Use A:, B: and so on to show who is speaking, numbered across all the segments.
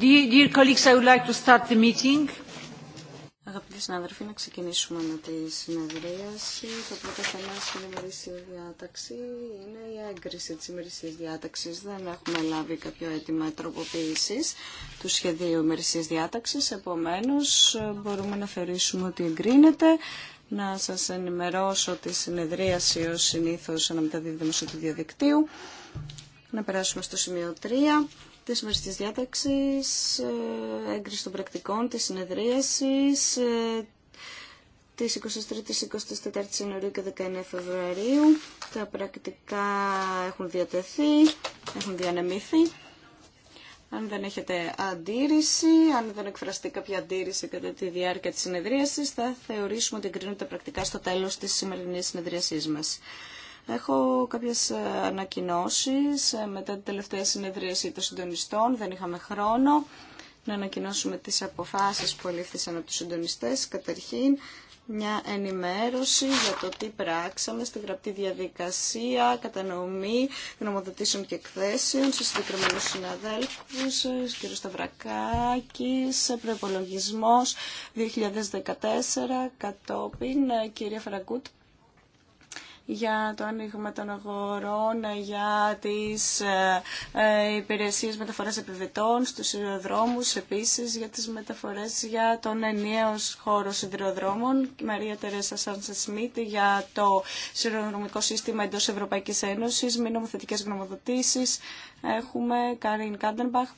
A: Dear colleagues, I would like to start the meeting. Αγαπητοί συνάδελφοι, να ξεκινήσουμε με τη συνεδρίαση. Το πρώτο θέμα στην ημερήσια διάταξη είναι η έγκριση τη ημερήσια διάταξη. Δεν έχουμε λάβει κάποιο αίτημα τροποποίηση του σχεδίου ημερήσια διάταξη. Επομένω, μπορούμε να θεωρήσουμε ότι εγκρίνεται. Να σα ενημερώσω τη συνεδρίαση ω συνήθω αναμεταδίδεται μέσω του διαδικτύου. Να περάσουμε στο σημείο 3 τη σημερινή της διάταξη, ε, έγκριση των πρακτικών, της συνεδρίασης, τη 23η, 24η Ιανουαρίου και 19 Φεβρουαρίου. Τα πρακτικά έχουν διατεθεί, έχουν διανεμήθει. Αν δεν έχετε αντίρρηση, αν δεν εκφραστεί κάποια αντίρρηση κατά τη διάρκεια της συνεδρίασης, θα θεωρήσουμε ότι εγκρίνουν τα πρακτικά στο τέλος της σημερινής συνεδρίασής μας. Έχω κάποιες ε, ανακοινώσεις ε, μετά την τελευταία συνεδρίαση των συντονιστών. Δεν είχαμε χρόνο να ανακοινώσουμε τις αποφάσεις που ελήφθησαν από τους συντονιστές. Καταρχήν, μια ενημέρωση για το τι πράξαμε στη γραπτή διαδικασία, κατανομή γνωμοδοτήσεων και εκθέσεων σε συγκεκριμένους συναδέλφους, ε, κ. Σταυρακάκης, προϋπολογισμός 2014, κατόπιν κ. Φραγκούτ, για το άνοιγμα των αγορών, για τις ε, ε, υπηρεσίες μεταφοράς επιβετών στους σιδηροδρόμους, επίσης για τις μεταφορές για τον ενιαίο χώρο σιδηροδρόμων, Μαρία Τερέσα Σάνσα Σμίτ για το σιδηροδρομικό σύστημα εντός Ευρωπαϊκής Ένωσης, μη νομοθετικές γνωμοδοτήσεις, έχουμε Καρίν Κάντερμπαχ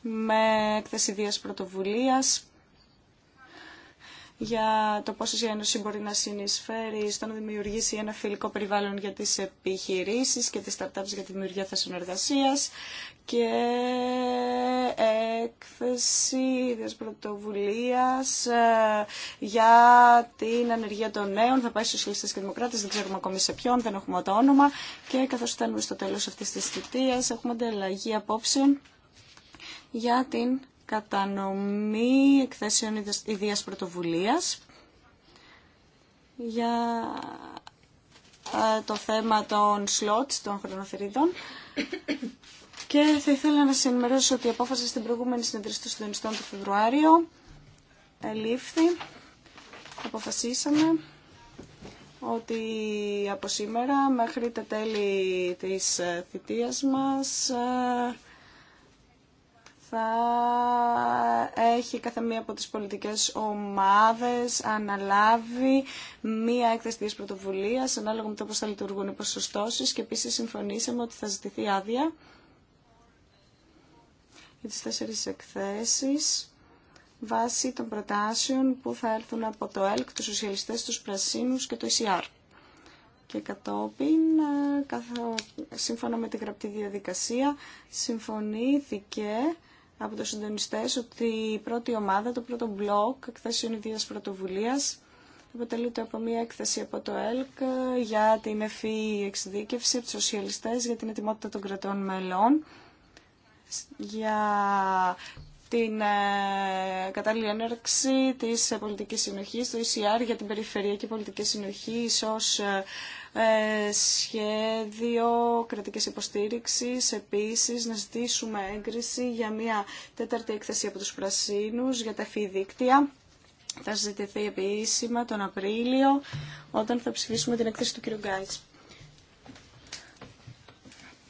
A: με έκθεση δίας πρωτοβουλίας για το πόσο η Ένωση μπορεί να συνεισφέρει στο να δημιουργήσει ένα φιλικό περιβάλλον για τις επιχειρήσεις και τις startups για τη δημιουργία θέσεων εργασία και έκθεση πρωτοβουλίας ε, για την ανεργία των νέων. Θα πάει στους Σοσιαλιστές και Δημοκράτες, δεν ξέρουμε ακόμη σε ποιον, δεν έχουμε το όνομα και καθώς φτάνουμε στο τέλος αυτής της θητείας έχουμε ανταλλαγή απόψεων για την κατανομή εκθέσεων ιδίας πρωτοβουλίας για ε, το θέμα των σλότ των χρονοθερίδων. Και θα ήθελα να σα ενημερώσω ότι η απόφαση στην προηγούμενη συνεδρίαση των συντονιστών του Φεβρουάριο ελήφθη. Αποφασίσαμε ότι από σήμερα μέχρι τα τέλη της ε, θητείας μας ε, θα έχει κάθε μία από τις πολιτικές ομάδες αναλάβει μία έκθεση της πρωτοβουλίας ανάλογα με το πώς θα λειτουργούν οι ποσοστώσεις και επίσης συμφωνήσαμε ότι θα ζητηθεί άδεια για τις τέσσερις εκθέσεις βάσει των προτάσεων που θα έρθουν από το ΕΛΚ, τους Σοσιαλιστές, τους Πρασίνους και το ΕΣΥΑΡ. Και κατόπιν, ε, σύμφωνα με τη γραπτή διαδικασία, συμφωνήθηκε από τους συντονιστές ότι η πρώτη ομάδα, το πρώτο μπλοκ εκθέσεων ιδίας πρωτοβουλίας αποτελείται από μια έκθεση από το ΕΛΚ για την ευφύ εξειδίκευση από τους σοσιαλιστές για την ετοιμότητα των κρατών μελών για την ε, κατάλληλη έναρξη της πολιτικής συνοχής, το ECR για την περιφερειακή πολιτική συνοχή, ίσως ε, ε, σχέδιο κρατικής υποστήριξης, επίσης να ζητήσουμε έγκριση για μια τέταρτη έκθεση από τους Πρασίνους για τα φιδίκτια. Θα συζητηθεί επίσημα τον Απρίλιο, όταν θα ψηφίσουμε την έκθεση του κ. Γκάιτς.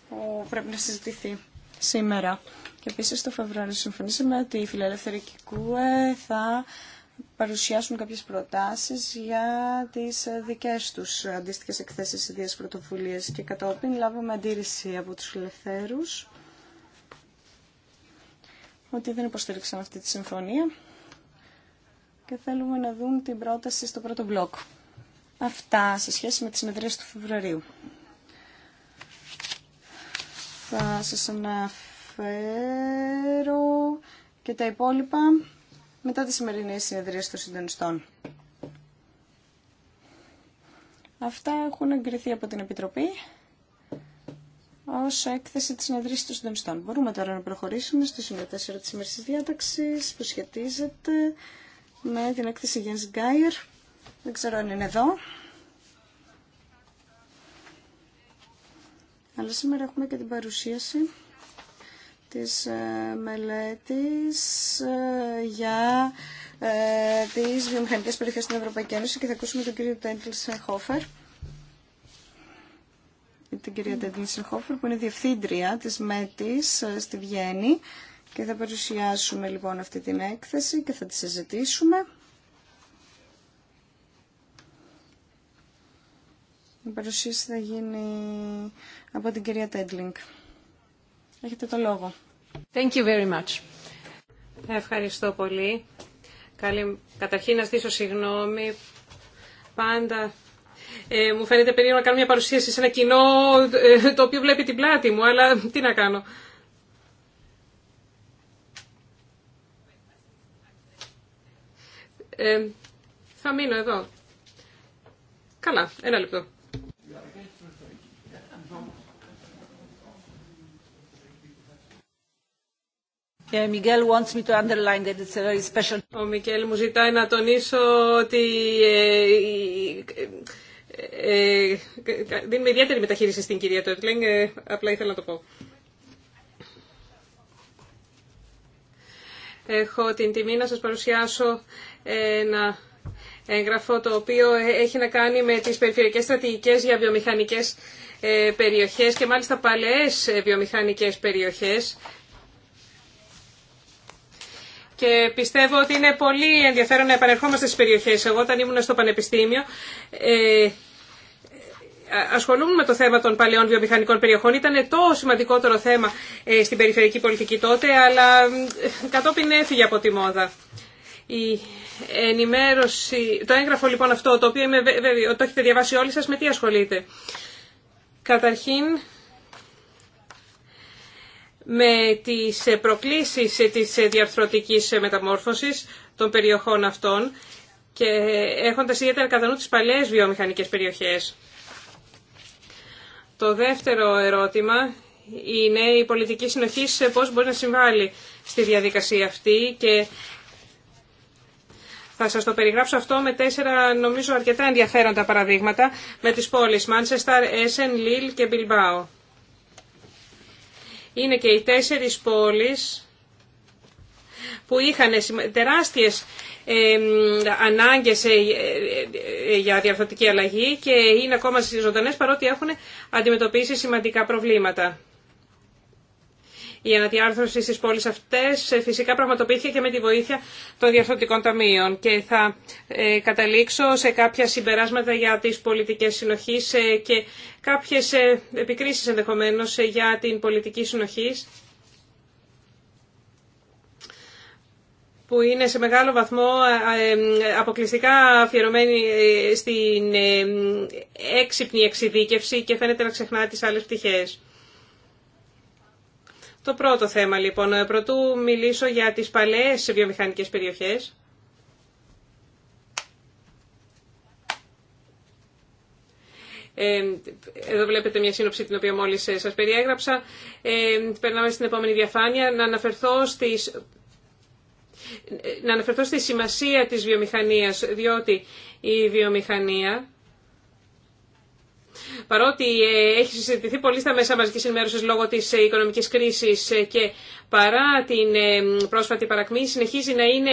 A: Που πρέπει να συζητηθεί σήμερα. Και επίσης το Φεβρουάριο συμφωνήσαμε ότι η φιλελεύθερη Κικούε θα παρουσιάσουν κάποιες προτάσεις για τις δικές τους αντίστοιχες εκθέσεις ιδίες, πρωτοβουλίες και κατόπιν λάβαμε αντίρρηση από τους ελευθέρους ότι δεν υποστήριξαν αυτή τη συμφωνία και θέλουμε να δουν την πρόταση στο πρώτο μπλοκ. Αυτά σε σχέση με τις συνεδρίες του Φεβρουαρίου. Θα σας αναφέρω και τα υπόλοιπα μετά τη σημερινή συνεδρία των συντονιστών. Αυτά έχουν εγκριθεί από την Επιτροπή ως έκθεση της συνεδρίας των συντονιστών. Μπορούμε τώρα να προχωρήσουμε στο σημείο 4 της ημέρας της που σχετίζεται με την έκθεση Γιάννης Γκάιερ. Δεν ξέρω αν είναι εδώ. Αλλά σήμερα έχουμε και την παρουσίαση της ε, μελέτης ε, για ε, τις βιομηχανικές περιοχές στην Ευρωπαϊκή Ένωση και θα ακούσουμε τον κύριο Τέντλσεν Χόφερ την κυρία Τέντλισεν Χόφερ που είναι διευθύντρια της ΜΕΤΙΣ στη Βιέννη και θα παρουσιάσουμε λοιπόν αυτή την έκθεση και θα τη συζητήσουμε. Η παρουσίαση θα γίνει από την κυρία Τέντλινγκ. Έχετε το λόγο. Thank you very much.
B: Ευχαριστώ πολύ. Καλή... Καταρχήν να στήσω συγγνώμη. Πάντα ε, μου φαίνεται περίεργο να κάνω μια παρουσίαση σε ένα κοινό ε, το οποίο βλέπει την πλάτη μου, αλλά τι να κάνω. Ε, θα μείνω εδώ. Καλά,
C: ένα λεπτό.
A: Ο
B: Μικέλ μου ζητάει να τονίσω ότι ε, ε, ε, δίνουμε ιδιαίτερη μεταχείριση στην κυρία Τότλινγκ, απλά ήθελα να το πω. Έχω την τιμή να σας παρουσιάσω ένα έγγραφο το οποίο έχει να κάνει με τις περιφερειακές στρατηγικές για βιομηχανικές περιοχές και μάλιστα παλαιές βιομηχανικές περιοχές και πιστεύω ότι είναι πολύ ενδιαφέρον να επανερχόμαστε στις περιοχές. Εγώ όταν ήμουν στο Πανεπιστήμιο ε, με το θέμα των παλαιών βιομηχανικών περιοχών. Ήταν το σημαντικότερο θέμα ε, στην περιφερειακή πολιτική τότε, αλλά κατόπιν έφυγε από τη μόδα. Η ενημέρωση, το έγγραφο λοιπόν αυτό, το οποίο είμαι το έχετε διαβάσει όλοι σας, με τι ασχολείται. Καταρχήν, με τις προκλήσεις της διαρθρωτικής μεταμόρφωσης των περιοχών αυτών και έχοντας ιδιαίτερα κατά νου τις παλαιές βιομηχανικές περιοχές. Το δεύτερο ερώτημα είναι η πολιτική συνοχή σε πώς μπορεί να συμβάλλει στη διαδικασία αυτή και θα σας το περιγράψω αυτό με τέσσερα νομίζω αρκετά ενδιαφέροντα παραδείγματα με τις πόλεις Μάνσεσταρ, Έσεν, Λίλ και Μπιλμπάο είναι και οι τέσσερις πόλεις που είχαν τεράστιες ανάγκες ε, ε, για διαρθρωτική αλλαγή και είναι ακόμα ζωντανές παρότι έχουν αντιμετωπίσει σημαντικά προβλήματα. Η αναδιάρθρωση στις πόλεις αυτές ε, φυσικά πραγματοποιήθηκε και με τη βοήθεια των διαρθρωτικών ταμείων και θα ε, καταλήξω σε κάποια συμπεράσματα για τις πολιτικές συνοχής ε, και κάποιες επικρίσεις ενδεχομένως για την πολιτική συνοχή, που είναι σε μεγάλο βαθμό αποκλειστικά αφιερωμένη στην έξυπνη εξειδίκευση και φαίνεται να ξεχνά τις άλλες πτυχές. Το πρώτο θέμα λοιπόν, ε, πρωτού μιλήσω για τις παλαιές βιομηχανικές περιοχές. Ε, εδώ βλέπετε μια σύνοψη την οποία μόλις ε, σας περιέγραψα. Περνάμε στην επόμενη διαφάνεια να αναφερθώ στις να στη σημασία της βιομηχανίας, διότι η βιομηχανία Παρότι ε, έχει συζητηθεί πολύ στα μέσα μαζικής ενημέρωση λόγω της ε, οικονομικής κρίσης ε, και παρά την πρόσφατη παρακμή συνεχίζει να είναι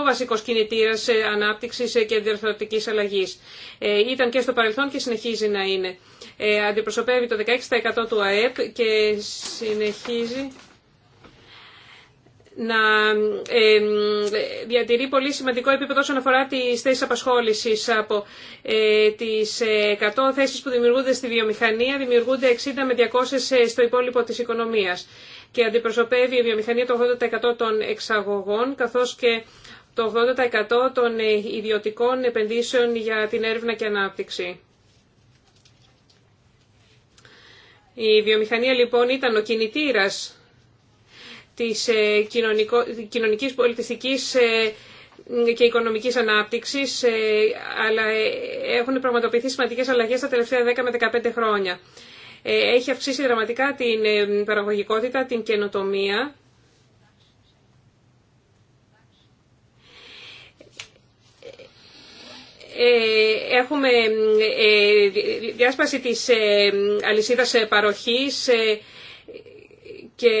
B: ο βασικός κινητήρας ανάπτυξη και αλλαγή. αλλαγής. Ήταν και στο παρελθόν και συνεχίζει να είναι. Αντιπροσωπεύει το 16% του ΑΕΠ και συνεχίζει να διατηρεί πολύ σημαντικό επίπεδο όσον αφορά τις θέσεις απασχόλησης. Από ε, τις 100 ε, θέσεις που δημιουργούνται στη βιομηχανία δημιουργούνται 60 με 200 ε, στο υπόλοιπο της οικονομίας και αντιπροσωπεύει η βιομηχανία το 80% των εξαγωγών καθώς και το 80% των ιδιωτικών επενδύσεων για την έρευνα και ανάπτυξη. Η βιομηχανία λοιπόν ήταν ο κινητήρας της ε, κοινωνικής, πολιτιστικής ε, και οικονομικής ανάπτυξης, ε, αλλά έχουν πραγματοποιηθεί σημαντικές αλλαγές τα τελευταία 10 με 15 χρόνια. Έχει αυξήσει δραματικά την παραγωγικότητα, την καινοτομία. Έχουμε διάσπαση της αλυσίδας παροχής και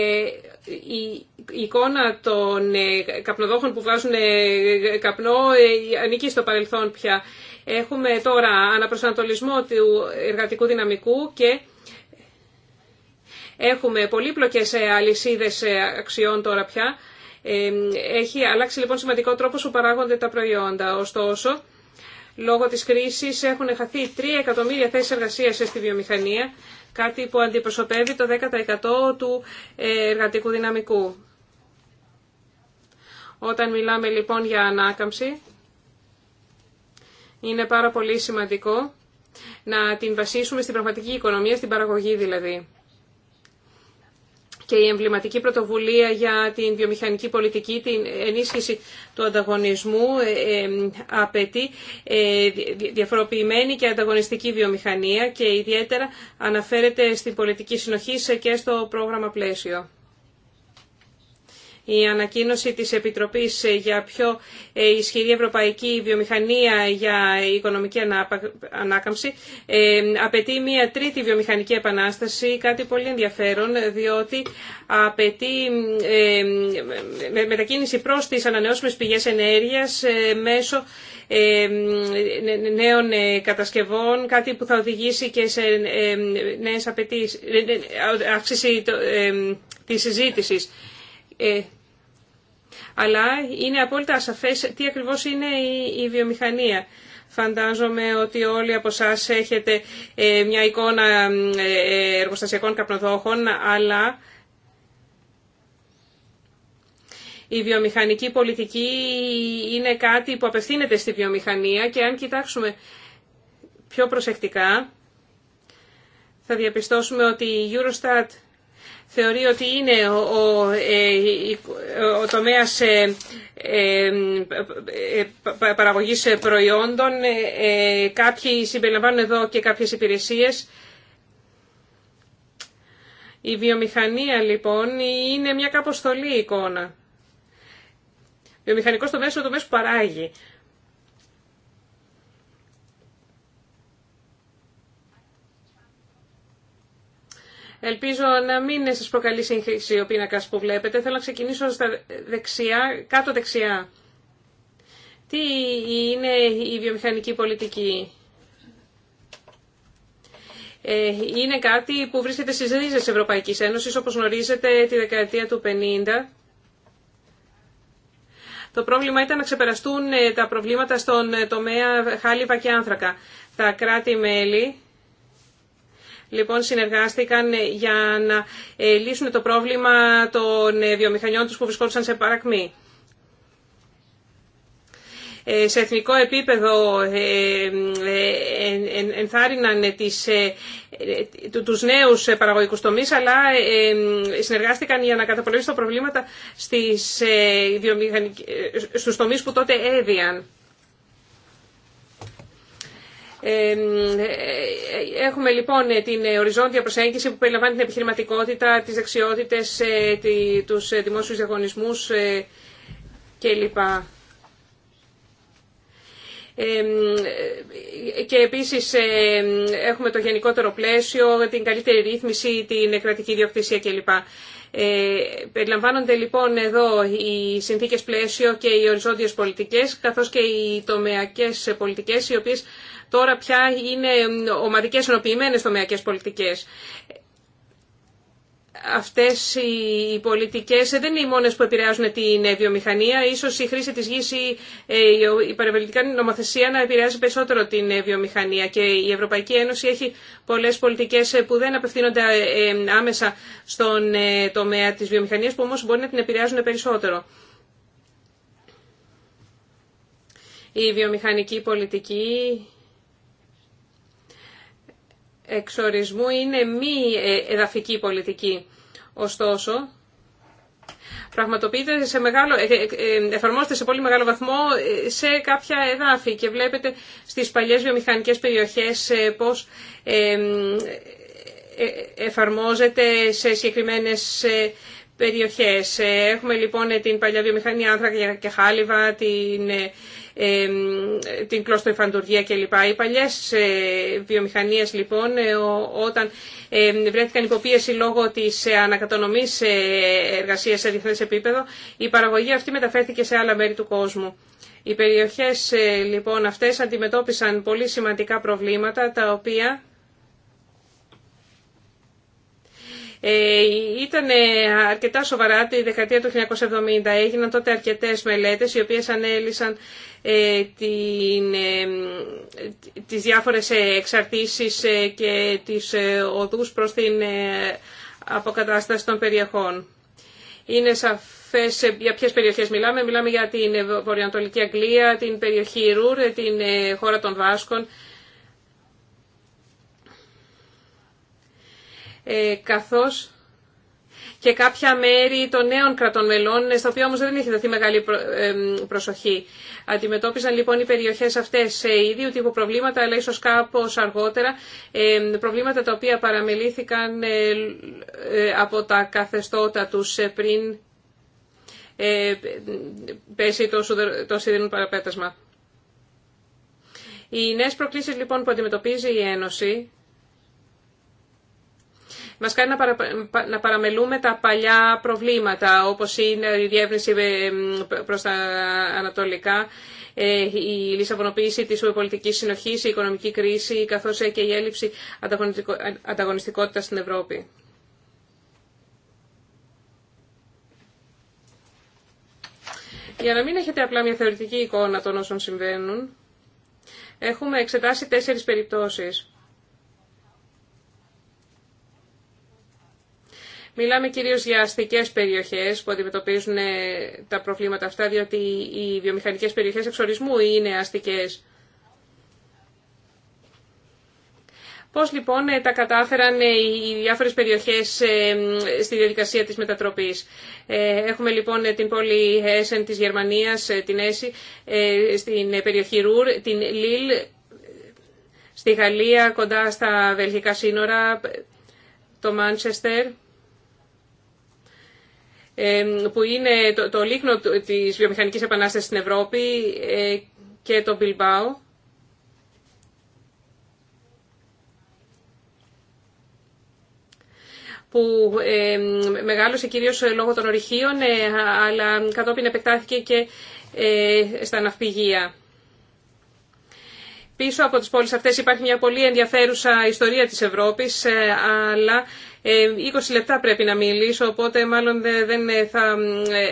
B: η εικόνα των ε, καπνοδόχων που βγάζουν ε, καπνό ε, ανήκει στο παρελθόν πια. Έχουμε τώρα αναπροσανατολισμό του εργατικού δυναμικού και έχουμε πολύπλοκες αλυσίδες αξιών τώρα πια. Έχει αλλάξει λοιπόν σημαντικό τρόπο που παράγονται τα προϊόντα. Ωστόσο, λόγω της κρίσης έχουν χαθεί 3 εκατομμύρια θέσεις εργασίας στη βιομηχανία κάτι που αντιπροσωπεύει το 10% του ε, εργατικού δυναμικού. Όταν μιλάμε λοιπόν για ανάκαμψη, είναι πάρα πολύ σημαντικό να την βασίσουμε στην πραγματική οικονομία, στην παραγωγή δηλαδή και η εμβληματική πρωτοβουλία για την βιομηχανική πολιτική, την ενίσχυση του ανταγωνισμού ε, ε, απαιτεί ε, διαφοροποιημένη και ανταγωνιστική βιομηχανία και ιδιαίτερα αναφέρεται στην πολιτική συνοχή και στο πρόγραμμα πλαίσιο. Η ανακοίνωση της Επιτροπής για πιο ε, ισχυρή ευρωπαϊκή βιομηχανία για οικονομική ανάκαμψη ε, απαιτεί μια τρίτη βιομηχανική επανάσταση, κάτι πολύ ενδιαφέρον, διότι απαιτεί ε, μετακίνηση προς τις ανανεώσιμες πηγές ενέργειας μέσω νέων κατασκευών, κάτι που θα οδηγήσει και σε νέες απαιτήσεις, αύξηση της συζήτησης. Ε, αλλά είναι απόλυτα ασαφές τι ακριβώς είναι η, βιομηχανία. Φαντάζομαι ότι όλοι από εσά έχετε ε, μια εικόνα ε, εργοστασιακών καπνοδόχων, αλλά η βιομηχανική πολιτική είναι κάτι που απευθύνεται στη βιομηχανία και αν κοιτάξουμε πιο προσεκτικά θα διαπιστώσουμε ότι η Eurostat θεωρεί ότι είναι ο, ο ε, τομέας ε, ε, παραγωγής προϊόντων. Κάποιοι συμπεριλαμβάνουν εδώ και κάποιες υπηρεσίες. Η βιομηχανία λοιπόν είναι μια καποστολή εικόνα. Βιομηχανικός τομέας είναι ο τομέας που παράγει. Ελπίζω να μην σα προκαλεί σύγχυση ο πίνακα που βλέπετε. Θέλω να ξεκινήσω στα δεξιά, κάτω δεξιά. Τι είναι η βιομηχανική πολιτική. Ε, είναι κάτι που βρίσκεται στις ρίζες Ευρωπαϊκής Ένωσης, όπως γνωρίζετε τη δεκαετία του 50. Το πρόβλημα ήταν να ξεπεραστούν ε, τα προβλήματα στον ε, τομέα χάλιβα και άνθρακα. Τα κράτη-μέλη λοιπόν συνεργάστηκαν για να ε, λύσουν το πρόβλημα των ε, βιομηχανιών τους που βρισκόντουσαν σε παρακμή. Ε, σε εθνικό επίπεδο ενθάρρυναν τις, τους νέους παραγωγικούς τομείς αλλά συνεργάστηκαν για να καταπολεμήσουν τα προβλήματα στις, στους τομείς που τότε έδιαν. Ε, έχουμε λοιπόν την οριζόντια προσέγγιση που περιλαμβάνει την επιχειρηματικότητα, τις δεξιότητες, ε, τους ε, δημόσιους διαγωνισμούς κλπ. Και επίσης έχουμε το γενικότερο πλαίσιο, την καλύτερη ρύθμιση, την κρατική ιδιοκτησία κλπ. Ε, περιλαμβάνονται λοιπόν εδώ οι συνθήκες πλαίσιο και οι οριζόντιες πολιτικές καθώς και οι τομεακές πολιτικές οι οποίες Τώρα πια είναι ομαδικέ ενοποιημένε τομεακέ πολιτικέ. Αυτέ οι πολιτικέ δεν είναι οι μόνε που επηρεάζουν την ε, βιομηχανία. Ίσως η χρήση τη γη ή ε, η η νομοθεσία να επηρεάζει περισσότερο την ε, βιομηχανία. Και η Ευρωπαϊκή Ένωση έχει πολλέ πολιτικέ που δεν απευθύνονται άμεσα στον τομέα της βιομηχανίας, που όμω μπορεί να την επηρεάζουν περισσότερο. Η βιομηχανική πολιτική εξορισμού είναι μη εδαφική πολιτική. Ωστόσο, πραγματοποιείται σε μεγάλο, ε, ε, ε, εφαρμόζεται σε πολύ μεγάλο βαθμό σε κάποια εδάφη και βλέπετε στις παλιές βιομηχανικές περιοχές πώς εφαρμόζεται σε συγκεκριμένες περιοχές. Ε, έχουμε λοιπόν ε, την παλιά βιομηχανία άνθρακα και χάλιβα, την, ε, την κλωστοϊφαντουργία κλπ. Οι παλιές ε, βιομηχανίες λοιπόν όταν βρέθηκαν υποπίεση λόγω της ανακατονομής εργασίας σε διεθνές επίπεδο η παραγωγή αυτή μεταφέρθηκε σε άλλα μέρη του κόσμου. Οι περιοχές λοιπόν αυτές αντιμετώπισαν πολύ σημαντικά προβλήματα τα οποία Ε, ήταν ε, αρκετά σοβαρά τη δεκαετία του 1970. Έγιναν τότε αρκετές μελέτες οι οποίες ανέλησαν ε, την, τις διάφορες εξαρτήσεις και τις οδούς προς την αποκατάσταση των περιοχών. Είναι σαφές για ποιες περιοχές μιλάμε. Μιλάμε για την βορειοανατολική Αγγλία, την περιοχή Ρουρ, την χώρα των Βάσκων Ε, καθώς και κάποια μέρη των νέων κρατών μελών, ε, στα οποία όμως δεν έχει δοθεί μεγάλη ε, προσοχή. Αντιμετώπιζαν λοιπόν οι περιοχές αυτές ίδιου τύπου προβλήματα, αλλά ίσως κάπως αργότερα, προβλήματα τα οποία παραμελήθηκαν από τα καθεστώτα τους πριν πέσει το σιδηρούν παραπέτασμα. Οι νέες προκλήσεις λοιπόν που αντιμετωπίζει η Ένωση μας κάνει να παραμελούμε τα παλιά προβλήματα, Όπω είναι η διεύρυνση ε, προ τα ανατολικά, ε, η λισαβονοποίηση τη πολιτική συνοχή, η οικονομική κρίση, καθώ ε, και η έλλειψη ανταγωνιστικότητα στην Ευρώπη. Για να μην έχετε απλά μια θεωρητική εικόνα των όσων συμβαίνουν, έχουμε εξετάσει τέσσερις περιπτώσεις. Μιλάμε κυρίω για αστικέ περιοχές που αντιμετωπίζουν ε, τα προβλήματα αυτά, διότι οι βιομηχανικές περιοχές εξορισμού είναι αστικές. Πώς λοιπόν ε, τα κατάφεραν ε, οι διάφορες περιοχές στη διαδικασία της μετατροπής. Έχουμε λοιπόν την πόλη Έσεν της Γερμανίας, την Έση, στην περιοχή Ρουρ, την Λίλ, στη Γαλλία κοντά στα βελγικά σύνορα, το Μάντσεστερ που είναι το, το της βιομηχανικής επανάστασης στην Ευρώπη ε, και το Bilbao. που μεγάλωσε κυρίως λόγω των ορυχείων, ε, αλλά κατόπιν επεκτάθηκε και ε, στα ναυπηγεία. Πίσω από τις πόλεις αυτές υπάρχει μια πολύ ενδιαφέρουσα ιστορία της Ευρώπης, ε, αλλά 20 ε, λεπτά πρέπει να μιλήσω, οπότε μάλλον δεν ε, θα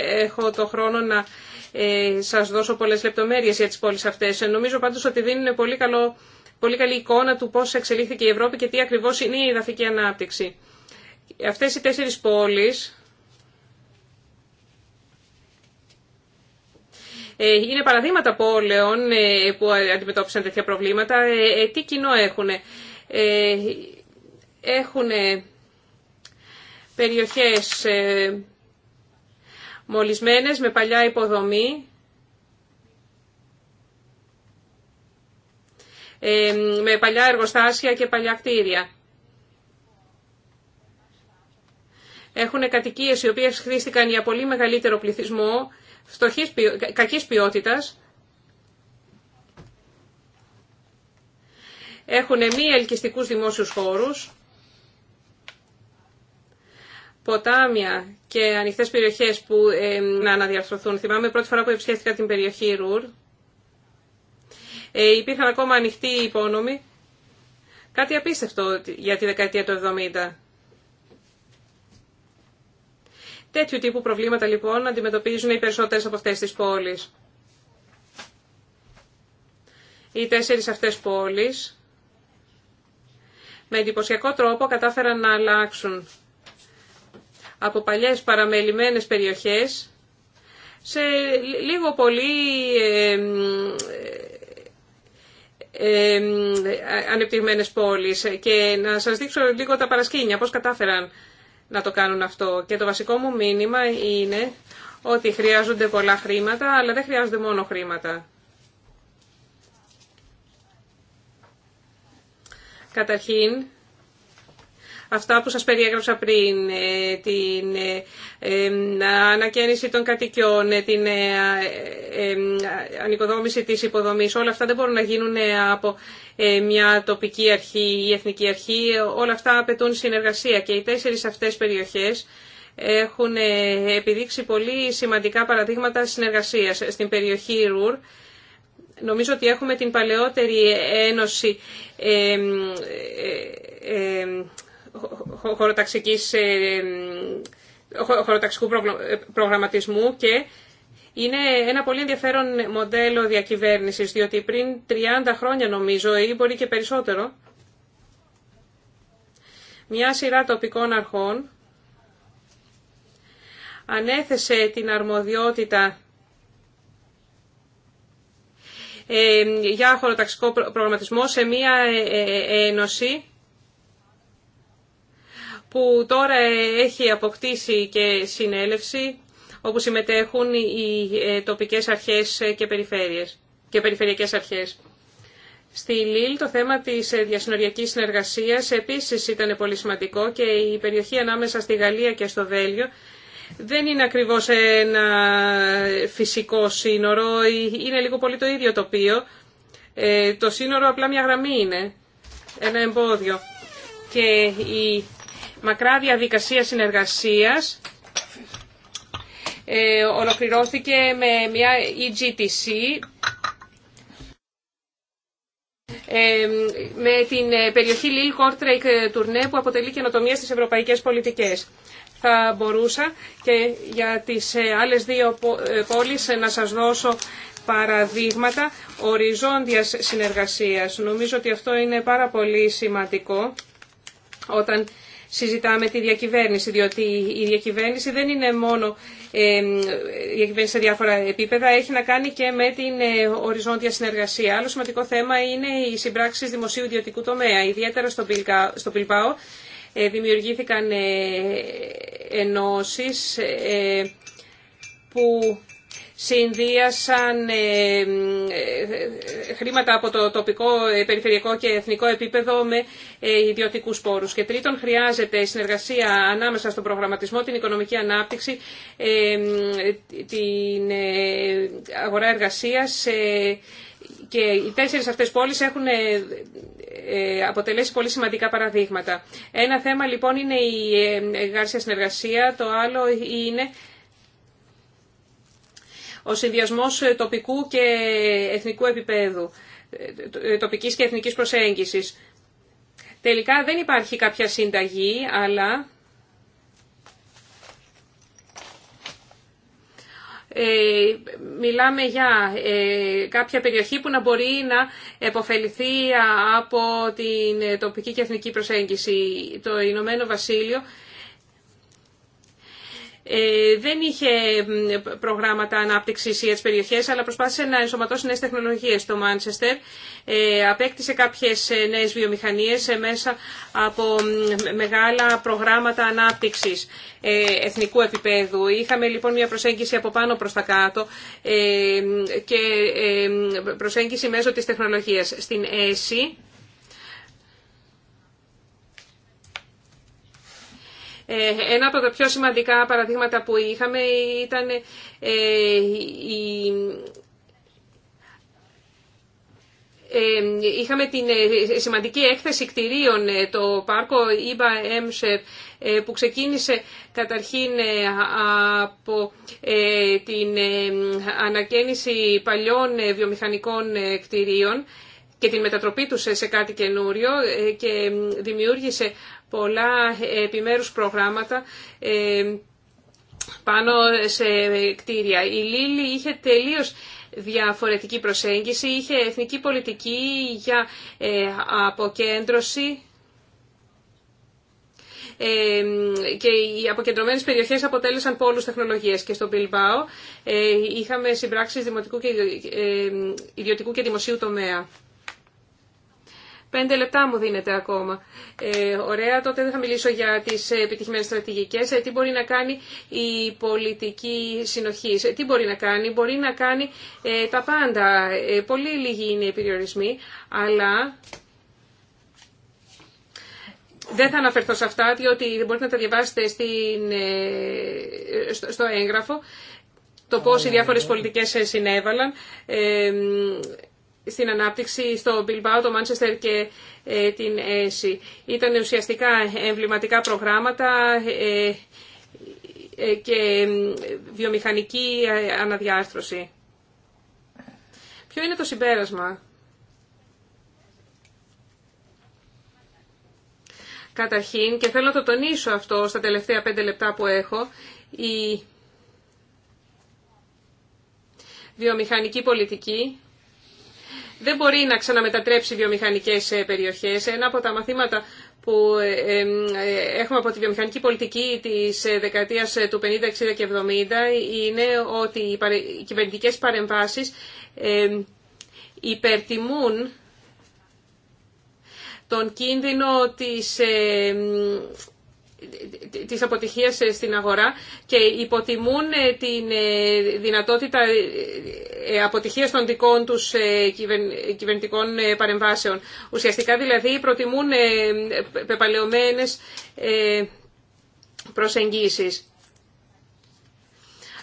B: έχω το χρόνο να σας δώσω πολλές λεπτομέρειες για τις πόλεις αυτές. Νομίζω πάντως ότι δίνουν πολύ, καλό, πολύ καλή εικόνα του πώς εξελίχθηκε η Ευρώπη και τι ακριβώς είναι η εδαφική ανάπτυξη. Αυτές οι τέσσερις πόλεις Ε, είναι παραδείγματα πόλεων ε, που αντιμετώπισαν τέτοια προβλήματα. Ε, τι κοινό έχουν. Έχουν περιοχές μολυσμένες με παλιά υποδομή. με παλιά εργοστάσια και παλιά κτίρια. Έχουν κατοικίες οι οποίες χρήστηκαν για πολύ μεγαλύτερο πληθυσμό φτωχής, κακής ποιότητας έχουν μη ελκυστικούς δημόσιους χώρους, ποτάμια και ανοιχτές περιοχές που ε, να αναδιαρθρωθούν. Θυμάμαι πρώτη φορά που επισκέφθηκα την περιοχή Ρουρ, ε, υπήρχαν ακόμα ανοιχτοί υπόνομοι, κάτι απίστευτο για τη δεκαετία του 70. Τέτοιου τύπου προβλήματα λοιπόν αντιμετωπίζουν οι περισσότερες από αυτές τις πόλεις. Οι τέσσερις αυτές πόλεις με εντυπωσιακό τρόπο κατάφεραν να αλλάξουν από παλιές παραμελημένες περιοχές σε λίγο πολύ ε, ε, ανεπτυγμένες πόλεις. Και να σας δείξω λίγο τα παρασκήνια, πώς κατάφεραν να το κάνουν αυτό. Και το βασικό μου μήνυμα είναι ότι χρειάζονται πολλά χρήματα, αλλά δεν χρειάζονται μόνο χρήματα. Καταρχήν, αυτά που σας περιέγραψα πριν, ε, την ε, ε, ανακαίνιση των κατοικιών, την ανοικοδόμηση της υποδομής, όλα αυτά δεν μπορούν να γίνουν από μια τοπική αρχή ή εθνική αρχή, όλα αυτά απαιτούν συνεργασία και οι τέσσερις αυτές περιοχές έχουν επιδείξει πολύ σημαντικά παραδείγματα συνεργασίας στην περιοχή Ρουρ. Νομίζω ότι έχουμε την παλαιότερη ένωση χωροταξικής, ε, χωροταξικού ε, προγραμματισμού και είναι ένα πολύ ενδιαφέρον μοντέλο διακυβέρνησης, διότι πριν 30 χρόνια νομίζω ή μπορεί και περισσότερο, μια σειρά τοπικών αρχών ανέθεσε την αρμοδιότητα ε, για χωροταξικό προγραμματισμό σε μια ένωση που τώρα έχει αποκτήσει και συνέλευση όπου συμμετέχουν οι ε, τοπικές αρχές και περιφέρειες και περιφερειακές αρχές. Στη ΛΙΛ το θέμα της ε, διασυνοριακής συνεργασίας επίσης ήταν πολύ σημαντικό και η περιοχή ανάμεσα στη Γαλλία και στο Βέλγιο δεν είναι ακριβώς ένα φυσικό σύνορο, ε, είναι λίγο πολύ το ίδιο τοπίο. το σύνορο απλά μια γραμμή είναι, ένα εμπόδιο. Και η μακρά διαδικασία συνεργασίας ε, ολοκληρώθηκε με μια EGTC ε, με την ε, περιοχή Lille Κόρτρεϊκ Τουρνέ που αποτελεί καινοτομία στις ευρωπαϊκές πολιτικές. Θα μπορούσα και για τις άλλες δύο πόλεις να σας δώσω παραδείγματα οριζόντιας συνεργασίας. Νομίζω ότι αυτό είναι πάρα πολύ σημαντικό όταν συζητάμε τη διακυβέρνηση, διότι η διακυβέρνηση δεν είναι μόνο ε, διακυβέρνηση σε διάφορα επίπεδα, έχει να κάνει και με την ε, οριζόντια συνεργασία. Άλλο σημαντικό θέμα είναι οι συμπράξει δημοσίου ιδιωτικού τομέα, ιδιαίτερα στο Πιλπάο. Ε, δημιουργήθηκαν ενώσεις που συνδύασαν ε, ε, χρήματα από το τοπικό, ε, περιφερειακό και εθνικό επίπεδο με ιδιωτικού πόρου. Και τρίτον, χρειάζεται συνεργασία ανάμεσα στον προγραμματισμό, την οικονομική ανάπτυξη, την αγορά εργασία και οι τέσσερις αυτές πόλεις έχουν αποτελέσει πολύ σημαντικά παραδείγματα. Ένα θέμα λοιπόν είναι η εργάσια συνεργασία, το άλλο είναι ο συνδυασμός ε, τοπικού και εθνικού επίπεδου, ε, τοπικής και εθνικής προσέγγισης. Τελικά δεν υπάρχει κάποια συνταγή, αλλά Ε, μιλάμε για ε, κάποια περιοχή που να μπορεί να επωφεληθεί από την τοπική και εθνική προσέγγιση. Το Ηνωμένο Βασίλειο ε, δεν είχε προγράμματα ανάπτυξης για τι περιοχές, αλλά προσπάθησε να ενσωματώσει νέες τεχνολογίες. Το Μάντσεστερ απέκτησε κάποιες ε, νέες βιομηχανίες ε, μέσα από μεγάλα προγράμματα ανάπτυξης εθνικού επίπεδου. Είχαμε λοιπόν μια προσέγγιση από πάνω προς τα κάτω και προσέγγιση μέσω της τεχνολογίας. Στην ΕΣΥ Ε, ένα από τα πιο σημαντικά παραδείγματα που είχαμε ήταν ε, η ε, είχαμε την σημαντική έκθεση κτηρίων το πάρκο Ιμπα Έμσερ που ξεκίνησε καταρχήν από την ανακαίνιση παλιών βιομηχανικών κτηρίων και την μετατροπή τους σε κάτι καινούριο και δημιούργησε πολλά επιμέρους προγράμματα ε, πάνω σε κτίρια. Η Λίλη είχε τελείως διαφορετική προσέγγιση, είχε εθνική πολιτική για ε, αποκέντρωση ε, και οι αποκεντρωμένες περιοχές αποτέλεσαν πόλους τεχνολογίες. Και στο Μπιλμπάο είχαμε συμπράξεις δημοτικού και, ιδιωτικού και δημοσίου τομέα. Πέντε λεπτά μου δίνεται ακόμα. Ε, ωραία, τότε δεν θα μιλήσω για τις επιτυχημένες στρατηγικές. Ε, τι μπορεί να κάνει η πολιτική συνοχή. Ε, τι μπορεί να κάνει. Μπορεί να κάνει ε, τα πάντα. Πολύ λίγοι είναι οι περιορισμοί, αλλά... Δεν θα αναφερθώ σε αυτά, διότι μπορείτε να τα διαβάσετε στην, στο, έγγραφο, το πώς οι διάφορες πολιτικές συνέβαλαν στην ανάπτυξη στο Bilbao, το Manchester και ε, την ΕΣΥ. Ήταν ουσιαστικά εμβληματικά προγράμματα ε, ε, και βιομηχανική αναδιάρθρωση. Ποιο είναι το συμπέρασμα. Καταρχήν, και θέλω να το τονίσω αυτό στα τελευταία πέντε λεπτά που έχω, η βιομηχανική πολιτική δεν μπορεί να ξαναμετατρέψει βιομηχανικές ε, περιοχές. Ένα από τα μαθήματα που ε, ε, έχουμε από τη βιομηχανική πολιτική της δεκαετίας του 50, 60 και 70 είναι ότι οι κυβερνητικές παρεμβάσεις υπερτιμούν τον κίνδυνο της τις αποτυχίες ε, στην αγορά και υποτιμούν ε, την ε, δυνατότητα αποτυχίας των δικών τους κυβερνητικών παρεμβάσεων. Ουσιαστικά δηλαδή προτιμούν πεπαλαιωμένες προσεγγίσεις.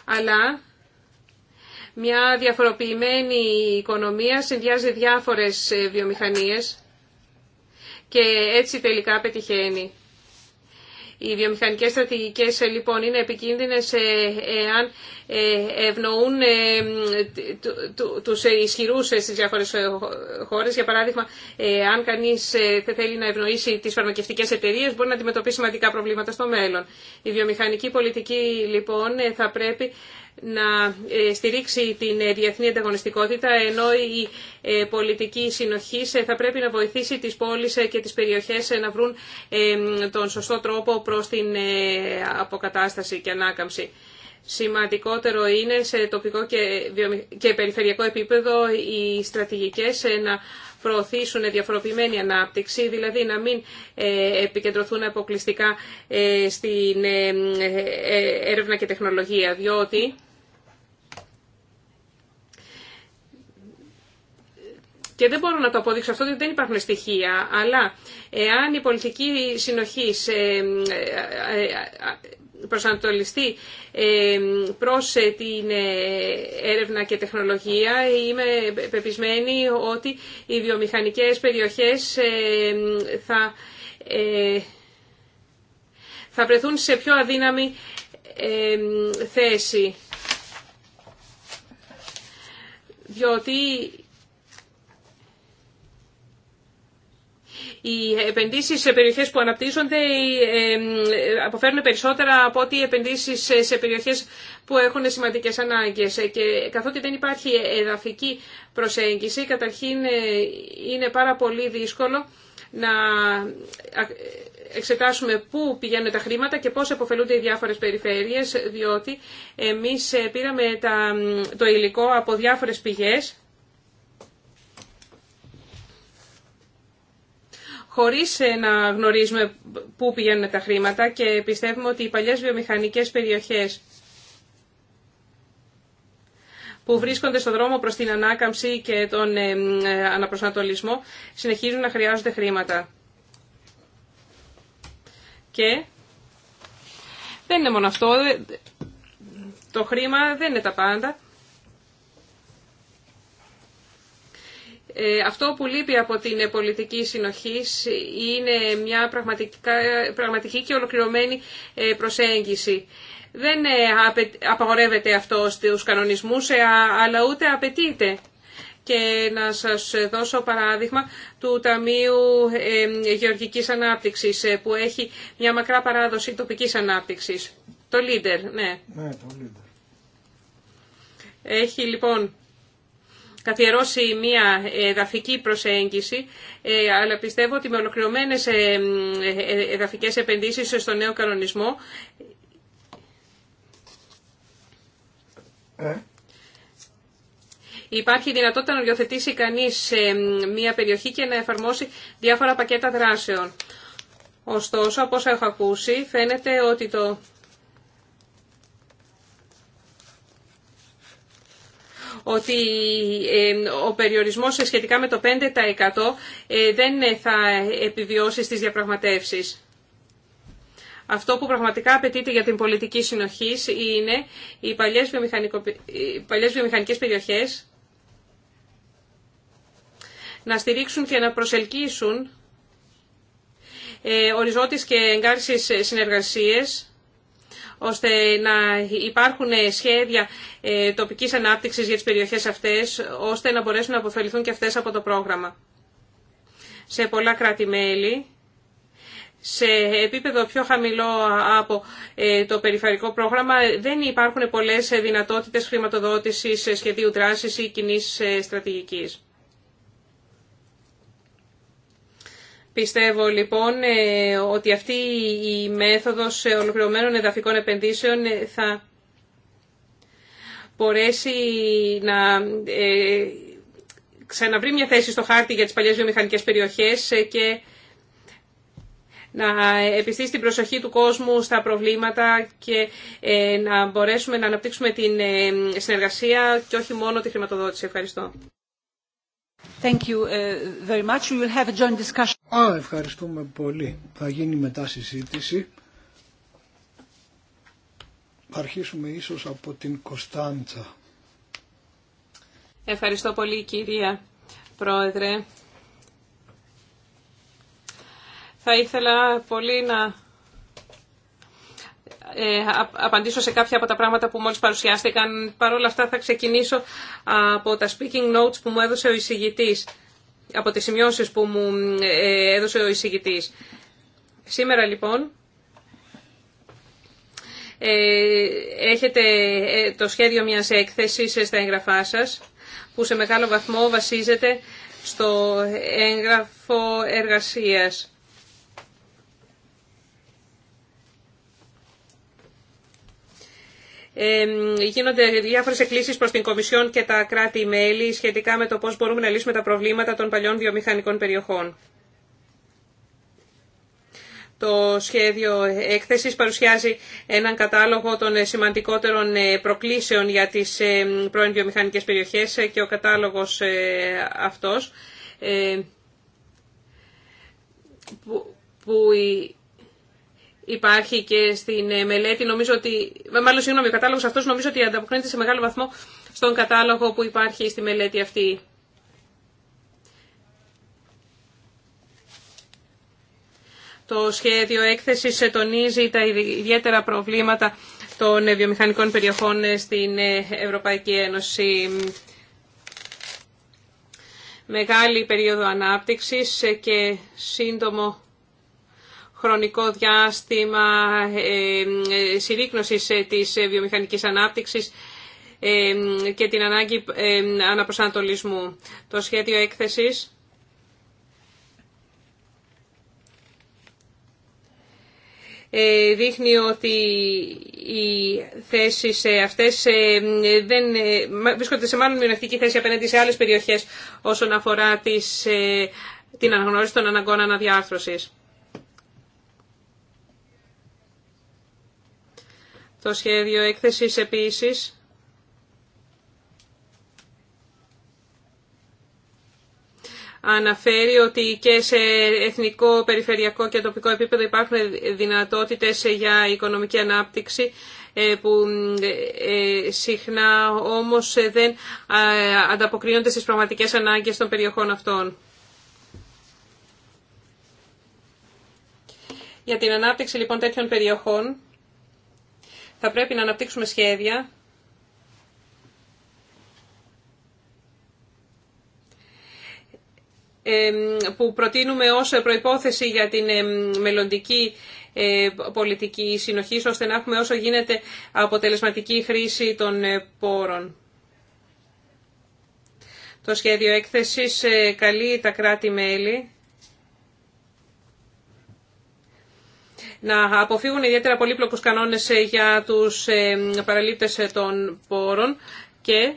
B: Αλλά μια διαφοροποιημένη οικονομία συνδυάζει διάφορες βιομηχανίες και έτσι τελικά πετυχαίνει. Οι βιομηχανικές στρατηγικές ε, λοιπόν είναι επικίνδυνες ε, εάν ε, ευνοούν τους ισχυρούς στις διάφορες χώρες. Για παράδειγμα, αν κανείς θέλει να ευνοήσει τις φαρμακευτικές εταιρείες μπορεί να αντιμετωπίσει σημαντικά προβλήματα στο μέλλον. Η βιομηχανική πολιτική λοιπόν θα πρέπει να ε, στηρίξει την ε, διεθνή ανταγωνιστικότητα, ενώ η ε, πολιτική συνοχή θα πρέπει να βοηθήσει τις πόλεις και τις περιοχές να βρουν τον σωστό τρόπο προς την αποκατάσταση και ανάκαμψη. Σημαντικότερο είναι σε τοπικό και περιφερειακό επίπεδο οι στρατηγικές να προωθήσουν διαφοροποιημένη ανάπτυξη, δηλαδή να μην επικεντρωθούν αποκλειστικά στην έρευνα και τεχνολογία, διότι Και δεν μπορώ να το αποδείξω αυτό, διότι δεν υπάρχουν στοιχεία. Αλλά εάν η πολιτική συνοχή ε, ε, ε, προσανατολιστεί προς την έρευνα και τεχνολογία, είμαι πεπισμένη ότι οι βιομηχανικές περιοχές θα, θα βρεθούν σε πιο αδύναμη θέση. Διότι Οι επενδύσεις σε περιοχές που αναπτύσσονται αποφέρουν περισσότερα από ότι οι επενδύσεις σε περιοχές που έχουν σημαντικές ανάγκες. Και καθότι δεν υπάρχει εδαφική προσέγγιση, καταρχήν ε, είναι πάρα πολύ δύσκολο να ε, εξετάσουμε πού πηγαίνουν τα χρήματα και πώς επωφελούνται οι διάφορες περιφέρειες, διότι εμείς ε, πήραμε τα, το υλικό από διάφορες πηγές χωρίς ε, να γνωρίζουμε πού πηγαίνουν τα χρήματα και πιστεύουμε ότι οι παλιές βιομηχανικές περιοχές που βρίσκονται στον δρόμο προς την ανάκαμψη και τον ε, ε, αναπροσανατολισμό συνεχίζουν να χρειάζονται χρήματα. Και δεν είναι μόνο αυτό, το χρήμα δεν είναι τα πάντα. Ε, αυτό που λείπει από την πολιτική συνοχή είναι μια πραγματική και ολοκληρωμένη ε, προσέγγιση. Δεν ε, απαγορεύεται αυτό στους κανονισμούς, αλλά ούτε απαιτείται. Και να σας δώσω παράδειγμα του Ταμείου Γεωργικής Ανάπτυξης, που έχει μια μακρά παράδοση τοπικής ανάπτυξης. Το Λίντερ. ναι.
D: Ναι, το Leader.
B: Έχει λοιπόν καθιερώσει μια εδαφική προσέγγιση, ε, αλλά πιστεύω ότι με ολοκληρωμένες ε, ε, εδαφικές επενδύσεις στο νέο κανονισμό Υπάρχει δυνατότητα να οριοθετήσει κανείς μία περιοχή και να εφαρμόσει διάφορα πακέτα δράσεων. Ωστόσο, από όσα έχω ακούσει, φαίνεται ότι το ότι ο περιορισμός σχετικά με το 5% ε, δεν θα επιβιώσει στις διαπραγματεύσεις. Αυτό που πραγματικά απαιτείται για την πολιτική συνοχή είναι οι παλιές, βιομηχανικο... οι βιομηχανικές περιοχές να στηρίξουν και να προσελκύσουν ε, οριζόντιες και εγκάρσεις συνεργασίες ώστε να υπάρχουν σχέδια ε, τοπικής ανάπτυξης για τις περιοχές αυτές, ώστε να μπορέσουν να αποφεληθούν και αυτές από το πρόγραμμα. Σε πολλά κράτη-μέλη, σε επίπεδο πιο χαμηλό από ε, το περιφερικό πρόγραμμα, δεν υπάρχουν πολλές δυνατότητες χρηματοδότησης ε, σχεδίου δράσης ή κοινής στρατηγικής. Πιστεύω λοιπόν ε, ότι αυτή η μέθοδος ολοκληρωμένων εδαφικών επενδύσεων ε, θα μπορέσει να ε, ξαναβρει μια θέση στο χάρτη για τις παλιές βιομηχανικές περιοχές και να επιστήσει την προσοχή του κόσμου στα προβλήματα και να μπορέσουμε να αναπτύξουμε την συνεργασία και όχι μόνο τη χρηματοδότηση. Ευχαριστώ
D: ευχαριστούμε πολύ. Θα γίνει μετά συζήτηση. Θα αρχίσουμε ίσως από την Κωνσταντσα.
B: Ευχαριστώ πολύ κυρία Πρόεδρε. Θα ήθελα πολύ να ε, απαντήσω σε κάποια από τα πράγματα που μόλις παρουσιάστηκαν. Παρ' όλα αυτά θα ξεκινήσω από τα speaking notes που μου έδωσε ο εισηγητής, από τις σημειώσεις που μου ε, ε, έδωσε ο εισηγητής. Σήμερα λοιπόν έχετε το σχέδιο μιας έκθεσης στα εγγραφά σας που σε μεγάλο βαθμό βασίζεται στο έγγραφο εργασίας. γίνονται διάφορε εκκλήσει προς την Κομισιόν και τα κράτη-μέλη σχετικά με το πώ μπορούμε να λύσουμε τα προβλήματα των παλιών βιομηχανικών περιοχών. Το σχέδιο έκθεσης παρουσιάζει έναν κατάλογο των σημαντικότερων ε, προκλήσεων για τις ε, πρώην βιομηχανικές περιοχές ε, και ο κατάλογος αυτός που υπάρχει και στην ε, μελέτη. Νομίζω ότι, μάλλον συγγνώμη, ο κατάλογο αυτός νομίζω ότι ανταποκρίνεται σε μεγάλο βαθμό στον κατάλογο που υπάρχει στη μελέτη αυτή. Το σχέδιο έκθεσης ε, τονίζει τα ιδιαίτερα προβλήματα των ε, βιομηχανικών περιοχών στην Ευρωπαϊκή Ένωση. Μεγάλη περίοδο ανάπτυξης και σύντομο χρονικό διάστημα ε, συρρήκνωσης ε, της ε, βιομηχανικής ανάπτυξης και την ανάγκη αναπροσανατολισμού. Το σχέδιο έκθεσης δείχνει ότι οι θέσεις αυτές δεν, βρίσκονται σε μάλλον μειονεκτική θέση απέναντι σε άλλες περιοχές όσον αφορά τις, την αναγνώριση των αναγκών αναδιάρθρωσης. Το σχέδιο έκθεσης επίσης αναφέρει ότι και σε εθνικό, περιφερειακό και τοπικό επίπεδο υπάρχουν δυνατότητες για οικονομική ανάπτυξη ε, που ε, ε, συχνά όμως δεν ανταποκρίνονται στις πραγματικές ανάγκες των περιοχών αυτών. Για την ανάπτυξη λοιπόν τέτοιων περιοχών θα πρέπει να αναπτύξουμε σχέδια που προτείνουμε ως προϋπόθεση για την μελλοντική ε, πολιτική συνοχή, ώστε να έχουμε όσο γίνεται αποτελεσματική χρήση των ε, πόρων. Το σχέδιο έκθεσης ε, καλεί τα κράτη-μέλη να αποφύγουν ιδιαίτερα πολύπλοκους κανόνες ε, για τους ε, παραλήπτες ε, των πόρων και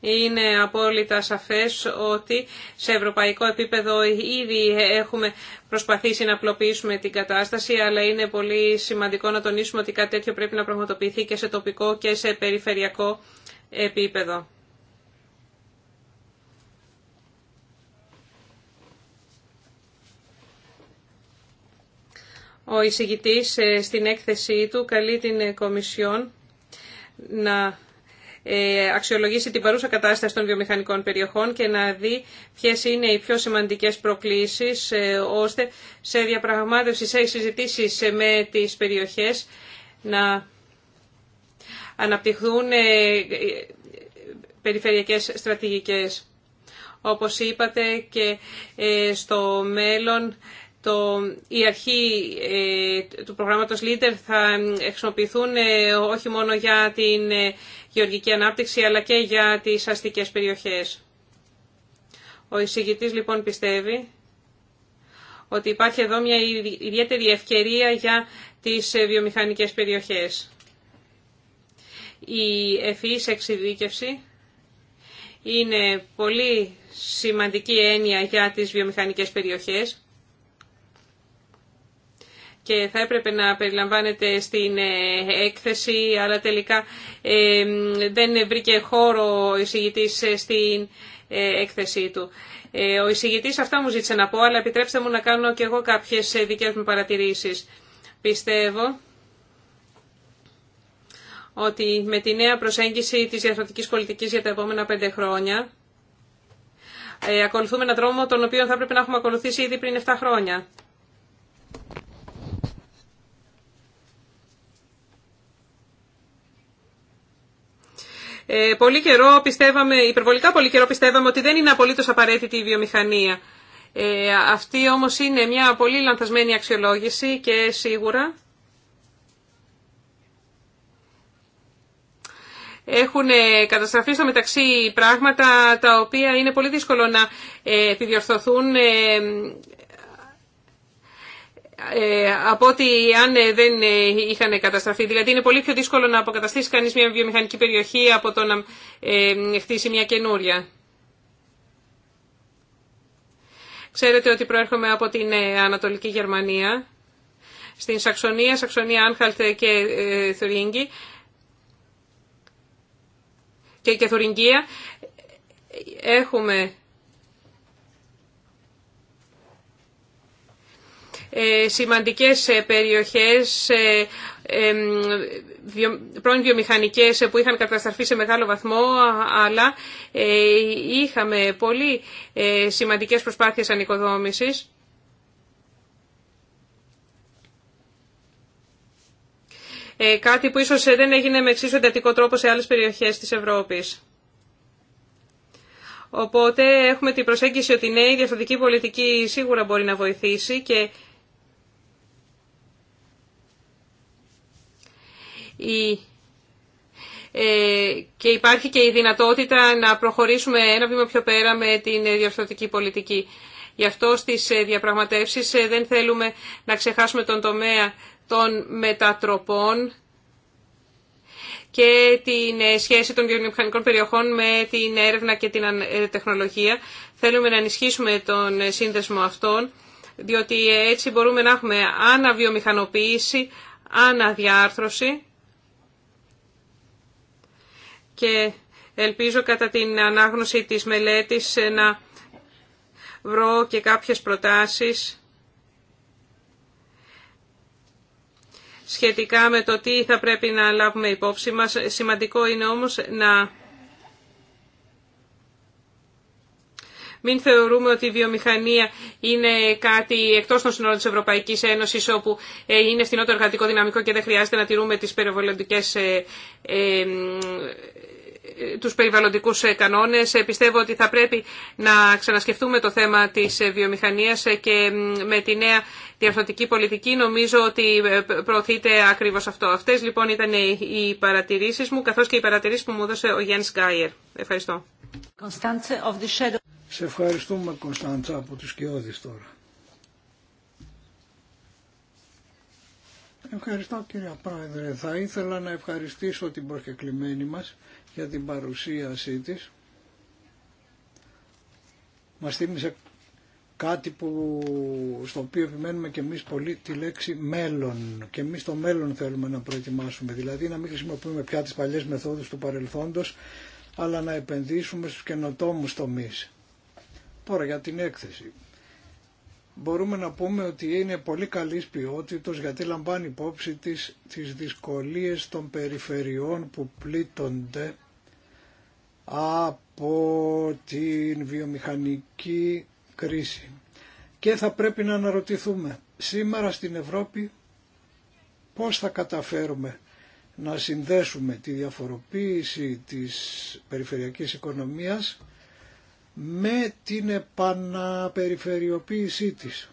B: είναι απόλυτα σαφές ότι σε ευρωπαϊκό επίπεδο ήδη έχουμε προσπαθήσει να απλοποιήσουμε την κατάσταση, αλλά είναι πολύ σημαντικό να τονίσουμε ότι κάτι τέτοιο πρέπει να πραγματοποιηθεί και σε τοπικό και σε περιφερειακό επίπεδο. Ο εισηγητής ε, στην έκθεσή του καλεί την ε, Κομισιόν να ε, αξιολογήσει την παρούσα κατάσταση των βιομηχανικών περιοχών και να δει ποιες είναι οι πιο σημαντικές προκλήσεις ώστε σε διαπραγμάτευση, σε συζητήσεις με τις περιοχές να αναπτυχθούν περιφερειακές στρατηγικές. Όπως είπατε και στο μέλλον το, η αρχή ε, του προγράμματος LEADER θα χρησιμοποιηθούν ε, όχι μόνο για την ε, γεωργική ανάπτυξη αλλά και για τις αστικές περιοχές. Ο εισηγητής λοιπόν πιστεύει ότι υπάρχει εδώ μια ιδιαίτερη ευκαιρία για τις βιομηχανικές περιοχές. Η ευφυής εξειδίκευση είναι πολύ σημαντική έννοια για τις βιομηχανικές περιοχές και θα έπρεπε να περιλαμβάνεται στην ε, έκθεση, αλλά τελικά ε, δεν βρήκε χώρο ο εισηγητής στην ε, έκθεσή του. Ο εισηγητής αυτά μου ζήτησε να πω, αλλά επιτρέψτε μου να κάνω και εγώ κάποιες δικές μου παρατηρήσεις. Πιστεύω ότι με τη νέα προσέγγιση της διαθροτικής πολιτικής για τα επόμενα πέντε χρόνια ακολουθούμε έναν δρόμο τον οποίο θα έπρεπε να έχουμε ακολουθήσει ήδη πριν 7 χρόνια. Ε, πολύ καιρό πιστεύαμε, υπερβολικά πολύ καιρό πιστεύαμε ότι δεν είναι απολύτως απαραίτητη η βιομηχανία. Ε, αυτή όμως είναι μια πολύ λανθασμένη αξιολόγηση και σίγουρα έχουν καταστραφεί στο μεταξύ πράγματα τα οποία είναι πολύ δύσκολο να ε, επιδιορθωθούν ε, ε, από ότι αν ε, δεν ε, είχαν καταστραφεί. Δηλαδή είναι πολύ πιο δύσκολο να αποκαταστήσει κανείς μια βιομηχανική περιοχή από το να χτίσει μια καινούρια. Ξέρετε ότι προέρχομαι από την Ανατολική Γερμανία, στην Σαξονία, Σαξονία Σαξονία-Άνχαλτε και Θουρίνγκη και, και Θουρινγκία. Έχουμε Ε, σημαντικές ε, περιοχές ε, πρώην βιομηχανικές που είχαν καταστραφεί σε μεγάλο βαθμό αλλά είχαμε πολύ σημαντικές προσπάθειες ανοικοδόμησης. Κάτι που ίσως δεν έγινε με εξίσου εντατικό τρόπο σε άλλες περιοχές της Ευρώπης. Οπότε έχουμε την προσέγγιση ότι ναι, η νέα διαφορετική πολιτική σίγουρα μπορεί να βοηθήσει και η ε, και υπάρχει και η δυνατότητα να προχωρήσουμε ένα βήμα πιο πέρα με την διορθωτική πολιτική. Γι' αυτό στις ε, διαπραγματεύσεις ε, δεν θέλουμε να ξεχάσουμε τον τομέα των μετατροπών και την σχέση των βιομηχανικών περιοχών με την έρευνα και την τεχνολογία. Θέλουμε να ενισχύσουμε τον σύνδεσμο αυτών διότι έτσι μπορούμε να έχουμε αναβιομηχανοποίηση, αναδιάρθρωση και ελπίζω κατά την ανάγνωση της μελέτης να βρω και κάποιες προτάσεις σχετικά με το τι θα πρέπει να λάβουμε υπόψη μας. Σημαντικό είναι όμως να Μην θεωρούμε ότι η βιομηχανία είναι κάτι εκτό των συνόρων τη Ευρωπαϊκή Ένωση, όπου ε, είναι φθηνότερο εργατικό δυναμικό και δεν χρειάζεται να τηρούμε τις περιβαλλοντικές ε, ε, τους περιβαλλοντικούς κανόνες. Πιστεύω ότι θα πρέπει να ξανασκεφτούμε το θέμα της βιομηχανίας και με τη νέα διαρθρωτική πολιτική νομίζω ότι προωθείται ακριβώς αυτό. Αυτές λοιπόν ήταν οι παρατηρήσεις μου καθώς και οι παρατηρήσεις που μου έδωσε ο Γιάννης Γκάιερ. Ευχαριστώ.
D: Σε ευχαριστούμε Κωνσταντσα από τους Κιώδης τώρα. Ευχαριστώ κύριε Πρόεδρε. Θα ήθελα να ευχαριστήσω την προσκεκλημένη μας για την παρουσίασή της. Μας θύμισε κάτι που, στο οποίο επιμένουμε και εμείς πολύ τη λέξη μέλλον. Και εμείς το μέλλον θέλουμε να προετοιμάσουμε. Δηλαδή να μην χρησιμοποιούμε πια τις παλιές μεθόδους του παρελθόντος, αλλά να επενδύσουμε στους καινοτόμους τομείς. Τώρα για την έκθεση. Μπορούμε να πούμε ότι είναι πολύ καλής ποιότητος γιατί λαμβάνει υπόψη της τις δυσκολίες των περιφερειών που πλήττονται από την βιομηχανική κρίση. Και θα πρέπει να αναρωτηθούμε σήμερα στην Ευρώπη πώς θα καταφέρουμε να συνδέσουμε τη διαφοροποίηση της περιφερειακής οικονομίας με την επαναπεριφερειοποίησή της.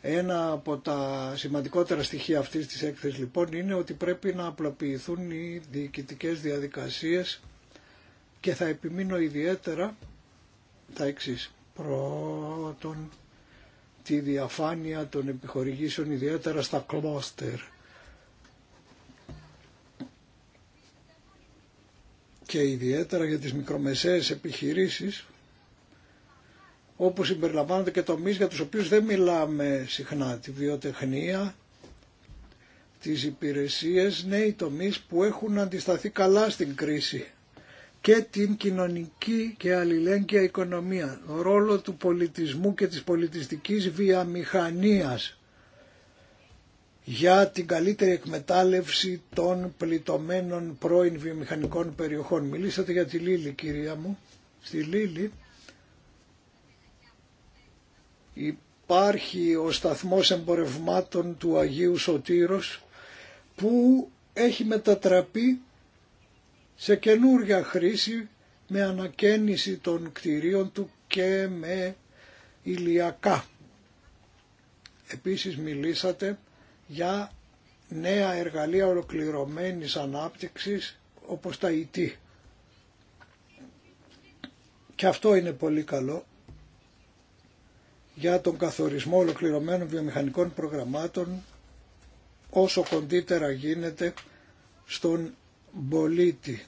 D: Ένα από τα σημαντικότερα στοιχεία αυτής της έκθεσης λοιπόν είναι ότι πρέπει να απλοποιηθούν οι διοικητικές διαδικασίες και θα επιμείνω ιδιαίτερα τα εξής. Πρώτον, τη διαφάνεια των επιχορηγήσεων ιδιαίτερα στα κλώστερ και ιδιαίτερα για τις μικρομεσαίες επιχειρήσεις όπως συμπεριλαμβάνονται και τομείς για τους οποίους δεν μιλάμε συχνά, τη βιοτεχνία, τις υπηρεσίες, νέοι τομείς που έχουν αντισταθεί καλά στην κρίση και την κοινωνική και αλληλέγγυα οικονομία, ρόλο του πολιτισμού και της πολιτιστικής βιαμηχανίας για την καλύτερη εκμετάλλευση των πλητωμένων πρώην βιομηχανικών περιοχών. Μιλήσατε για τη Λίλη κυρία μου. Στη Λίλη υπάρχει ο σταθμός εμπορευμάτων του Αγίου Σωτήρος που έχει μετατραπεί σε καινούργια χρήση με ανακαίνιση των κτηρίων του και με ηλιακά. Επίσης μιλήσατε για νέα εργαλεία ολοκληρωμένης ανάπτυξης όπως τα IT. E Και αυτό είναι πολύ καλό για τον καθορισμό ολοκληρωμένων βιομηχανικών προγραμμάτων όσο κοντύτερα γίνεται στον πολίτη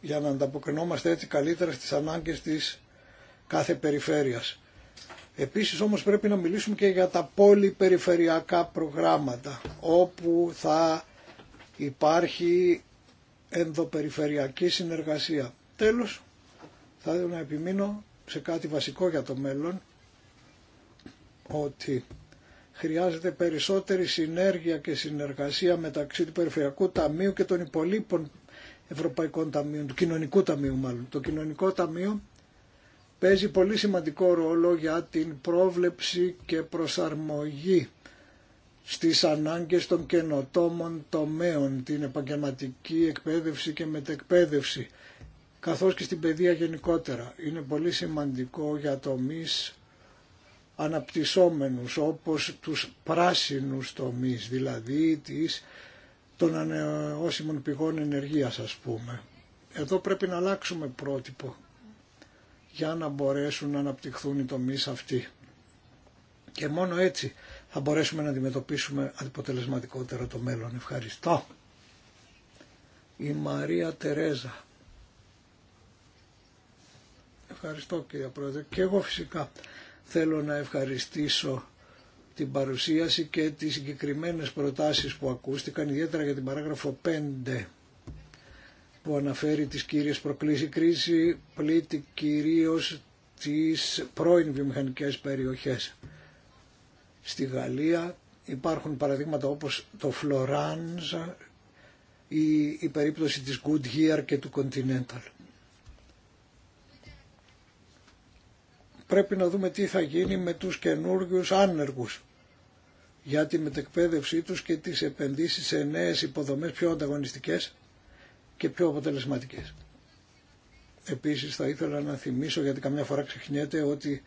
D: για να ανταποκρινόμαστε έτσι καλύτερα στις ανάγκες της κάθε περιφέρειας. Επίσης όμως πρέπει να μιλήσουμε και για τα πολυπεριφερειακά προγράμματα όπου θα υπάρχει ενδοπεριφερειακή συνεργασία. Τέλος, θα ήθελα να επιμείνω σε κάτι βασικό για το μέλλον ότι χρειάζεται περισσότερη συνέργεια και συνεργασία μεταξύ του Περιφερειακού Ταμείου και των υπολείπων Ευρωπαϊκών Ταμείων, του Κοινωνικού Ταμείου μάλλον. Το Κοινωνικό Ταμείο παίζει πολύ σημαντικό ρόλο για την πρόβλεψη και προσαρμογή στις ανάγκες των καινοτόμων τομέων, την επαγγελματική εκπαίδευση και μετεκπαίδευση, καθώς και στην παιδεία γενικότερα. Είναι πολύ σημαντικό για τομείς αναπτυσσόμενους, όπως τους πράσινους τομείς, δηλαδή τις, των ανεώσιμων πηγών ενεργείας, ας πούμε. Εδώ πρέπει να αλλάξουμε πρότυπο για να μπορέσουν να αναπτυχθούν οι τομείς αυτοί. Και μόνο έτσι θα μπορέσουμε να αντιμετωπίσουμε αντιποτελεσματικότερα το μέλλον. Ευχαριστώ. Η Μαρία Τερέζα. Ευχαριστώ κύριε Πρόεδρε. Και εγώ φυσικά θέλω να ευχαριστήσω την παρουσίαση και τις συγκεκριμένες προτάσεις που ακούστηκαν, ιδιαίτερα για την παράγραφο 5 που αναφέρει τις κύριες προκλήσεις. κρίση πλήττει κυρίως τις πρώην βιομηχανικές περιοχές. Στη Γαλλία υπάρχουν παραδείγματα όπως το Φλωράνζα ή η περίπτωση της Year και του Continental. Πρέπει να δούμε τι θα γίνει με τους καινούργιους άνεργους για τη μετεκπαίδευσή τους και τις επενδύσεις σε νέες υποδομές πιο ανταγωνιστικές και πιο αποτελεσματικές. Επίσης θα ήθελα να θυμίσω, γιατί καμιά φορά ξεχνιέται, ότι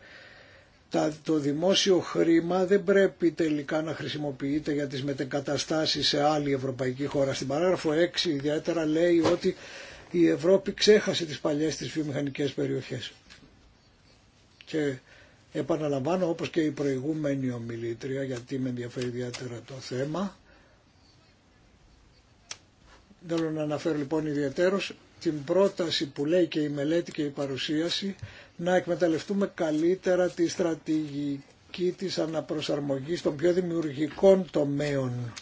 D: το δημόσιο χρήμα δεν πρέπει τελικά να χρησιμοποιείται για τις μετεγκαταστάσεις σε άλλη ευρωπαϊκή χώρα. Στην παράγραφο 6 ιδιαίτερα λέει ότι η Ευρώπη ξέχασε τις παλιές της βιομηχανικές περιοχές. Και επαναλαμβάνω όπως και η προηγούμενη ομιλήτρια γιατί με ενδιαφέρει ιδιαίτερα το θέμα Θέλω να αναφέρω λοιπόν ιδιαίτερω την πρόταση που λέει και η μελέτη και η παρουσίαση να εκμεταλλευτούμε καλύτερα τη στρατηγική της αναπροσαρμογής των πιο δημιουργικών τομέων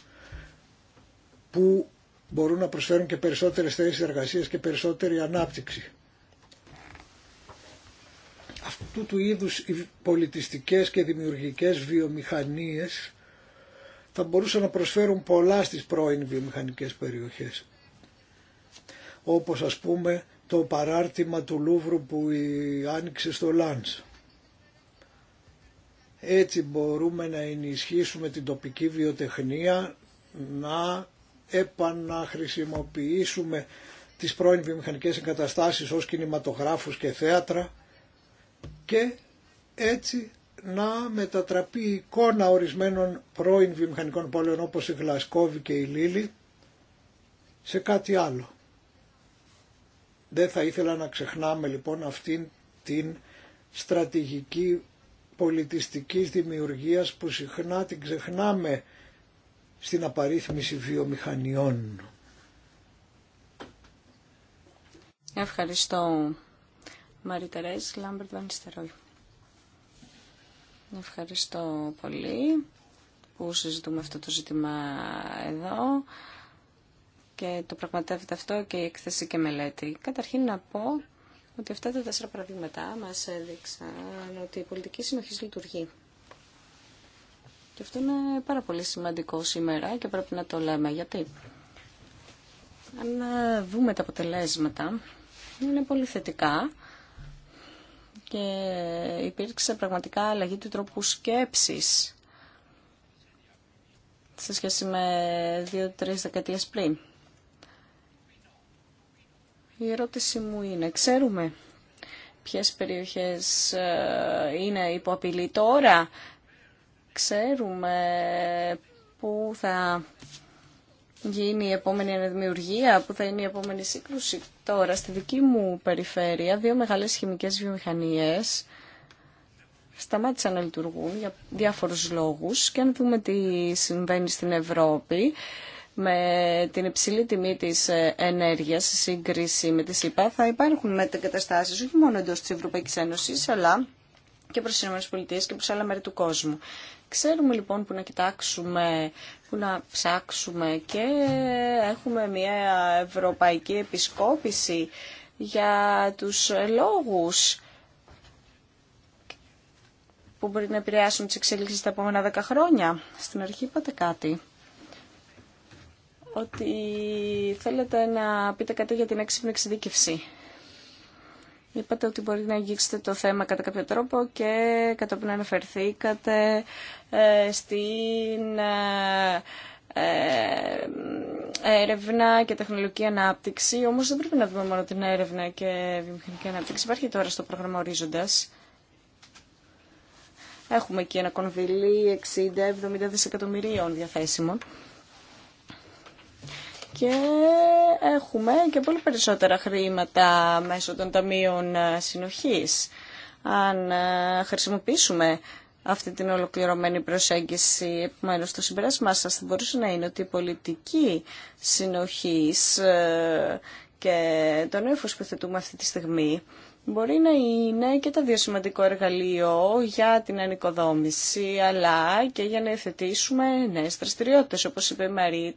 D: που μπορούν να προσφέρουν και περισσότερες θέσεις εργασίας και περισσότερη ανάπτυξη. Αυτού του είδους οι πολιτιστικές και δημιουργικές βιομηχανίες θα μπορούσαν να προσφέρουν πολλά στις πρώην βιομηχανικές περιοχές. Όπως ας πούμε το παράρτημα του Λούβρου που άνοιξε στο Λάντς. Έτσι μπορούμε να ενισχύσουμε την τοπική βιοτεχνία, να επαναχρησιμοποιήσουμε τις πρώην βιομηχανικές εγκαταστάσεις ως κινηματογράφους και θέατρα και έτσι να μετατραπεί η εικόνα ορισμένων πρώην βιομηχανικών πόλεων όπως η Γλασκόβη και η Λίλη σε κάτι άλλο. Δεν θα ήθελα να ξεχνάμε λοιπόν αυτήν την στρατηγική πολιτιστικής δημιουργίας που συχνά την ξεχνάμε στην απαρίθμηση βιομηχανιών.
A: Ευχαριστώ Μαρή Τερέζ Λάμπερτ Βανιστερόι. Ευχαριστώ πολύ που συζητούμε αυτό το ζήτημα εδώ και το πραγματεύεται αυτό και η εκθέση και μελέτη. Καταρχήν να πω ότι αυτά τα τέσσερα παραδείγματα μας έδειξαν ότι η πολιτική συνοχή λειτουργεί. Και αυτό είναι πάρα πολύ σημαντικό σήμερα και πρέπει να το λέμε. Γιατί αν δούμε τα αποτελέσματα είναι πολύ θετικά και υπήρξε πραγματικά αλλαγή του τρόπου σκέψης σε σχέση με δύο-τρεις δεκαετίες πριν. Η ερώτηση μου είναι, ξέρουμε ποιες περιοχές ε, είναι υπό απειλή τώρα, ξέρουμε πού θα γίνει η επόμενη αναδημιουργία, που θα είναι η επόμενη σύγκρουση. Τώρα, στη δική μου περιφέρεια, δύο μεγάλες χημικές βιομηχανίες σταμάτησαν να λειτουργούν για διάφορους λόγους και αν δούμε τι συμβαίνει στην Ευρώπη, με την υψηλή τιμή της ε, ενέργειας σε σύγκριση με τη ΣΥΠΑ θα υπάρχουν μετακαταστάσεις όχι μόνο εντός της Ευρωπαϊκής Ένωσης αλλά και προς τις ΗΠΑ και προς άλλα μέρη του κόσμου. Ξέρουμε λοιπόν που να κοιτάξουμε που να ψάξουμε και έχουμε μια ευρωπαϊκή επισκόπηση για τους λόγους που μπορεί να επηρεάσουν τις εξέλιξεις τα επόμενα δέκα χρόνια. Στην αρχή είπατε κάτι. Ότι θέλετε να πείτε κάτι για την έξυπνη εξειδίκευση. Είπατε ότι μπορεί να αγγίξετε το θέμα κατά κάποιο τρόπο και κατόπιν αναφερθήκατε ε, στην ε, ε, έρευνα και τεχνολογική ανάπτυξη. Όμως δεν πρέπει να δούμε μόνο την έρευνα και βιομηχανική ανάπτυξη. Υπάρχει τώρα στο πρόγραμμα Ορίζοντας. Έχουμε εκεί ένα κονδυλί 60-70 δισεκατομμυρίων διαθέσιμων και έχουμε και πολύ περισσότερα χρήματα μέσω των ταμείων ε, συνοχής. Αν ε, χρησιμοποιήσουμε αυτή την ολοκληρωμένη προσέγγιση, επομένω το συμπέρασμά σας θα μπορούσε να είναι ότι η πολιτική συνοχής ε, και το νέο που θετούμε αυτή τη στιγμή μπορεί να είναι και τα δύο σημαντικό εργαλείο για την ανοικοδόμηση αλλά και για να εθετήσουμε νέες δραστηριότητες όπως είπε η Μαρή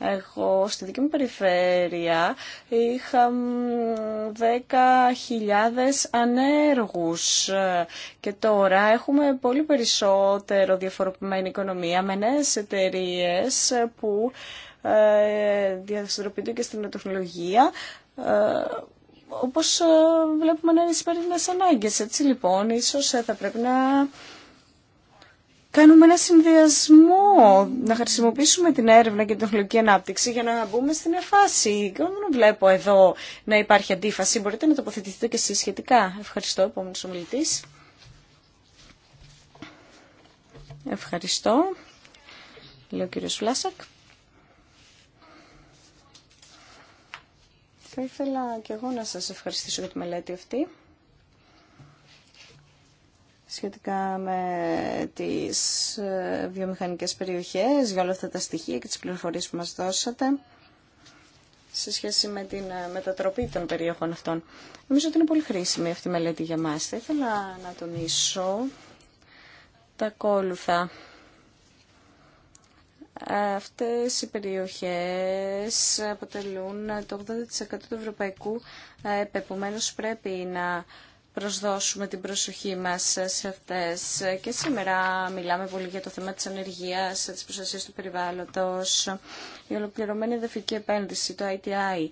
A: εγώ στη δική μου περιφέρεια είχα 10.000 ανέργους και τώρα έχουμε πολύ περισσότερο διαφοροποιημένη οικονομία με νέες εταιρείε που ε, διαδραστηριοποιούνται και στην τεχνολογία ε, όπως ε, βλέπουμε να είναι σημαντικές ανάγκες. Έτσι λοιπόν ίσως θα πρέπει να κάνουμε ένα συνδυασμό, να χρησιμοποιήσουμε την έρευνα και την τεχνολογική ανάπτυξη για να μπούμε στην εφάση. Και δεν βλέπω εδώ να υπάρχει αντίφαση. Μπορείτε να τοποθετηθείτε και εσείς σχετικά. Ευχαριστώ, επόμενος ομιλητής. Ευχαριστώ. Λέω ο κύριος Φλάσακ. Θα ήθελα και εγώ να σας ευχαριστήσω για τη μελέτη αυτή σχετικά με τις ε, βιομηχανικές περιοχές, για όλα αυτά τα στοιχεία και τις πληροφορίες που μας δώσατε σε σχέση με την ε, μετατροπή των περιοχών αυτών. Νομίζω ότι είναι πολύ χρήσιμη αυτή η μελέτη για μας. Θα ήθελα να τονίσω τα ακόλουθα. Αυτές οι περιοχές αποτελούν το 80% του ευρωπαϊκού επεπομένως πρέπει να προσδώσουμε την προσοχή μας σε αυτές. Και σήμερα μιλάμε πολύ για το θέμα της ανεργίας, της προστασίας του περιβάλλοντος, η ολοκληρωμένη εδαφική επένδυση, το ITI.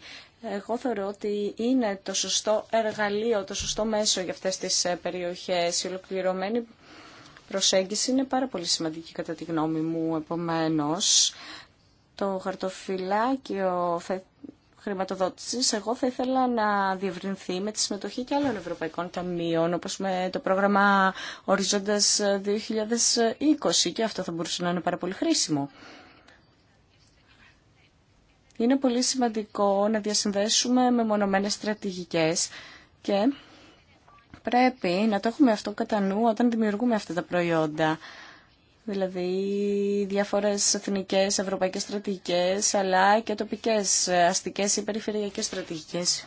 A: Εγώ θεωρώ ότι είναι το σωστό εργαλείο, το σωστό μέσο για αυτές τις ε, περιοχές. Η ολοκληρωμένη προσέγγιση είναι πάρα πολύ σημαντική κατά τη γνώμη μου. Επομένως, το χαρτοφυλάκιο εγώ θα ήθελα να διευρυνθεί με τη συμμετοχή και άλλων ευρωπαϊκών ταμείων, όπως με το πρόγραμμα Οριζόντας 2020 και αυτό θα μπορούσε να είναι πάρα πολύ χρήσιμο. Είναι πολύ σημαντικό να διασυνδέσουμε με μονομένες στρατηγικές και πρέπει να το έχουμε αυτό κατά νου όταν δημιουργούμε αυτά τα προϊόντα δηλαδή διάφορες εθνικές, ευρωπαϊκές στρατηγικές, αλλά και τοπικές, αστικές ή περιφερειακές στρατηγικές.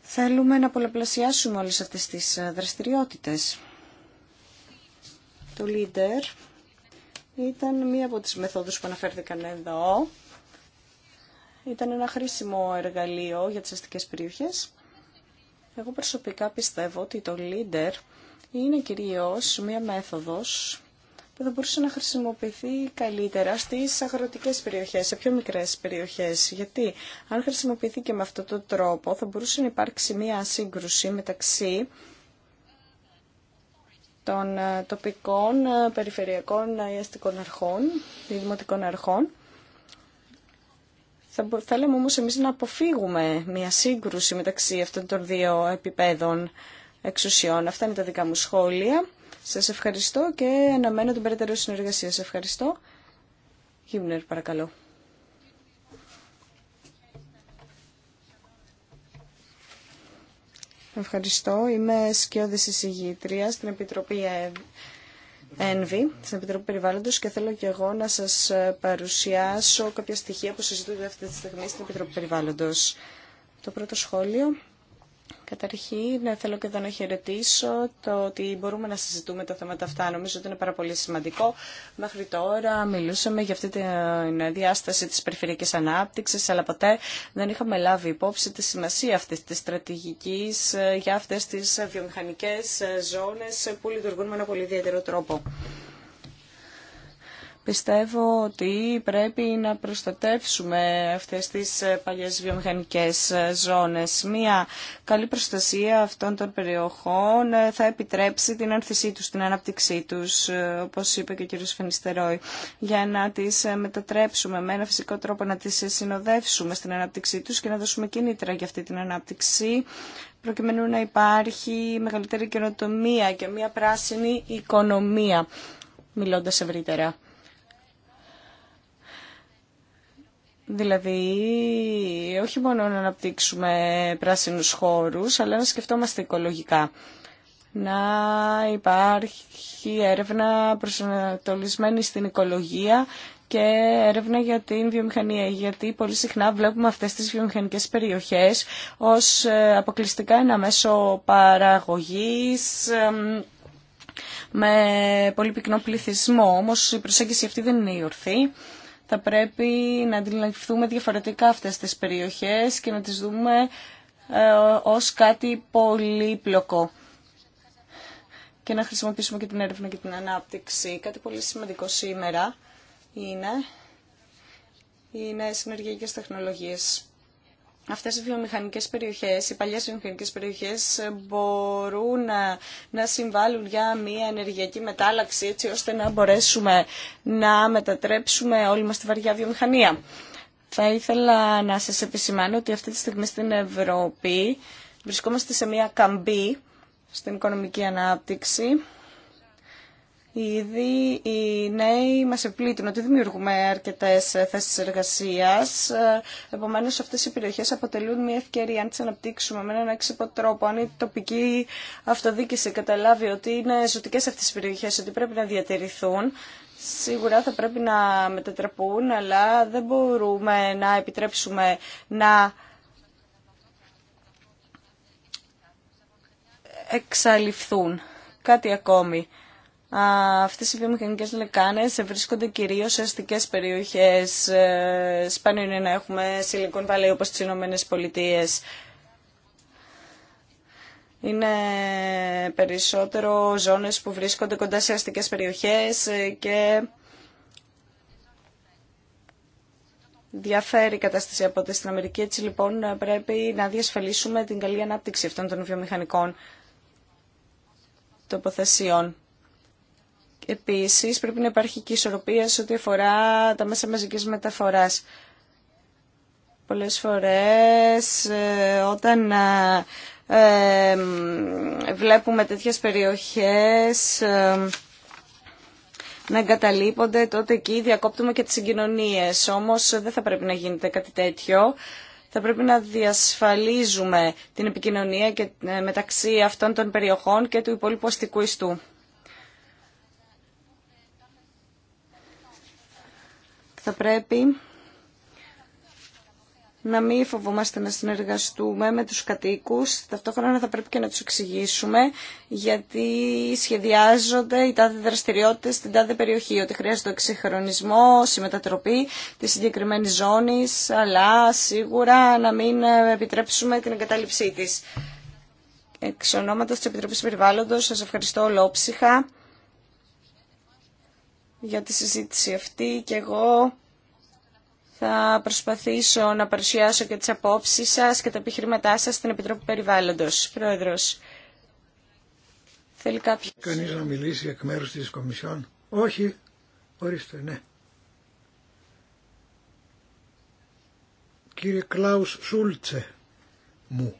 A: Θέλουμε να πολλαπλασιάσουμε όλες αυτές τις ε, δραστηριότητες. Το leader ήταν μία από τις μεθόδους που αναφέρθηκαν εδώ. Ήταν ένα χρήσιμο εργαλείο για τις αστικές περιοχές. Εγώ προσωπικά πιστεύω ότι το leader είναι κυρίως μία μέθοδος που θα μπορούσε να χρησιμοποιηθεί καλύτερα στις αγροτικές περιοχές, σε πιο μικρές περιοχές. Γιατί αν χρησιμοποιηθεί και με αυτόν τον τρόπο θα μπορούσε να υπάρξει μία σύγκρουση μεταξύ των ε, τοπικών, ε, περιφερειακών, ε, αστικών αρχών, δημοτικών αρχών. Θα θέλαμε όμως εμείς να αποφύγουμε μια σύγκρουση μεταξύ αυτών των δύο επιπέδων εξουσιών. Αυτά είναι τα δικά μου σχόλια. Σας ευχαριστώ και αναμένω την περαιτέρω συνεργασία. Σας ευχαριστώ. Χίμνερ, παρακαλώ. Ευχαριστώ. Είμαι σκιώδης εισηγήτρια στην Επιτροπή ΕΝΒΗ, στην Επιτροπή Περιβάλλοντος και θέλω και εγώ να σας παρουσιάσω κάποια στοιχεία που συζητούνται αυτή τη στιγμή στην Επιτροπή Περιβάλλοντος. Το πρώτο σχόλιο Καταρχήν, ε, θέλω και εδώ να χαιρετήσω το ότι μπορούμε να συζητούμε τα θέματα αυτά. Νομίζω ότι είναι πάρα πολύ σημαντικό. Μέχρι τώρα μιλούσαμε για αυτή την διάσταση της περιφερειακής ανάπτυξης, αλλά ποτέ δεν είχαμε λάβει υπόψη τη σημασία αυτής της στρατηγικής ε, για αυτές τις βιομηχανικές ε, ζώνες που λειτουργούν με ένα πολύ ιδιαίτερο τρόπο. Πιστεύω ότι πρέπει να προστατεύσουμε αυτές τις ε, παλιές βιομηχανικές ε, ζώνες. Μία καλή προστασία αυτών των περιοχών ε, θα επιτρέψει την ανθισή τους, την ανάπτυξή τους, όπως είπε και ο κ. Φενιστερόη, για να τις μετατρέψουμε με ένα φυσικό τρόπο, να τις συνοδεύσουμε στην ανάπτυξή τους και να δώσουμε κίνητρα για αυτή την ανάπτυξη προκειμένου να υπάρχει μεγαλύτερη καινοτομία και μια πράσινη οικονομία, μιλώντας ευρύτερα. Δηλαδή, όχι μόνο να αναπτύξουμε πράσινους χώρους, αλλά να σκεφτόμαστε οικολογικά. Να υπάρχει έρευνα προσανατολισμένη στην οικολογία και έρευνα για την βιομηχανία, γιατί πολύ συχνά βλέπουμε αυτές τις βιομηχανικές περιοχές ως ε, αποκλειστικά ένα μέσο παραγωγής, με πολύ πυκνό πληθυσμό, όμως η προσέγγιση αυτή δεν είναι η ορθή θα πρέπει να αντιληφθούμε διαφορετικά αυτές τις περιοχές και να τις δούμε ε, ως κάτι πολύπλοκο και να χρησιμοποιήσουμε και την έρευνα και την ανάπτυξη. Κάτι πολύ σημαντικό σήμερα είναι οι νέες ενεργειακές τεχνολογίες αυτές οι βιομηχανικές περιοχές, οι παλιές βιομηχανικές περιοχές ε, μπορούν να, ε, να συμβάλλουν για μια ενεργειακή μετάλλαξη έτσι ώστε να μπορέσουμε να μετατρέψουμε όλη μας τη βαριά βιομηχανία. Θα ήθελα να σας επισημάνω ότι αυτή τη στιγμή στην Ευρώπη βρισκόμαστε σε μια καμπή στην οικονομική ανάπτυξη Ήδη οι νέοι μας επλήττουν ότι δημιουργούμε αρκετές θέσεις εργασίας. Επομένως, αυτές οι περιοχές αποτελούν μια ευκαιρία αν τις αναπτύξουμε με έναν έξυπνο τρόπο. Αν η τοπική αυτοδίκηση καταλάβει ότι είναι ζωτικές αυτές οι περιοχές, ότι πρέπει να διατηρηθούν, Σίγουρα θα πρέπει να μετατραπούν, αλλά δεν μπορούμε να επιτρέψουμε να εξαλειφθούν. Κάτι ακόμη. Αυτές οι βιομηχανικές λεκάνες βρίσκονται κυρίως σε αστικές περιοχές. Ε, σπάνιο είναι να έχουμε σιλικόν Valley όπως τις Ηνωμένε Πολιτείες. Είναι περισσότερο ζώνες που βρίσκονται κοντά σε αστικές περιοχές ε, και διαφέρει η κατάσταση από ό,τι στην Αμερική. Έτσι λοιπόν πρέπει να διασφαλίσουμε την καλή ανάπτυξη αυτών των βιομηχανικών τοποθεσιών. Επίσης, πρέπει να υπάρχει και ισορροπία σε ό,τι αφορά τα μέσα μαζικής μεταφοράς. Πολλές φορές, ε, όταν ε, βλέπουμε τέτοιες περιοχές ε, να εγκαταλείπονται, τότε εκεί διακόπτουμε και τις συγκοινωνίες. Όμως δεν θα πρέπει να γίνεται κάτι τέτοιο. Θα πρέπει να διασφαλίζουμε την επικοινωνία και μεταξύ αυτών των περιοχών και του υπόλοιπου αστικού ιστού. Θα πρέπει να μην φοβόμαστε να συνεργαστούμε με τους κατοίκους, ταυτόχρονα θα πρέπει και να τους εξηγήσουμε γιατί σχεδιάζονται οι τάδε δραστηριότητες στην τάδε περιοχή, ότι χρειάζεται εξυγχρονισμό, μετατροπή της συγκεκριμένη ζώνης, αλλά σίγουρα να μην επιτρέψουμε την εγκατάλειψή της. Εξ ονόματος της Επιτροπής Περιβάλλοντος, σας ευχαριστώ ολόψυχα για τη συζήτηση αυτή και εγώ θα προσπαθήσω να παρουσιάσω και τις απόψεις σας και τα επιχειρήματά σας στην Επιτροπή Περιβάλλοντος. Πρόεδρος,
D: θέλει κάποιος... Κανείς να μιλήσει εκ μέρους της Κομισιόν. Όχι, ορίστε, ναι. Κύριε Κλάους Σούλτσε μου.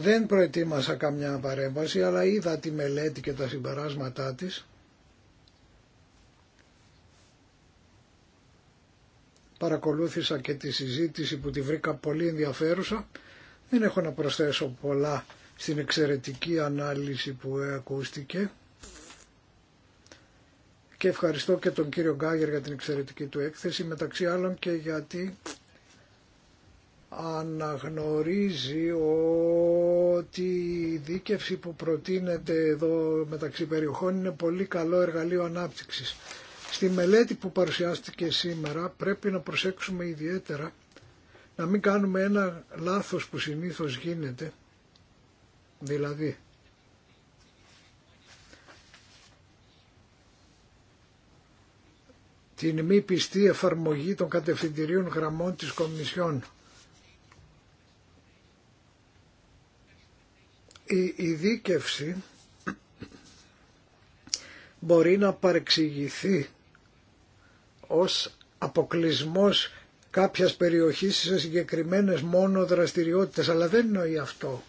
D: Δεν προετοίμασα καμιά παρέμβαση, αλλά είδα τη μελέτη και τα συμπεράσματά της. Παρακολούθησα και τη συζήτηση που τη βρήκα πολύ ενδιαφέρουσα. Δεν έχω να προσθέσω πολλά στην εξαιρετική ανάλυση που ακούστηκε. Και ευχαριστώ και τον κύριο Γκάγερ για την εξαιρετική του έκθεση, μεταξύ άλλων και γιατί αναγνωρίζει ότι η δίκευση που προτείνεται εδώ μεταξύ περιοχών είναι πολύ καλό εργαλείο ανάπτυξης. Στη μελέτη που παρουσιάστηκε σήμερα πρέπει να προσέξουμε ιδιαίτερα να μην κάνουμε ένα λάθος που συνήθως γίνεται, δηλαδή την μη πιστή εφαρμογή των κατευθυντηρίων γραμμών της Κομισιόν. η ειδίκευση μπορεί να παρεξηγηθεί ως αποκλισμός κάποιας περιοχής σε συγκεκριμένες μόνο δραστηριότητες, αλλά δεν εννοεί αυτό.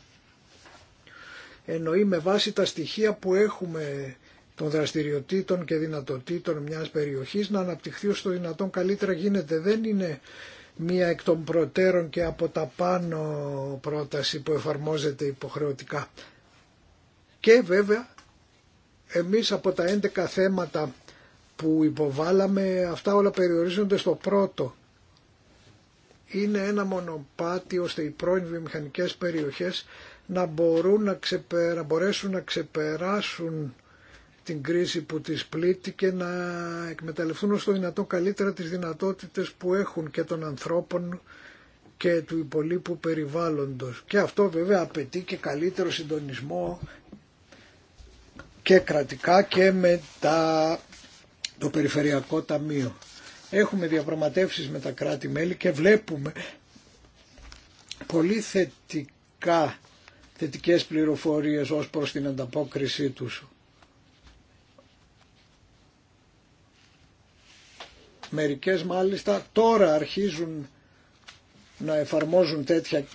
D: Εννοεί με βάση τα στοιχεία που έχουμε των δραστηριοτήτων και δυνατοτήτων μιας περιοχής να αναπτυχθεί όσο το δυνατόν καλύτερα γίνεται. Δεν είναι μία εκ των προτέρων και από τα πάνω πρόταση που εφαρμόζεται υποχρεωτικά. Και βέβαια εμείς από τα 11 θέματα που υποβάλαμε αυτά όλα περιορίζονται στο πρώτο. Είναι ένα μονοπάτι ώστε οι πρώην βιομηχανικές περιοχές να, μπορούν να, να μπορέσουν να ξεπεράσουν την κρίση που τις πλήττει και να εκμεταλλευτούν όσο το δυνατόν καλύτερα τις δυνατότητες που έχουν και των ανθρώπων και του υπολείπου περιβάλλοντος. Και αυτό βέβαια απαιτεί και καλύτερο συντονισμό και κρατικά και με τα... το Περιφερειακό Ταμείο. Έχουμε διαπραγματεύσεις με τα κράτη-μέλη και βλέπουμε πολύ θετικά θετικές πληροφορίες ως προς την ανταπόκρισή τους. Μερικές μάλιστα τώρα αρχίζουν να εφαρμόζουν τέτοια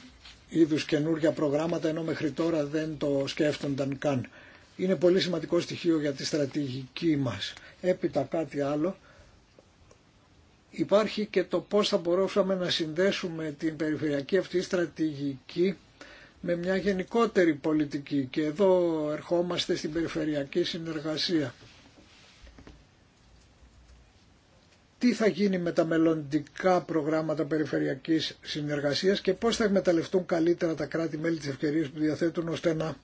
D: είδους καινούργια προγράμματα ενώ μέχρι τώρα δεν το σκέφτονταν καν. Είναι πολύ σημαντικό στοιχείο για τη στρατηγική μας. Έπειτα κάτι άλλο. Υπάρχει και το πώς θα μπορούσαμε να συνδέσουμε την περιφερειακή αυτή στρατηγική με μια γενικότερη πολιτική και εδώ ερχόμαστε στην περιφερειακή συνεργασία. τι θα γίνει με τα μελλοντικά προγράμματα περιφερειακής συνεργασίας και πώς θα εκμεταλλευτούν καλύτερα τα κράτη-μέλη της ευκαιρίας που διαθέτουν ώστε να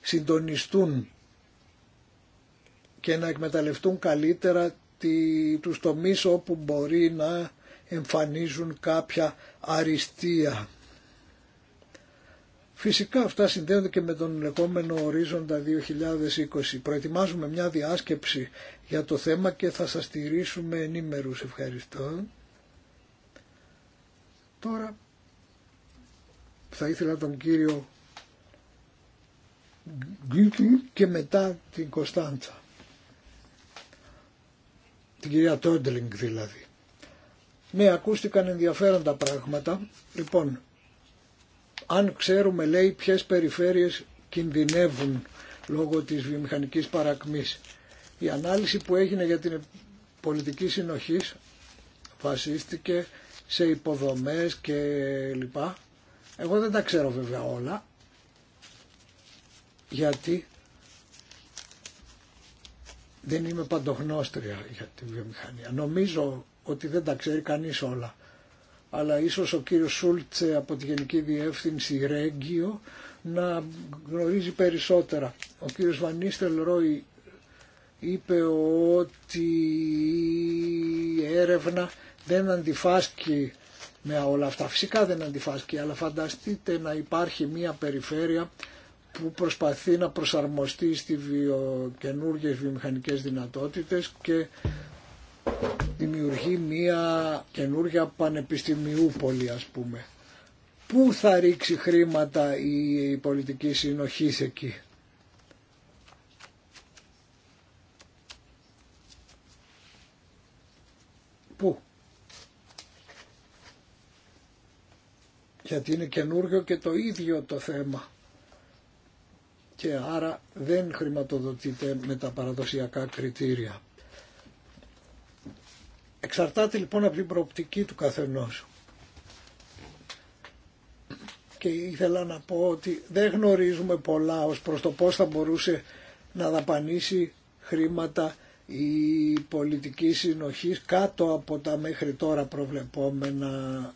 D: συντονιστούν και να εκμεταλλευτούν καλύτερα τους τομείς όπου μπορεί να εμφανίζουν κάποια αριστεία. Φυσικά αυτά συνδέονται και με τον λεγόμενο ορίζοντα 2020. Προετοιμάζουμε μια διάσκεψη για το θέμα και θα σας στηρίσουμε ενήμερους. Ευχαριστώ. Τώρα θα ήθελα τον κύριο και μετά την Κωνσταντσα. Την κυρία Τόντελινγκ δηλαδή. Ναι, ακούστηκαν ενδιαφέροντα πράγματα. Λοιπόν, αν ξέρουμε λέει ποιες περιφέρειες κινδυνεύουν λόγω της βιομηχανικής παρακμής. Η ανάλυση που έγινε για την πολιτική συνοχής βασίστηκε σε υποδομές και λοιπά. Εγώ δεν τα ξέρω βέβαια όλα, γιατί δεν είμαι παντογνώστρια για τη βιομηχανία. Νομίζω ότι δεν τα ξέρει κανείς όλα αλλά ίσως ο κύριος Σούλτσε από τη Γενική Διεύθυνση Ρέγγιο να γνωρίζει περισσότερα. Ο κύριος Βανίστελ Ρόι είπε ότι η έρευνα δεν αντιφάσκει με όλα αυτά. Φυσικά δεν αντιφάσκει, αλλά φανταστείτε να υπάρχει μια περιφέρεια που προσπαθεί να προσαρμοστεί στις βιο... καινούργιες βιομηχανικές δυνατότητες δημιουργεί μία καινούργια πανεπιστημιούπολη ας πούμε. Πού θα ρίξει χρήματα η πολιτική συνοχή εκεί. Πού. Γιατί είναι καινούργιο και το ίδιο το θέμα και άρα δεν χρηματοδοτείται με τα παραδοσιακά κριτήρια. Εξαρτάται λοιπόν από την προοπτική του καθενός. Και ήθελα να πω ότι δεν γνωρίζουμε πολλά ως προς το πώς θα μπορούσε να δαπανίσει χρήματα η πολιτική συνοχή κάτω από τα μέχρι τώρα προβλεπόμενα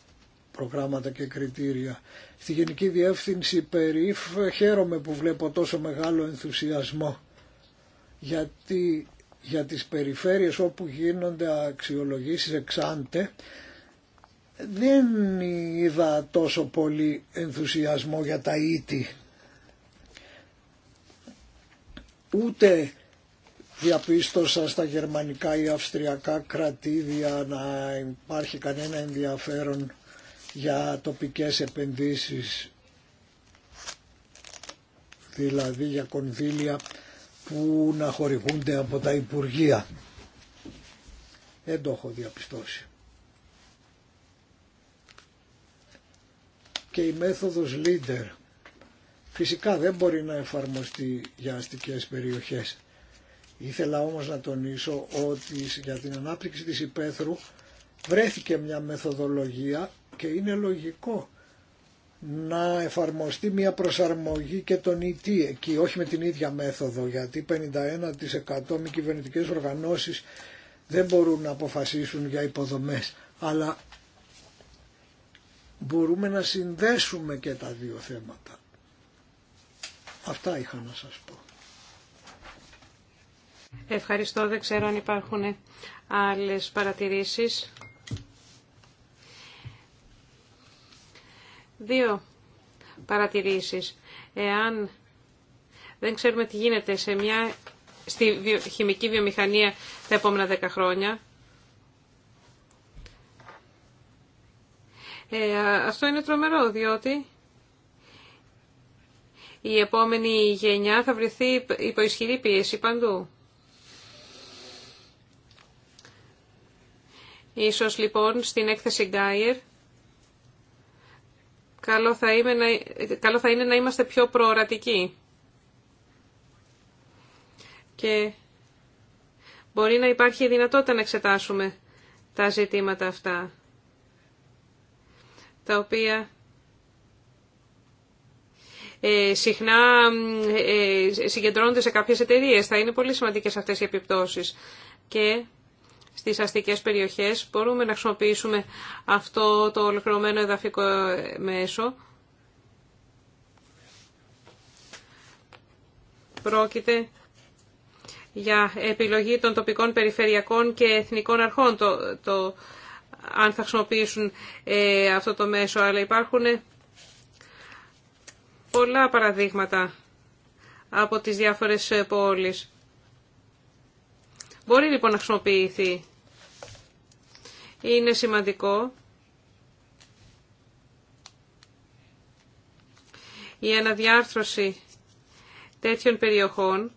D: προγράμματα και κριτήρια. Στη Γενική Διεύθυνση Περίφ χαίρομαι που βλέπω τόσο μεγάλο ενθουσιασμό γιατί για τις περιφέρειες όπου γίνονται αξιολογήσεις εξάντε δεν είδα τόσο πολύ ενθουσιασμό για τα ΉΤΗ. ούτε διαπίστωσα στα γερμανικά ή αυστριακά κρατήδια να υπάρχει κανένα ενδιαφέρον για τοπικές επενδύσεις δηλαδή για κονδύλια που να χορηγούνται από τα Υπουργεία. Δεν το έχω διαπιστώσει. Και η μέθοδος leader φυσικά δεν μπορεί να εφαρμοστεί για αστικές περιοχές. Ήθελα όμως να τονίσω ότι για την ανάπτυξη της υπαίθρου βρέθηκε μια μεθοδολογία και είναι λογικό να εφαρμοστεί μια προσαρμογή και τον ΙΤ e εκεί, όχι με την ίδια μέθοδο, γιατί 51% μη κυβερνητικέ οργανώσεις δεν μπορούν να αποφασίσουν για υποδομές, αλλά μπορούμε να συνδέσουμε και τα δύο θέματα. Αυτά είχα να σας πω.
B: Ευχαριστώ. Δεν ξέρω αν υπάρχουν άλλες παρατηρήσεις. Δύο παρατηρήσεις. Εάν δεν ξέρουμε τι γίνεται σε μια, στη χημική βιομηχανία τα επόμενα δέκα χρόνια, ε, αυτό είναι τρομερό, διότι η επόμενη γενιά θα βρεθεί υπό ισχυρή πίεση παντού. Ίσως λοιπόν στην έκθεση Γκάιερ καλό θα, είμαι να, καλό θα είναι να είμαστε πιο προορατικοί. Και μπορεί να υπάρχει δυνατότητα να εξετάσουμε τα ζητήματα αυτά, τα οποία ε, συχνά ε, ε συγκεντρώνονται σε κάποιες εταιρείες. Θα είναι πολύ σημαντικές αυτές οι επιπτώσεις. Και στις αστικές περιοχές. Μπορούμε να χρησιμοποιήσουμε αυτό το ολοκληρωμένο εδαφικό μέσο. Πρόκειται για επιλογή των τοπικών περιφερειακών και εθνικών αρχών το, το αν θα χρησιμοποιήσουν ε, αυτό το μέσο. Αλλά υπάρχουν πολλά παραδείγματα από τις διάφορες πόλεις. Μπορεί λοιπόν να χρησιμοποιηθεί. Είναι σημαντικό η αναδιάρθρωση τέτοιων περιοχών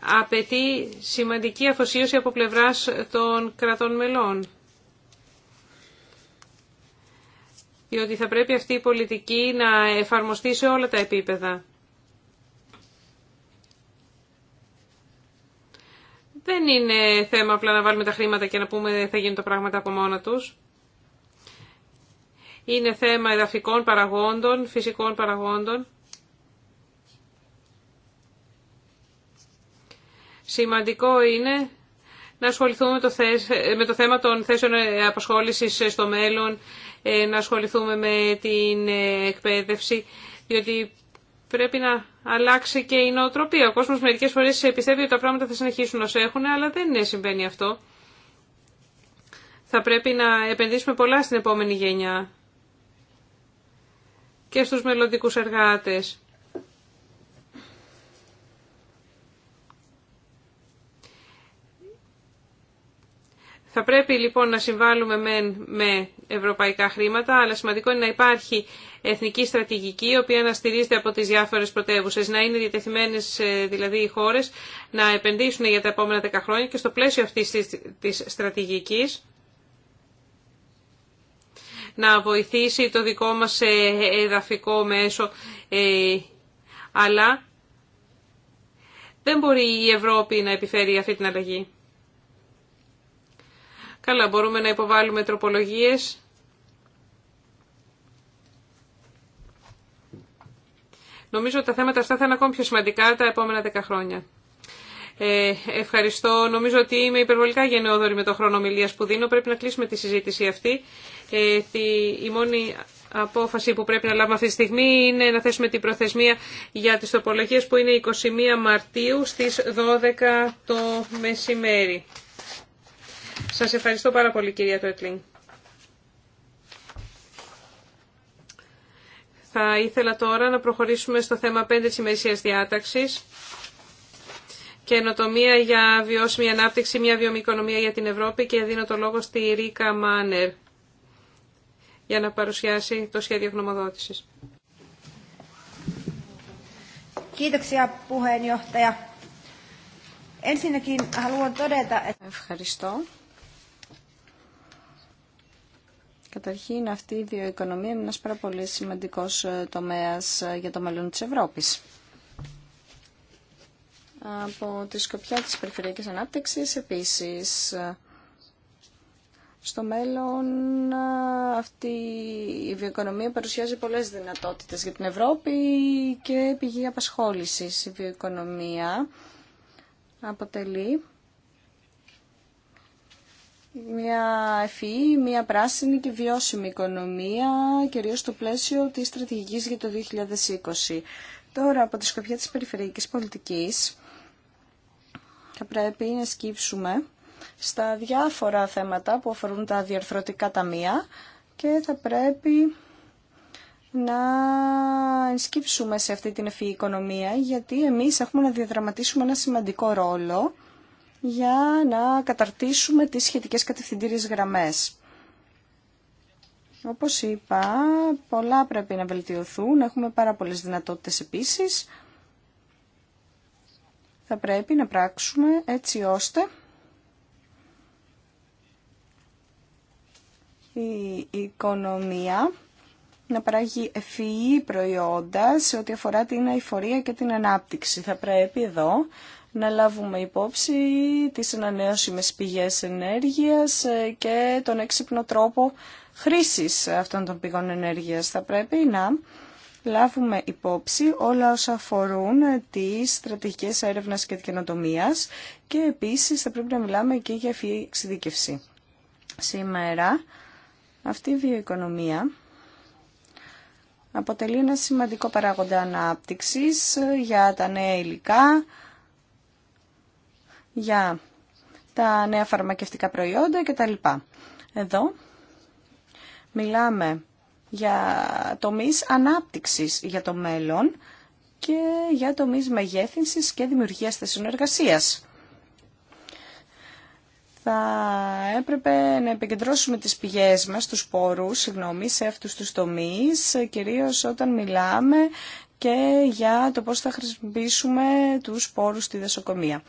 B: απαιτεί σημαντική αφοσίωση από πλευράς των κρατών μελών. Διότι θα πρέπει αυτή η πολιτική να εφαρμοστεί σε όλα τα επίπεδα. Δεν είναι θέμα απλά να βάλουμε τα χρήματα και να πούμε θα γίνουν τα πράγματα από μόνα τους. Είναι θέμα εδαφικών παραγόντων, φυσικών παραγόντων. Σημαντικό είναι να ασχοληθούμε με το θέμα των θέσεων απασχόλησης στο μέλλον, ε, να ασχοληθούμε με την εκπαίδευση, διότι πρέπει να αλλάξει και η νοοτροπία. Ο κόσμος μερικές φορές πιστεύει ότι τα πράγματα θα συνεχίσουν όσο έχουν, αλλά δεν συμβαίνει αυτό. Θα πρέπει να επενδύσουμε πολλά στην επόμενη γενιά και στους μελλοντικούς εργάτες. Θα πρέπει λοιπόν να συμβάλλουμε με, με ευρωπαϊκά χρήματα, αλλά σημαντικό είναι να υπάρχει εθνική στρατηγική, η οποία να στηρίζεται από τις διάφορες πρωτεύουσες, να είναι διατεθειμένες ε, δηλαδή οι χώρες να επενδύσουν για τα επόμενα 10 χρόνια και στο πλαίσιο αυτής της στρατηγικής να βοηθήσει το δικό μας ε, εδαφικό μέσο, ε, αλλά δεν μπορεί η Ευρώπη να επιφέρει αυτή την αλλαγή. Καλά, μπορούμε να υποβάλουμε τροπολογίες Νομίζω ότι τα θέματα αυτά θα είναι ακόμη πιο σημαντικά τα επόμενα δέκα χρόνια. Ε, ευχαριστώ. Νομίζω ότι είμαι υπερβολικά γενναιόδορη με το χρόνο ομιλία που δίνω. Πρέπει να κλείσουμε τη συζήτηση αυτή. Ε, τη, η μόνη απόφαση που πρέπει να λάβουμε αυτή τη στιγμή είναι να θέσουμε την προθεσμία για τις τοπολογίες που είναι 21 Μαρτίου στις 12 το μεσημέρι. Σας ευχαριστώ πάρα πολύ κυρία Τρέτλινγκ. Θα ήθελα τώρα να προχωρήσουμε στο θέμα 5 της ημερησίας διάταξης. Καινοτομία για βιώσιμη ανάπτυξη, μια οικονομία για την Ευρώπη και δίνω το λόγο στη Ρίκα Μάνερ για να παρουσιάσει το σχέδιο
A: γνωμοδότησης. Ευχαριστώ. Καταρχήν αυτή η βιοοικονομία είναι ένας πάρα πολύ σημαντικός ε, τομέας ε, για το μέλλον της Ευρώπης. Από τη σκοπιά της περιφερειακής ανάπτυξης επίσης ε, στο μέλλον αυτή η βιοοικονομία παρουσιάζει πολλές δυνατότητες για την Ευρώπη και πηγή απασχόλησης. Η βιοοικονομία αποτελεί μια ευφυή, e, μια πράσινη και βιώσιμη οικονομία, κυρίως στο πλαίσιο της στρατηγικής για το 2020. Τώρα, από τη σκοπιά της περιφερειακής πολιτικής, θα πρέπει να σκύψουμε στα διάφορα θέματα που αφορούν τα διαρθρωτικά ταμεία και θα πρέπει να σκύψουμε σε αυτή την ευφυή e οικονομία, γιατί εμείς έχουμε να διαδραματίσουμε ένα σημαντικό ρόλο για να καταρτήσουμε τις σχετικές κατευθυντήριες γραμμές. Όπως είπα, πολλά πρέπει να βελτιωθούν, έχουμε πάρα πολλές δυνατότητες επίσης. Θα πρέπει να πράξουμε έτσι ώστε η οικονομία να παράγει ευφυή προϊόντα σε ό,τι αφορά την αηφορία και την ανάπτυξη. Θα πρέπει εδώ να λάβουμε υπόψη τις ανανεώσιμες πηγές ενέργειας ε, και τον έξυπνο τρόπο χρήσης αυτών των πηγών ενέργειας. Θα πρέπει να λάβουμε υπόψη όλα όσα αφορούν ε, τις στρατηγικές έρευνας και καινοτομίας και επίσης θα πρέπει να μιλάμε και για εξειδίκευση. Σήμερα αυτή η βιοοικονομία αποτελεί ένα σημαντικό παράγοντα ανάπτυξης για τα νέα υλικά, για τα νέα φαρμακευτικά προϊόντα κτλ. Εδώ μιλάμε για τομείς ανάπτυξης για το μέλλον και για τομείς μεγέθυνσης και δημιουργίας θέσεων θα έπρεπε να επικεντρώσουμε τις πηγές μας, τους πόρους, συγγνώμη, σε αυτούς τους τομείς, κυρίως όταν μιλάμε και για το πώς θα χρησιμοποιήσουμε τους πόρους στη δασοκομεία.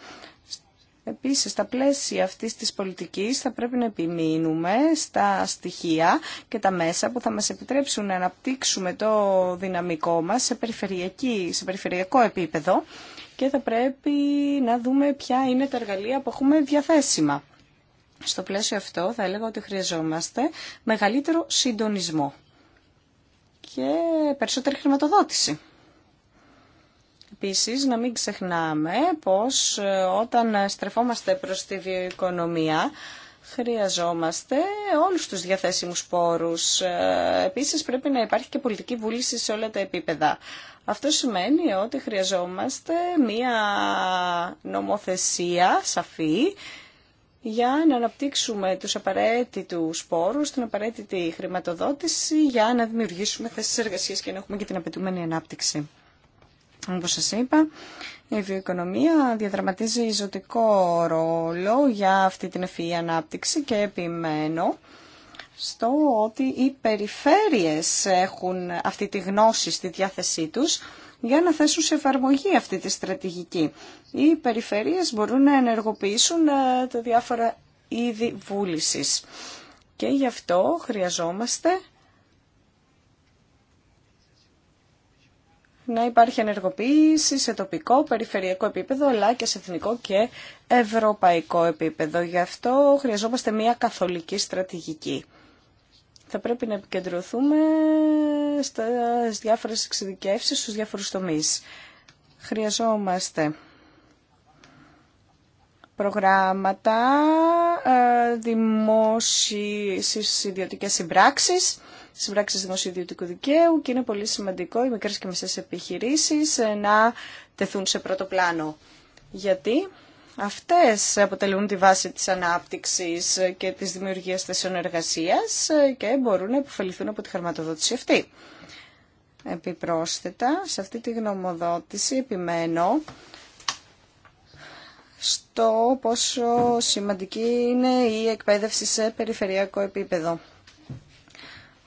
A: Επίσης, στα πλαίσια αυτής της πολιτικής θα πρέπει να επιμείνουμε στα στοιχεία και τα μέσα που θα μας επιτρέψουν να αναπτύξουμε το δυναμικό μας σε, περιφερειακή, σε περιφερειακό επίπεδο και θα πρέπει να δούμε ποια είναι τα εργαλεία που έχουμε διαθέσιμα. Στο πλαίσιο αυτό θα έλεγα ότι χρειαζόμαστε μεγαλύτερο συντονισμό και περισσότερη χρηματοδότηση. Επίσης, να μην ξεχνάμε πως ε, όταν στρεφόμαστε προς τη βιοοικονομία, χρειαζόμαστε όλους τους διαθέσιμους πόρους. Ε, επίσης, πρέπει να υπάρχει και πολιτική βούληση σε όλα τα επίπεδα. Αυτό σημαίνει ότι χρειαζόμαστε μία νομοθεσία σαφή, για να αναπτύξουμε τους απαραίτητους πόρους, την απαραίτητη χρηματοδότηση για να δημιουργήσουμε θέσεις εργασίας και να έχουμε και την απαιτούμενη ανάπτυξη. Όπως σας είπα, η βιοοικονομία διαδραματίζει ζωτικό ρόλο για αυτή την ευφυή ανάπτυξη και επιμένω στο ότι οι περιφέρειες έχουν αυτή τη γνώση στη διάθεσή τους για να θέσουν σε εφαρμογή αυτή τη στρατηγική. Οι περιφέρειες μπορούν να ενεργοποιήσουν ε, τα διάφορα είδη βούλησης. Και γι' αυτό χρειαζόμαστε να υπάρχει ενεργοποίηση σε τοπικό, περιφερειακό επίπεδο, αλλά και σε εθνικό και ευρωπαϊκό επίπεδο. Γι' αυτό χρειαζόμαστε μια καθολική στρατηγική θα πρέπει να επικεντρωθούμε στα διάφορες εξειδικεύσεις, στους διάφορους τομείς. Χρειαζόμαστε προγράμματα, ε, δημόσιες ιδιωτικές συμπράξεις, συμπράξεις ιδιωτικού δικαίου και είναι πολύ σημαντικό οι μικρές και μισές επιχειρήσεις ε, να τεθούν σε πρώτο πλάνο. Γιατί Αυτές αποτελούν τη βάση της ανάπτυξης και της δημιουργίας θέσεων εργασίας και μπορούν να υποφεληθούν από τη χρηματοδότηση αυτή. Επιπρόσθετα, σε αυτή τη γνωμοδότηση επιμένω στο πόσο σημαντική είναι η εκπαίδευση σε περιφερειακό επίπεδο.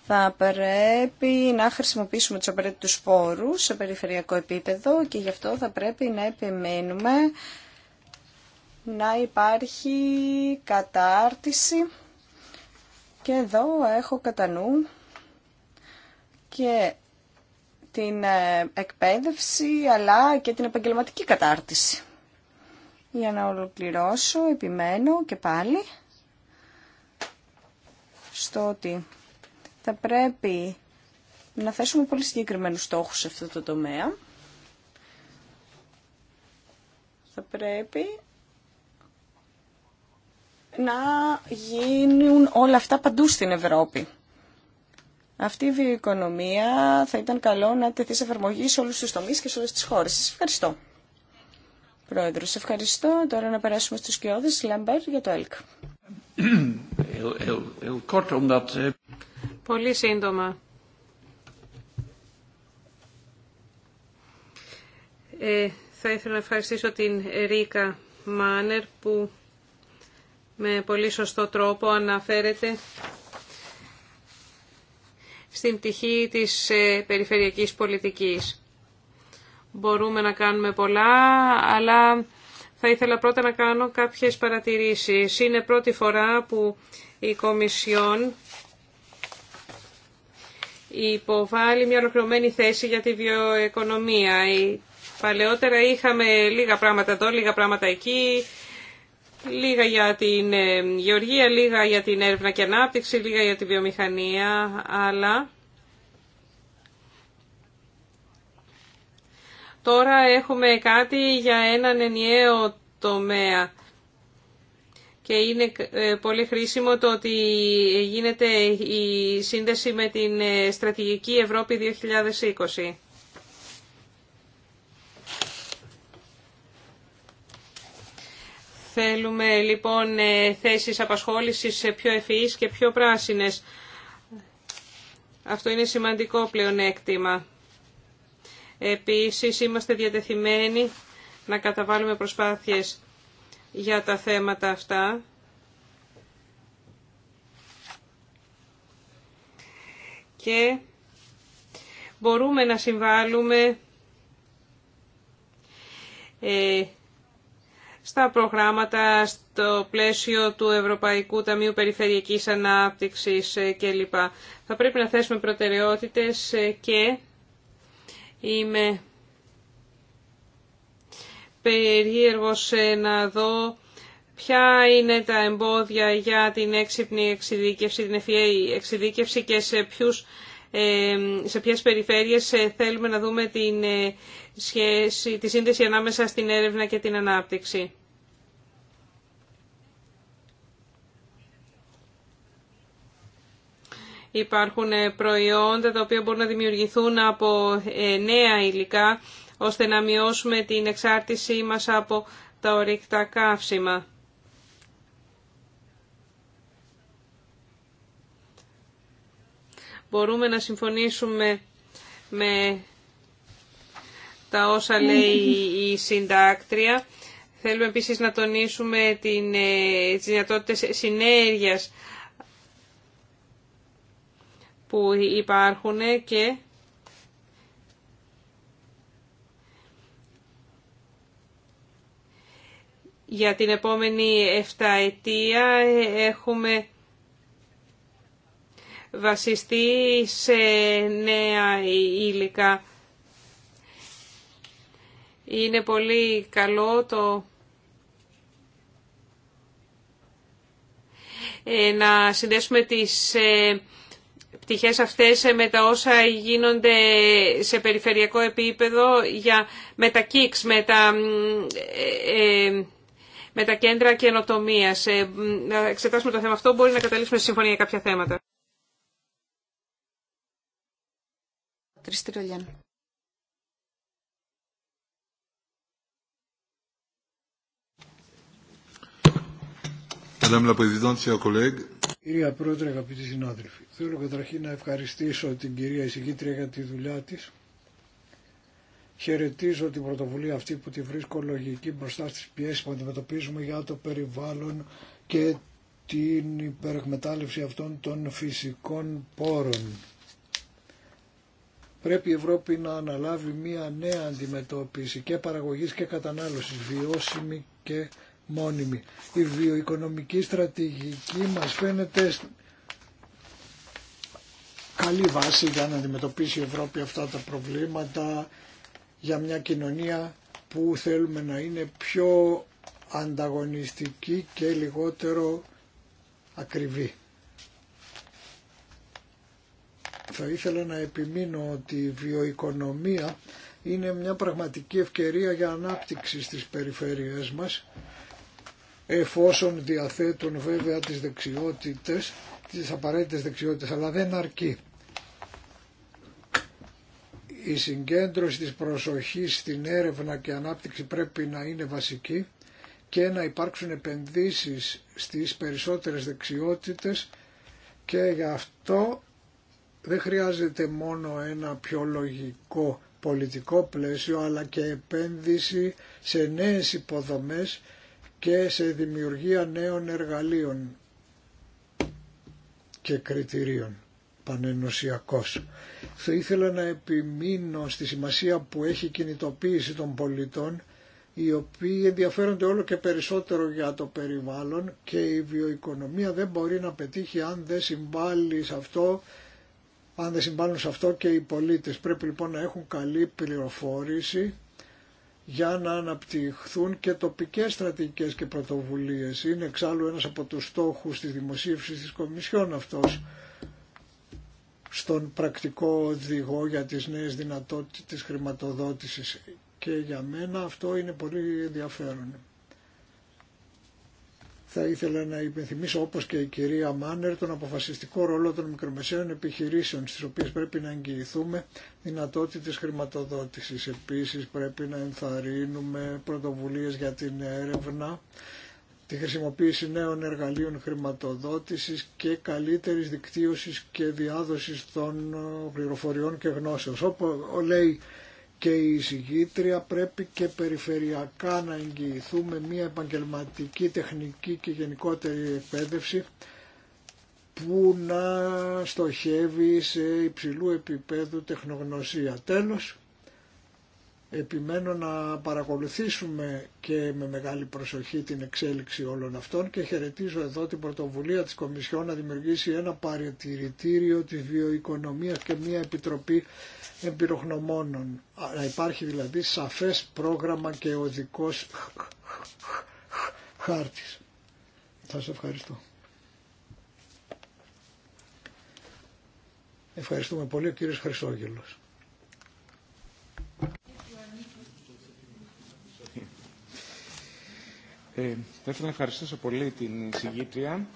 A: Θα πρέπει να χρησιμοποιήσουμε τους απαραίτητους πόρους σε περιφερειακό επίπεδο και γι' αυτό θα πρέπει να επιμένουμε να υπάρχει κατάρτιση και εδώ έχω κατά νου και την ε, εκπαίδευση αλλά και την επαγγελματική κατάρτιση. Για να ολοκληρώσω, επιμένω και πάλι στο ότι θα πρέπει να θέσουμε πολύ συγκεκριμένους στόχους σε αυτό το τομέα. Θα πρέπει να γίνουν όλα αυτά παντού στην Ευρώπη. Αυτή η βιοοικονομία θα ήταν καλό να τεθεί σε εφαρμογή σε όλους τους τομείς και σε όλες τις χώρες. Σας ευχαριστώ. Πρόεδρο, σε ευχαριστώ. Τώρα να περάσουμε στους κοιόδες. Λαμπέρ για το ΕΛΚ.
B: Πολύ σύντομα. Ε, θα ήθελα να ευχαριστήσω την Ρίκα Μάνερ που με πολύ σωστό τρόπο αναφέρεται στην πτυχή της ε, περιφερειακής πολιτικής. Μπορούμε να κάνουμε πολλά, αλλά θα ήθελα πρώτα να κάνω κάποιες παρατηρήσεις. Είναι πρώτη φορά που η Κομισιόν υποβάλλει μια ολοκληρωμένη θέση για τη βιοοικονομία. Παλαιότερα είχαμε λίγα πράγματα εδώ, λίγα πράγματα εκεί, Λίγα για την ε, γεωργία, λίγα για την έρευνα και ανάπτυξη, λίγα για τη βιομηχανία, αλλά τώρα έχουμε κάτι για έναν ενιαίο τομέα. Και είναι ε, πολύ χρήσιμο το ότι γίνεται η σύνδεση με την ε, στρατηγική Ευρώπη 2020. Θέλουμε λοιπόν ε, θέσεις απασχόλησης πιο ευφυείς και πιο πράσινες. Αυτό είναι σημαντικό πλεονέκτημα. Επίσης είμαστε διατεθειμένοι να καταβάλουμε προσπάθειες για τα θέματα αυτά. Και μπορούμε να συμβάλλουμε ε, στα προγράμματα στο πλαίσιο του Ευρωπαϊκού Ταμείου Περιφερειακής Ανάπτυξης ε, κλπ. Θα πρέπει να θέσουμε προτεραιότητες ε, και είμαι περίεργος ε, να δω ποια είναι τα εμπόδια για την έξυπνη εξειδίκευση, την ευφυή εξειδίκευση και σε, ποιους, σε ποιες περιφέρειες θέλουμε να δούμε την τη σύνδεση ανάμεσα στην έρευνα και την ανάπτυξη. Υπάρχουν ε, προϊόντα τα οποία μπορούν να δημιουργηθούν από ε, νέα υλικά ώστε να μειώσουμε την εξάρτησή μας από τα ορυκτά καύσιμα. Μπορούμε να συμφωνήσουμε με τα όσα λέει η συντάκτρια. Θέλουμε επίσης να τονίσουμε την, ε, τις δυνατότητες συνέργειας που υπάρχουν και για την επόμενη 7 ετία έχουμε βασιστεί σε νέα υλικά. Είναι πολύ καλό το ε, να συνδέσουμε τις ε, πτυχές αυτές ε, με τα όσα γίνονται σε περιφερειακό επίπεδο για, με τα ΚΙΚΣ, ε, ε, με τα, κέντρα καινοτομία. Ε, να εξετάσουμε το θέμα αυτό, μπορεί να καταλήξουμε σε συμφωνία για κάποια θέματα.
D: Κυρία Πρόεδρε, αγαπητοί συνάδελφοι, Θέλω καταρχήν να ευχαριστήσω την κυρία εισηγήτρια για τη δουλειά της. Χαιρετίζω την πρωτοβουλία αυτή που τη βρίσκω λογική μπροστά στις πιέσεις που αντιμετωπίζουμε για το περιβάλλον και την υπερεκμετάλλευση αυτών των φυσικών πόρων. Πρέπει η Ευρώπη να αναλάβει μία νέα αντιμετώπιση και παραγωγής και κατανάλωσης, βιώσιμη και μόνιμη. Η βιοοικονομική στρατηγική μας φαίνεται καλή βάση για να αντιμετωπίσει η Ευρώπη αυτά τα προβλήματα για μια κοινωνία που θέλουμε να είναι πιο ανταγωνιστική και λιγότερο ακριβή. Θα ήθελα να επιμείνω ότι η βιοοικονομία είναι μια πραγματική ευκαιρία για ανάπτυξη στις περιφέρειές μας εφόσον διαθέτουν βέβαια τις δεξιότητες, τις απαραίτητες δεξιότητες, αλλά δεν αρκεί. Η συγκέντρωση της προσοχής στην έρευνα και ανάπτυξη πρέπει να είναι βασική και να υπάρξουν επενδύσεις στις περισσότερες δεξιότητες και γι' αυτό δεν χρειάζεται μόνο ένα πιο λογικό πολιτικό πλαίσιο αλλά και επένδυση σε νέες υποδομές και σε δημιουργία νέων εργαλείων και κριτηρίων πανενωσιακός. Θα ήθελα να επιμείνω στη σημασία που έχει κινητοποίηση των πολιτών οι οποίοι ενδιαφέρονται όλο και περισσότερο για το περιβάλλον και η βιοοικονομία δεν μπορεί να πετύχει αν δεν συμβάλλει σε αυτό αν δεν συμβάλλουν σε αυτό και οι πολίτες. Πρέπει λοιπόν να έχουν καλή πληροφόρηση για να αναπτυχθούν και τοπικές στρατηγικές και πρωτοβουλίες. Είναι εξάλλου ένας από τους στόχους της δημοσίευσης της Κομισιόν αυτός στον πρακτικό οδηγό για τις νέες δυνατότητες χρηματοδότησης. Και για μένα αυτό είναι πολύ ενδιαφέρον. Θα ήθελα να υπενθυμίσω όπως και η κυρία Μάνερ τον αποφασιστικό ρόλο των μικρομεσαίων επιχειρήσεων στις οποίες πρέπει να εγγυηθούμε δυνατότητες χρηματοδότησης. Επίσης πρέπει να ενθαρρύνουμε πρωτοβουλίες για την έρευνα, τη χρησιμοποίηση νέων εργαλείων χρηματοδότησης και καλύτερης δικτύωσης και διάδοσης των πληροφοριών και γνώσεων. λέει και η εισηγήτρια πρέπει και περιφερειακά να εγγυηθούμε μια επαγγελματική, τεχνική και γενικότερη εκπαίδευση που να στοχεύει σε υψηλού επίπεδου τεχνογνωσία. Τέλος, Επιμένω να παρακολουθήσουμε και με μεγάλη προσοχή την εξέλιξη όλων αυτών και χαιρετίζω εδώ την πρωτοβουλία της Κομισιόν να δημιουργήσει ένα παρατηρητήριο της βιοοικονομίας και μια επιτροπή εμπειροχνομόνων. Να υπάρχει δηλαδή σαφές πρόγραμμα και οδικός χάρτης. Θα σας ευχαριστώ. Ευχαριστούμε πολύ ο κύριος Χρυσόγελος.
C: Ε, θα ήθελα να ευχαριστήσω πολύ την συγγήτρια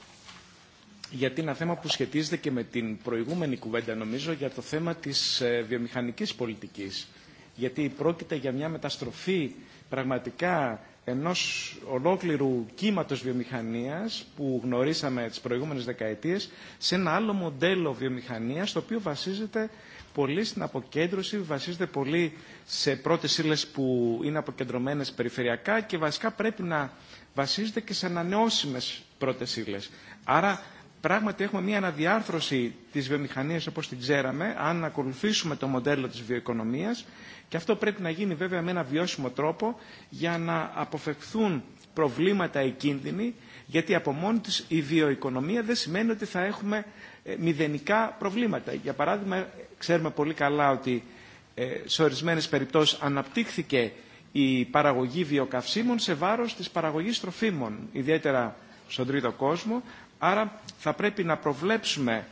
C: γιατί είναι ένα θέμα που σχετίζεται και με την προηγούμενη κουβέντα νομίζω για το θέμα της ε, βιομηχανικής πολιτικής. Γιατί πρόκειται για μια μεταστροφή πραγματικά ενός ολόκληρου κύματος βιομηχανίας που γνωρίσαμε τις προηγούμενες δεκαετίες σε ένα άλλο μοντέλο βιομηχανίας το οποίο βασίζεται πολύ στην αποκέντρωση, βασίζεται πολύ σε πρώτες ύλες που είναι αποκεντρωμένες περιφερειακά και βασικά πρέπει να βασίζεται και σε ανανεώσιμες πρώτες ύλες. Άρα πράγματι έχουμε μια αναδιάρθρωση της βιομηχανίας όπως την ξέραμε, αν ακολουθήσουμε το μοντέλο της βιοοικονομίας και αυτό πρέπει να γίνει βέβαια με ένα βιώσιμο τρόπο για να αποφευχθούν προβλήματα ή κίνδυνοι, γιατί από μόνη της η βιοοικονομία δεν σημαίνει ότι θα έχουμε ε, μηδενικά προβλήματα. Για παράδειγμα, ξέρουμε πολύ καλά ότι ε, σε ορισμένες περιπτώσεις αναπτύχθηκε η παραγωγή βιοκαυσίμων σε βάρος της παραγωγής τροφίμων, ιδιαίτερα στον τρίτο κόσμο. Άρα θα πρέπει να προβλέψουμε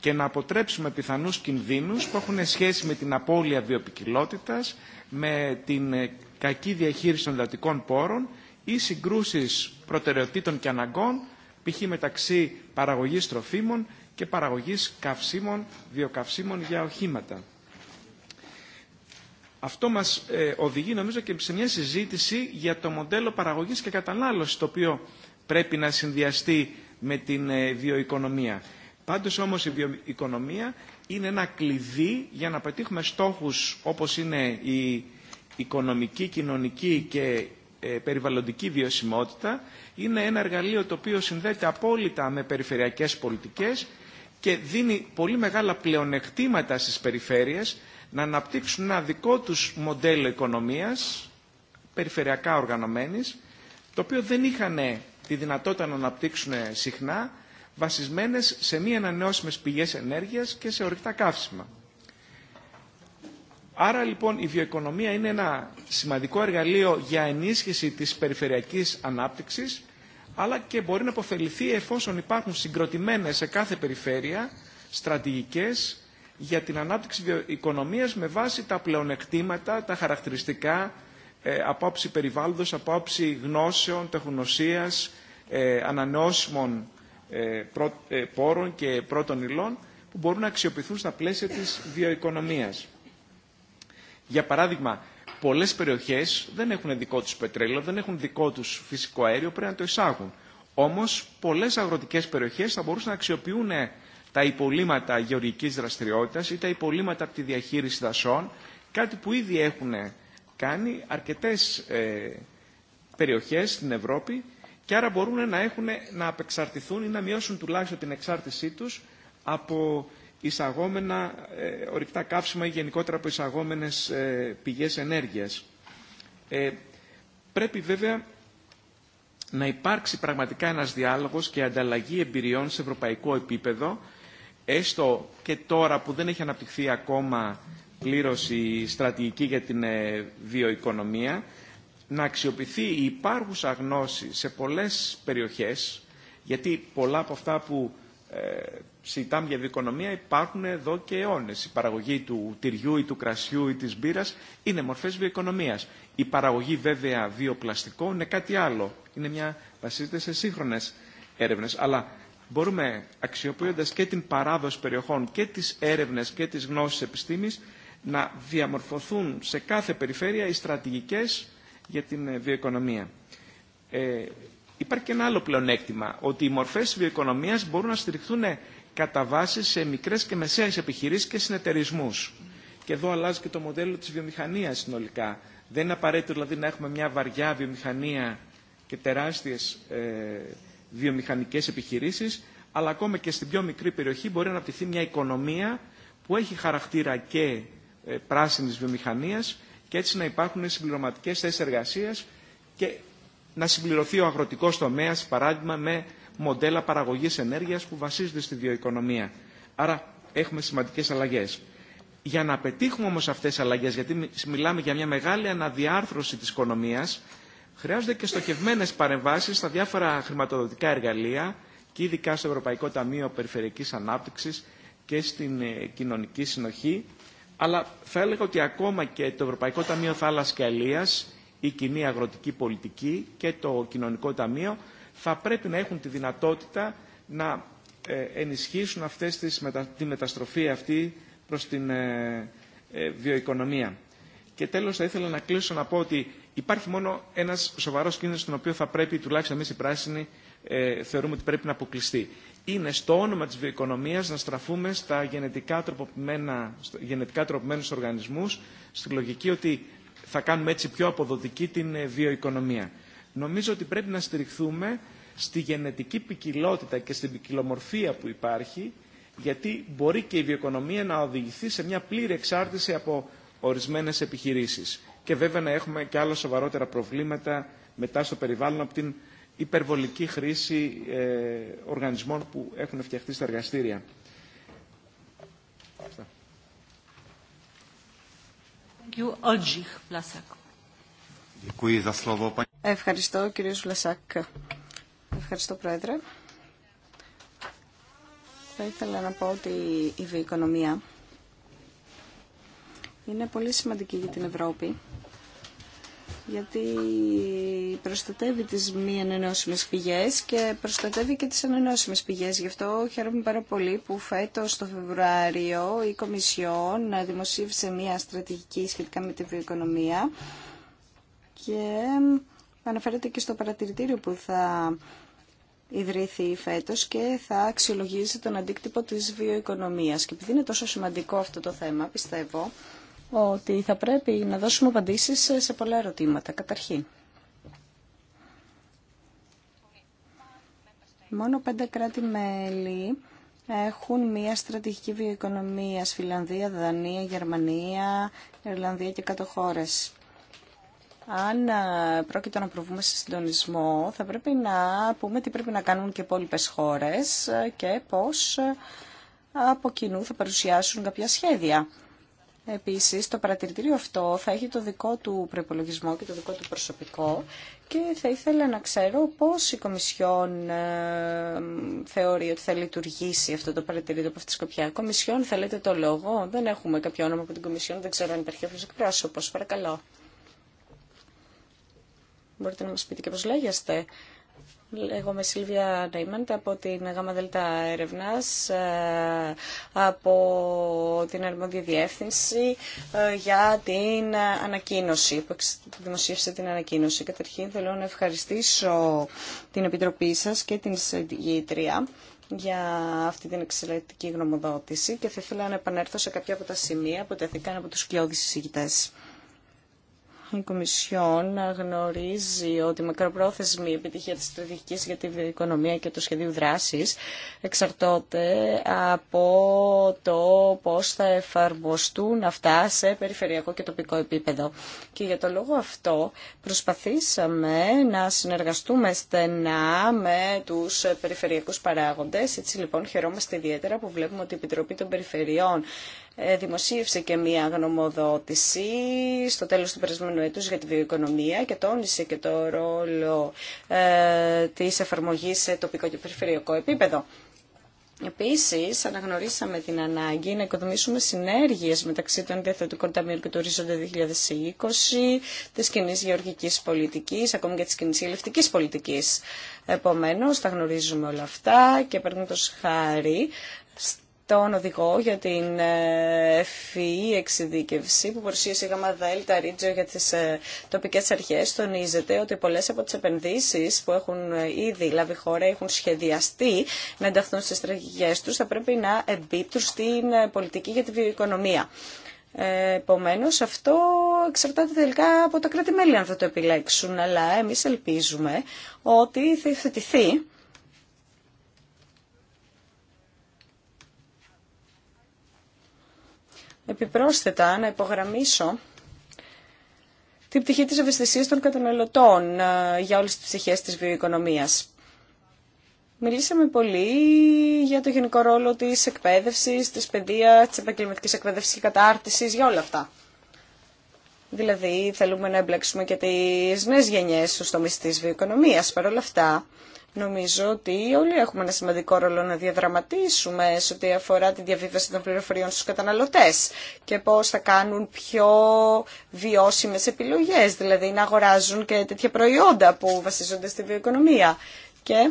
C: και να αποτρέψουμε πιθανούς κινδύνους που έχουν σχέση με την απώλεια βιοπικιλότητας, με την ε, κακή διαχείριση των δατικών πόρων ή συγκρούσεις προτεραιοτήτων και αναγκών, π.χ. μεταξύ παραγωγής τροφίμων και παραγωγής καυσίμων, βιοκαυσίμων για οχήματα. Αυτό μας ε, οδηγεί νομίζω και σε μια συζήτηση για το μοντέλο παραγωγής και κατανάλωσης το οποίο πρέπει να συνδυαστεί με την ε, βιοοικονομία. Πάντως όμως η βιοοικονομία είναι ένα κλειδί για να πετύχουμε στόχους όπως είναι η οικονομική, κοινωνική και ε, περιβαλλοντική βιωσιμότητα. Είναι ένα εργαλείο το οποίο συνδέεται απόλυτα με περιφερειακές πολιτικές και δίνει πολύ μεγάλα πλεονεκτήματα στις περιφέρειες να αναπτύξουν ένα δικό τους μοντέλο οικονομίας, περιφερειακά οργανωμένης, το οποίο δεν είχαν τη δυνατότητα να αναπτύξουν συχνά, βασισμένες σε μη ανανεώσιμες πηγές ενέργειας και σε ορυκτά καύσιμα. Άρα λοιπόν η βιοοικονομία είναι ένα σημαντικό εργαλείο για ενίσχυση της περιφερειακής ανάπτυξης αλλά και μπορεί να αποφεληθεί εφόσον υπάρχουν συγκροτημένες σε κάθε περιφέρεια στρατηγικές για την ανάπτυξη οικονομίας με βάση τα πλεονεκτήματα, τα χαρακτηριστικά ε, από άψη περιβάλλοντος, από γνώσεων, τεχνοσίας, ε, ανανεώσιμων ε, ε, πόρων και πρώτων υλών που μπορούν να αξιοποιηθούν στα πλαίσια της βιοοικονομίας. Για παράδειγμα, Πολλέ περιοχές δεν έχουν δικό τους πετρέλαιο, δεν έχουν δικό τους φυσικό αέριο, πρέπει να το εισάγουν. Όμως πολλές αγροτικές περιοχές θα μπορούσαν να αξιοποιούν τα υπολείμματα γεωργικής δραστηριότητας ή τα υπολείμματα από τη διαχείριση δασών, κάτι που ήδη έχουν κάνει αρκετές ε, περιοχές στην Ευρώπη και άρα μπορούν να, έχουν, να απεξαρτηθούν ή να μειώσουν τουλάχιστον την εξάρτησή του από εισαγόμενα ε, ορυκτά καύσιμα ή γενικότερα από εισαγόμενες ε, πηγές ενέργειας. Ε, πρέπει βέβαια να υπάρξει πραγματικά ένας διάλογος και ανταλλαγή εμπειριών σε ευρωπαϊκό επίπεδο, έστω και τώρα που δεν έχει αναπτυχθεί ακόμα πλήρως η στρατηγική για την ε, βιοοικονομία, να αξιοποιηθεί η υπάρχουσα γνώση σε πολλές περιοχές, γιατί πολλά από αυτά που ε, συζητάμε για βιοοικονομία υπάρχουν εδώ και αιώνε. Η παραγωγή του τυριού ή του κρασιού ή τη μπύρα είναι μορφέ βιοοικονομία. Η παραγωγή βέβαια βιοπλαστικών είναι κάτι άλλο. Είναι μια, βασίζεται σε σύγχρονε έρευνε. Αλλά μπορούμε αξιοποιώντα και την παράδοση περιοχών και τι έρευνε και τι γνώσει επιστήμη να διαμορφωθούν σε κάθε περιφέρεια οι στρατηγικέ για την ε, βιοοικονομία. Ε, υπάρχει και ένα άλλο πλεονέκτημα, ότι οι μορφές βιοοικονομίας μπορούν να στηριχθούν ε, κατά βάση σε μικρέ και μεσαίε επιχειρήσει και συνεταιρισμού. Και εδώ αλλάζει και το μοντέλο τη βιομηχανία συνολικά. Δεν είναι απαραίτητο δηλαδή να έχουμε μια βαριά βιομηχανία και τεράστιε ε, βιομηχανικές επιχειρήσεις, αλλά ακόμα και στην πιο μικρή περιοχή μπορεί να αναπτυχθεί μια οικονομία που έχει χαρακτήρα και ε, πράσινης βιομηχανίας και έτσι να υπάρχουν συμπληρωματικέ θέσει εργασία και να συμπληρωθεί ο αγροτικό τομέα, παράδειγμα, με μοντέλα παραγωγής ενέργειας που βασίζονται στη βιοοικονομία. Άρα έχουμε σημαντικές αλλαγές. Για να πετύχουμε όμως αυτές τις αλλαγές, γιατί μιλάμε για μια μεγάλη αναδιάρθρωση της οικονομίας, χρειάζονται και στοχευμένες παρεμβάσεις στα διάφορα χρηματοδοτικά εργαλεία και ειδικά στο Ευρωπαϊκό Ταμείο Περιφερειακής Ανάπτυξης και στην ε, Κοινωνική Συνοχή. Αλλά θα έλεγα ότι ακόμα και το Ευρωπαϊκό Ταμείο Θάλασσας και Αλίας, η Κοινή Αγροτική Πολιτική και το Κοινωνικό Ταμείο θα πρέπει να έχουν τη δυνατότητα να ε, ενισχύσουν αυτές τις, τη μεταστροφή αυτή προς την ε, ε, βιοοικονομία. Και τέλος θα ήθελα να κλείσω να πω ότι υπάρχει μόνο ένας σοβαρός κίνδυνος τον οποίο θα πρέπει τουλάχιστον εμείς οι πράσινοι θεωρούμε ότι πρέπει να αποκλειστεί. Είναι στο όνομα της βιοοικονομίας να στραφούμε στα γενετικά, τροποποιημένα, γενετικά τροποποιημένους οργανισμούς στη λογική ότι θα κάνουμε έτσι πιο αποδοτική την βιοοικονομία νομίζω ότι πρέπει να στηριχθούμε στη γενετική ποικιλότητα και στην ποικιλομορφία που υπάρχει, γιατί μπορεί και η βιοοικονομία να οδηγηθεί σε μια πλήρη εξάρτηση από ορισμένες επιχειρήσεις. Και βέβαια να έχουμε και άλλα σοβαρότερα προβλήματα μετά στο περιβάλλον από την υπερβολική χρήση ε, οργανισμών που έχουν φτιαχτεί στα εργαστήρια.
A: Ευχαριστώ κύριε Σουλασάκ. Ευχαριστώ πρόεδρε. Θα ήθελα να πω ότι η βιοοικονομία είναι πολύ σημαντική για την Ευρώπη γιατί προστατεύει τις μη ανανεώσιμες πηγές και προστατεύει και τις ανανεώσιμες πηγές. Γι' αυτό χαίρομαι πάρα πολύ που φέτος το Φεβρουάριο η Κομισιόν δημοσίευσε μια στρατηγική σχετικά με τη βιοοικονομία και αναφέρεται και στο παρατηρητήριο που θα ιδρύθει φέτος και θα αξιολογήσει τον αντίκτυπο της βιοοικονομίας. Και επειδή είναι τόσο σημαντικό αυτό το θέμα, πιστεύω ότι θα πρέπει να δώσουμε απαντήσεις σε πολλά ερωτήματα. Καταρχήν, μόνο πέντε κράτη-μέλη έχουν μία στρατηγική βιοοικονομία Φιλανδία, Δανία, Γερμανία, Ιρλανδία και κάτω χώρες αν ε, πρόκειται να προβούμε σε συντονισμό, θα πρέπει να πούμε τι πρέπει να κάνουν και οι υπόλοιπε χώρες ε, και πώς ε, από κοινού θα παρουσιάσουν κάποια σχέδια. Επίσης, το παρατηρητήριο αυτό θα έχει το δικό του προπολογισμό και το δικό του προσωπικό και θα ήθελα να ξέρω πώς η Κομισιόν θεωρεί ότι θα λειτουργήσει αυτό το παρατηρητήριο από αυτή τη σκοπιά. Κομισιόν, θέλετε το λόγο. Δεν έχουμε κάποιο όνομα από την Κομισιόν, δεν ξέρω αν υπάρχει κάποιος εκπρόσωπο, Παρακαλώ. Μπορείτε να μας πείτε και πώς λέγεστε. είμαι Σίλβια Νέιμαντ από την ΓΑΜΑ ΔΕΛΤΑ ε, από την Αρμόδια Διεύθυνση ε, για την ανακοίνωση, που δημοσίευσε την ανακοίνωση. Καταρχήν θέλω να ευχαριστήσω την Επιτροπή σας και την Συγγήτρια για αυτή την εξαιρετική γνωμοδότηση και θα ήθελα να επανέλθω σε κάποια από τα σημεία που τέθηκαν από τους κλειώδεις συζητητές η Κομισιόν γνωρίζει ότι η μακροπρόθεσμη επιτυχία της στρατηγικής για την οικονομία και το σχεδίου δράσης εξαρτώνται από το πώς θα εφαρμοστούν αυτά σε περιφερειακό και τοπικό επίπεδο. Και για το λόγο αυτό προσπαθήσαμε να συνεργαστούμε στενά με τους περιφερειακούς παράγοντες. Έτσι λοιπόν χαιρόμαστε ιδιαίτερα που βλέπουμε ότι η Επιτροπή των Περιφερειών ε, δημοσίευσε και μία γνωμοδότηση στο τέλος του περασμένου έτους για τη βιοοικονομία και τόνισε και το ρόλο ε, της εφαρμογής σε τοπικό και περιφερειακό επίπεδο. Επίσης, αναγνωρίσαμε την ανάγκη να οικοδομήσουμε συνέργειες μεταξύ των διαθετικών ταμείων και του ορίζοντα 2020, της κοινή γεωργικής πολιτικής, ακόμη και της κοινή ελευτικής πολιτικής. Επομένως, τα γνωρίζουμε όλα αυτά και παίρνουμε το χάρη τον οδηγό για την ε, FEE εξειδίκευση που παρουσίασε η ΓΔ Ρίτζο για τις ε, τοπικές αρχές τονίζεται ότι πολλές από τις επενδύσεις που έχουν ε, ήδη λάβει χώρα έχουν σχεδιαστεί να ενταχθούν στις στρατηγικές τους θα πρέπει να εμπίπτουν στην πολιτική για τη βιοοικονομία. Επομένω, αυτό εξαρτάται τελικά από τα κράτη-μέλη αν θα το επιλέξουν, αλλά εμεί ελπίζουμε ότι θα υιοθετηθεί επιπρόσθετα να υπογραμμίσω την πτυχή της ευαισθησία των καταναλωτών ε, για όλες τις ψυχές της βιοοικονομίας. Μιλήσαμε πολύ για το γενικό ρόλο της εκπαίδευσης, της παιδείας, της επαγγελματικής εκπαίδευσης και κατάρτισης, για όλα αυτά. Δηλαδή θέλουμε να εμπλέξουμε και τις νέες γενιές στους τομείς της βιοοικονομίας. Παρ' όλα αυτά, Νομίζω ότι όλοι έχουμε ένα σημαντικό ρόλο να διαδραματίσουμε σε ό,τι αφορά τη διαβίβαση των πληροφοριών στους καταναλωτές και πώς θα κάνουν πιο βιώσιμες επιλογές, δηλαδή να αγοράζουν και τέτοια προϊόντα που βασίζονται στη βιοοικονομία και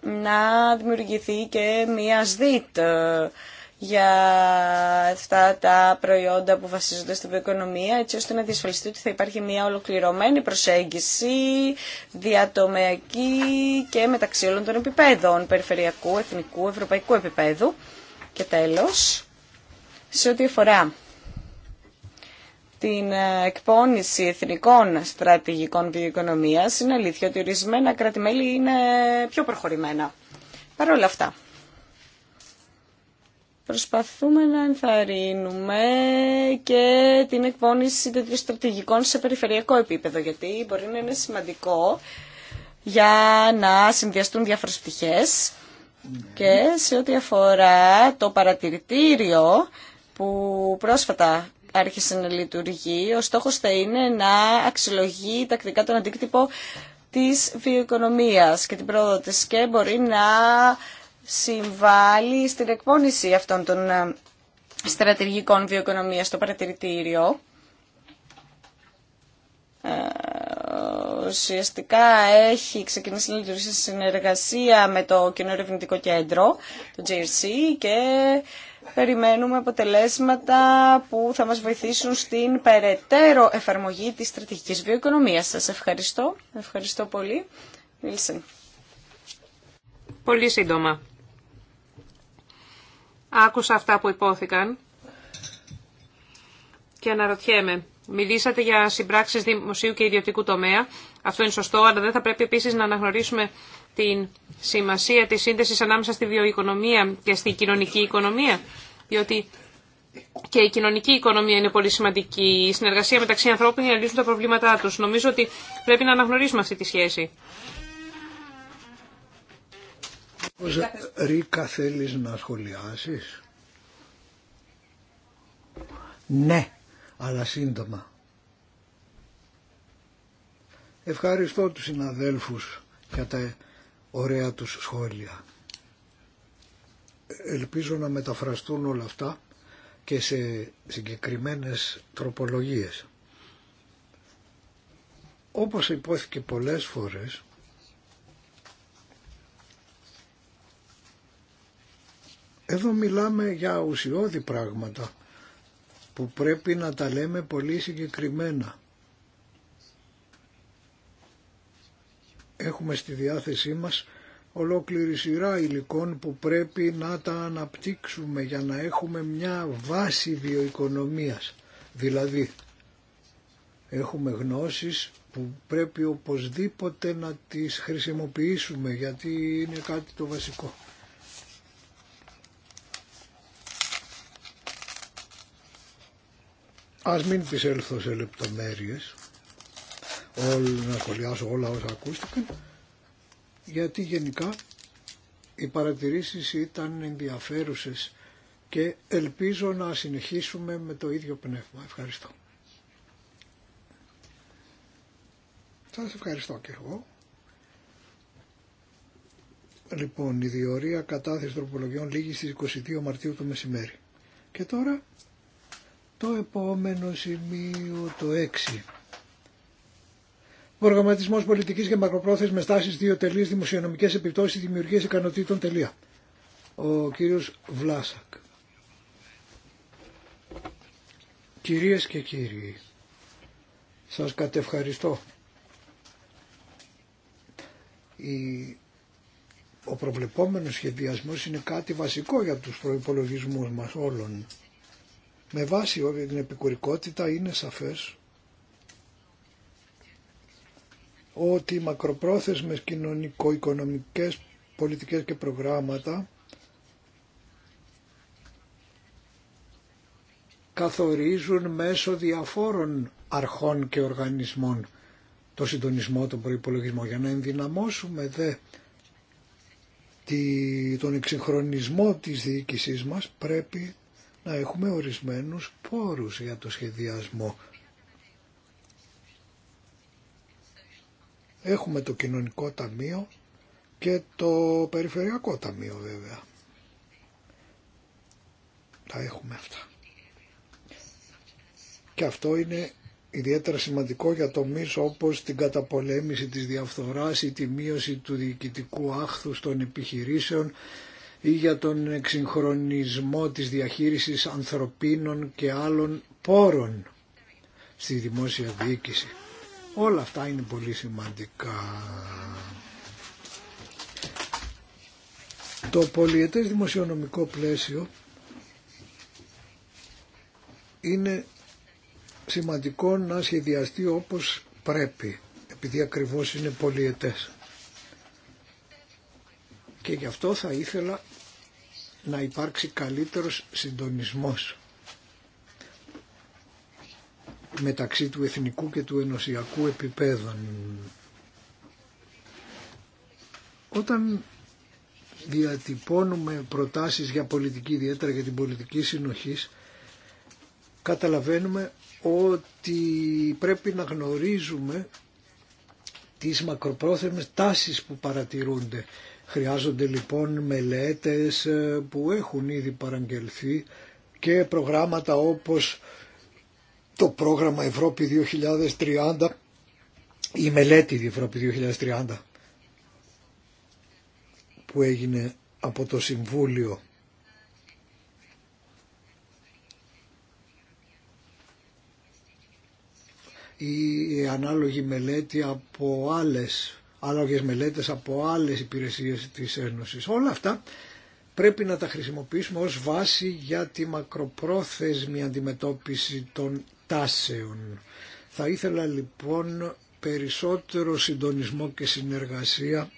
A: να δημιουργηθεί και μία ΣΔΙΤ ε, για αυτά τα προϊόντα που βασίζονται στην οικονομία, έτσι ώστε να διασφαλιστεί ότι θα υπάρχει μια ολοκληρωμένη προσέγγιση διατομεακή και μεταξύ όλων των επιπέδων, περιφερειακού, εθνικού, ευρωπαϊκού επίπεδου. Και τέλος, σε ό,τι αφορά την ε, εκπόνηση εθνικών στρατηγικών βιοοικονομίας, είναι αλήθεια ότι ορισμένα κράτη-μέλη είναι πιο προχωρημένα. Παρ' όλα αυτά, Προσπαθούμε να ενθαρρύνουμε και την εκπόνηση τέτοιων στρατηγικών σε περιφερειακό επίπεδο, γιατί μπορεί να είναι σημαντικό για να συνδυαστούν διάφορες ναι. και σε ό,τι αφορά το παρατηρητήριο που πρόσφατα άρχισε να λειτουργεί, ο στόχος θα είναι να αξιολογεί τακτικά τον αντίκτυπο της βιοοικονομίας και την πρόοδο της και μπορεί να συμβάλλει στην εκπόνηση αυτών των ε, στρατηγικών βιοοικονομίας στο παρατηρητήριο. Ε, ουσιαστικά έχει ξεκινήσει να λειτουργήσει συνεργασία με το Κοινό Ερευνητικό Κέντρο, το JRC, και περιμένουμε αποτελέσματα που θα μας βοηθήσουν στην περαιτέρω εφαρμογή της στρατηγικής βιοοικονομίας. Σας ευχαριστώ. Ευχαριστώ πολύ. Μίλησε.
B: Πολύ σύντομα. Άκουσα αυτά που υπόθηκαν και αναρωτιέμαι. Μιλήσατε για συμπράξεις δημοσίου και ιδιωτικού τομέα. Αυτό είναι σωστό, αλλά δεν θα πρέπει επίσης να αναγνωρίσουμε την σημασία της σύνδεσης ανάμεσα στη βιοοικονομία και στη κοινωνική οικονομία, διότι και η κοινωνική οικονομία είναι πολύ σημαντική. Η συνεργασία μεταξύ ανθρώπων για να λύσουν τα προβλήματά τους. Νομίζω ότι πρέπει να αναγνωρίσουμε αυτή τη σχέση.
D: Ρίκα θέλεις να σχολιάσεις. Ναι, αλλά σύντομα. Ευχαριστώ τους συναδέλφους για τα ωραία τους σχόλια. Ελπίζω να μεταφραστούν όλα αυτά και σε συγκεκριμένες τροπολογίες. Όπως υπόθηκε πολλές φορές, Εδώ μιλάμε για ουσιώδη πράγματα που πρέπει να τα λέμε πολύ συγκεκριμένα. Έχουμε στη διάθεσή μας ολόκληρη σειρά υλικών που πρέπει να τα αναπτύξουμε για να έχουμε μια βάση βιοοικονομίας. Δηλαδή, έχουμε γνώσεις που πρέπει οπωσδήποτε να τις χρησιμοποιήσουμε γιατί είναι κάτι το βασικό. Ας μην τις έλθω σε λεπτομέρειες, όλο, να σχολιάσω όλα όσα ακούστηκαν, γιατί γενικά οι παρατηρήσεις ήταν ενδιαφέρουσες και ελπίζω να συνεχίσουμε με το ίδιο πνεύμα. Ευχαριστώ. Σας ευχαριστώ και εγώ. Λοιπόν, η διορία κατάθεση τροπολογιών λήγει στις 22 Μαρτίου το μεσημέρι. Και τώρα το επόμενο σημείο το 6. Προγραμματισμός πολιτικής και με τάσεις δύο τελείες δημοσιονομικές επιπτώσεις δημιουργίας ικανοτήτων τελεία. Ο κύριος Βλάσακ. Κυρίες και κύριοι, σας κατευχαριστώ. Ο προβλεπόμενος σχεδιασμός είναι κάτι βασικό για τους προϋπολογισμούς μας όλων. Με βάση την επικουρικότητα είναι σαφές ότι οι μακροπρόθεσμες κοινωνικο-οικονομικές πολιτικές και προγράμματα καθορίζουν μέσω διαφόρων αρχών και οργανισμών το συντονισμό, τον προϋπολογισμό. Για να ενδυναμώσουμε δε τον εξυγχρονισμό της διοίκησής μας πρέπει να έχουμε ορισμένους πόρους για το σχεδιασμό. Έχουμε το κοινωνικό ταμείο και το περιφερειακό ταμείο βέβαια. Τα έχουμε αυτά. Και αυτό είναι ιδιαίτερα σημαντικό για το ΜΗΣ όπως την καταπολέμηση της διαφθοράς ή τη μείωση του διοικητικού άχθους των επιχειρήσεων ή για τον εξυγχρονισμό της διαχείρισης ανθρωπίνων και άλλων πόρων στη δημόσια διοίκηση. Όλα αυτά είναι πολύ σημαντικά. Το πολιετές δημοσιονομικό πλαίσιο είναι σημαντικό να σχεδιαστεί όπως πρέπει, επειδή ακριβώς είναι πολιετές. Και γι' αυτό θα ήθελα να υπάρξει καλύτερος συντονισμός μεταξύ του εθνικού και του ενωσιακού επίπεδων. Όταν διατυπώνουμε προτάσεις για πολιτική, ιδιαίτερα για την πολιτική συνοχή, καταλαβαίνουμε ότι πρέπει να γνωρίζουμε τις μακροπρόθεσμες τάσεις που παρατηρούνται Χρειάζονται λοιπόν μελέτες ε, που έχουν ήδη παραγγελθεί και προγράμματα όπως το πρόγραμμα Ευρώπη 2030 η μελέτη Ευρώπη 2030 που έγινε από το Συμβούλιο ή ανάλογη μελέτη από άλλες ανάλογες μελέτες από άλλες υπηρεσίες της Ένωσης. Όλα αυτά πρέπει να τα χρησιμοποιήσουμε ως βάση για τη μακροπρόθεσμη αντιμετώπιση των τάσεων. Θα ήθελα λοιπόν περισσότερο συντονισμό και συνεργασία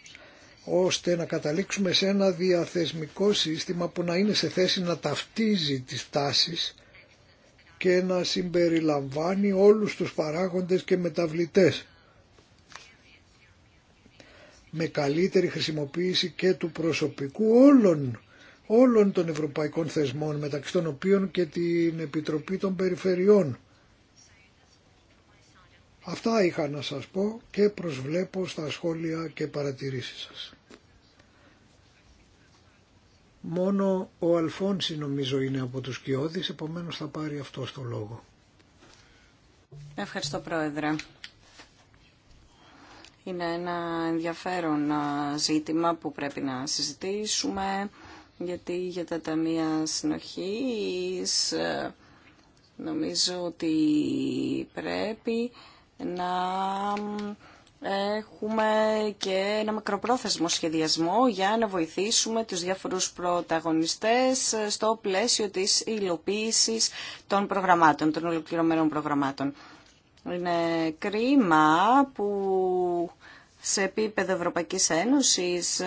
D: ώστε να καταλήξουμε σε ένα διαθεσμικό σύστημα που να είναι σε θέση να ταυτίζει τις τάσεις και να συμπεριλαμβάνει όλους τους παράγοντες και μεταβλητές με καλύτερη χρησιμοποίηση και του προσωπικού όλων, όλων των ευρωπαϊκών θεσμών μεταξύ των οποίων και την Επιτροπή των Περιφερειών. Αυτά είχα να σας πω και προσβλέπω στα σχόλια και παρατηρήσεις σας. Μόνο ο Αλφόνση νομίζω είναι από τους Κιώδης, επομένως θα πάρει αυτό το λόγο.
A: Ευχαριστώ Πρόεδρε. Είναι ένα ενδιαφέρον ζήτημα που πρέπει να συζητήσουμε, γιατί για τα ταμεία συνοχής νομίζω ότι πρέπει να έχουμε και ένα μακροπρόθεσμο σχεδιασμό για να βοηθήσουμε τους διάφορους πρωταγωνιστές ε, στο πλαίσιο της υλοποίησης των προγραμμάτων, των ολοκληρωμένων προγραμμάτων. Είναι κρίμα που σε επίπεδο Ευρωπαϊκής Ένωσης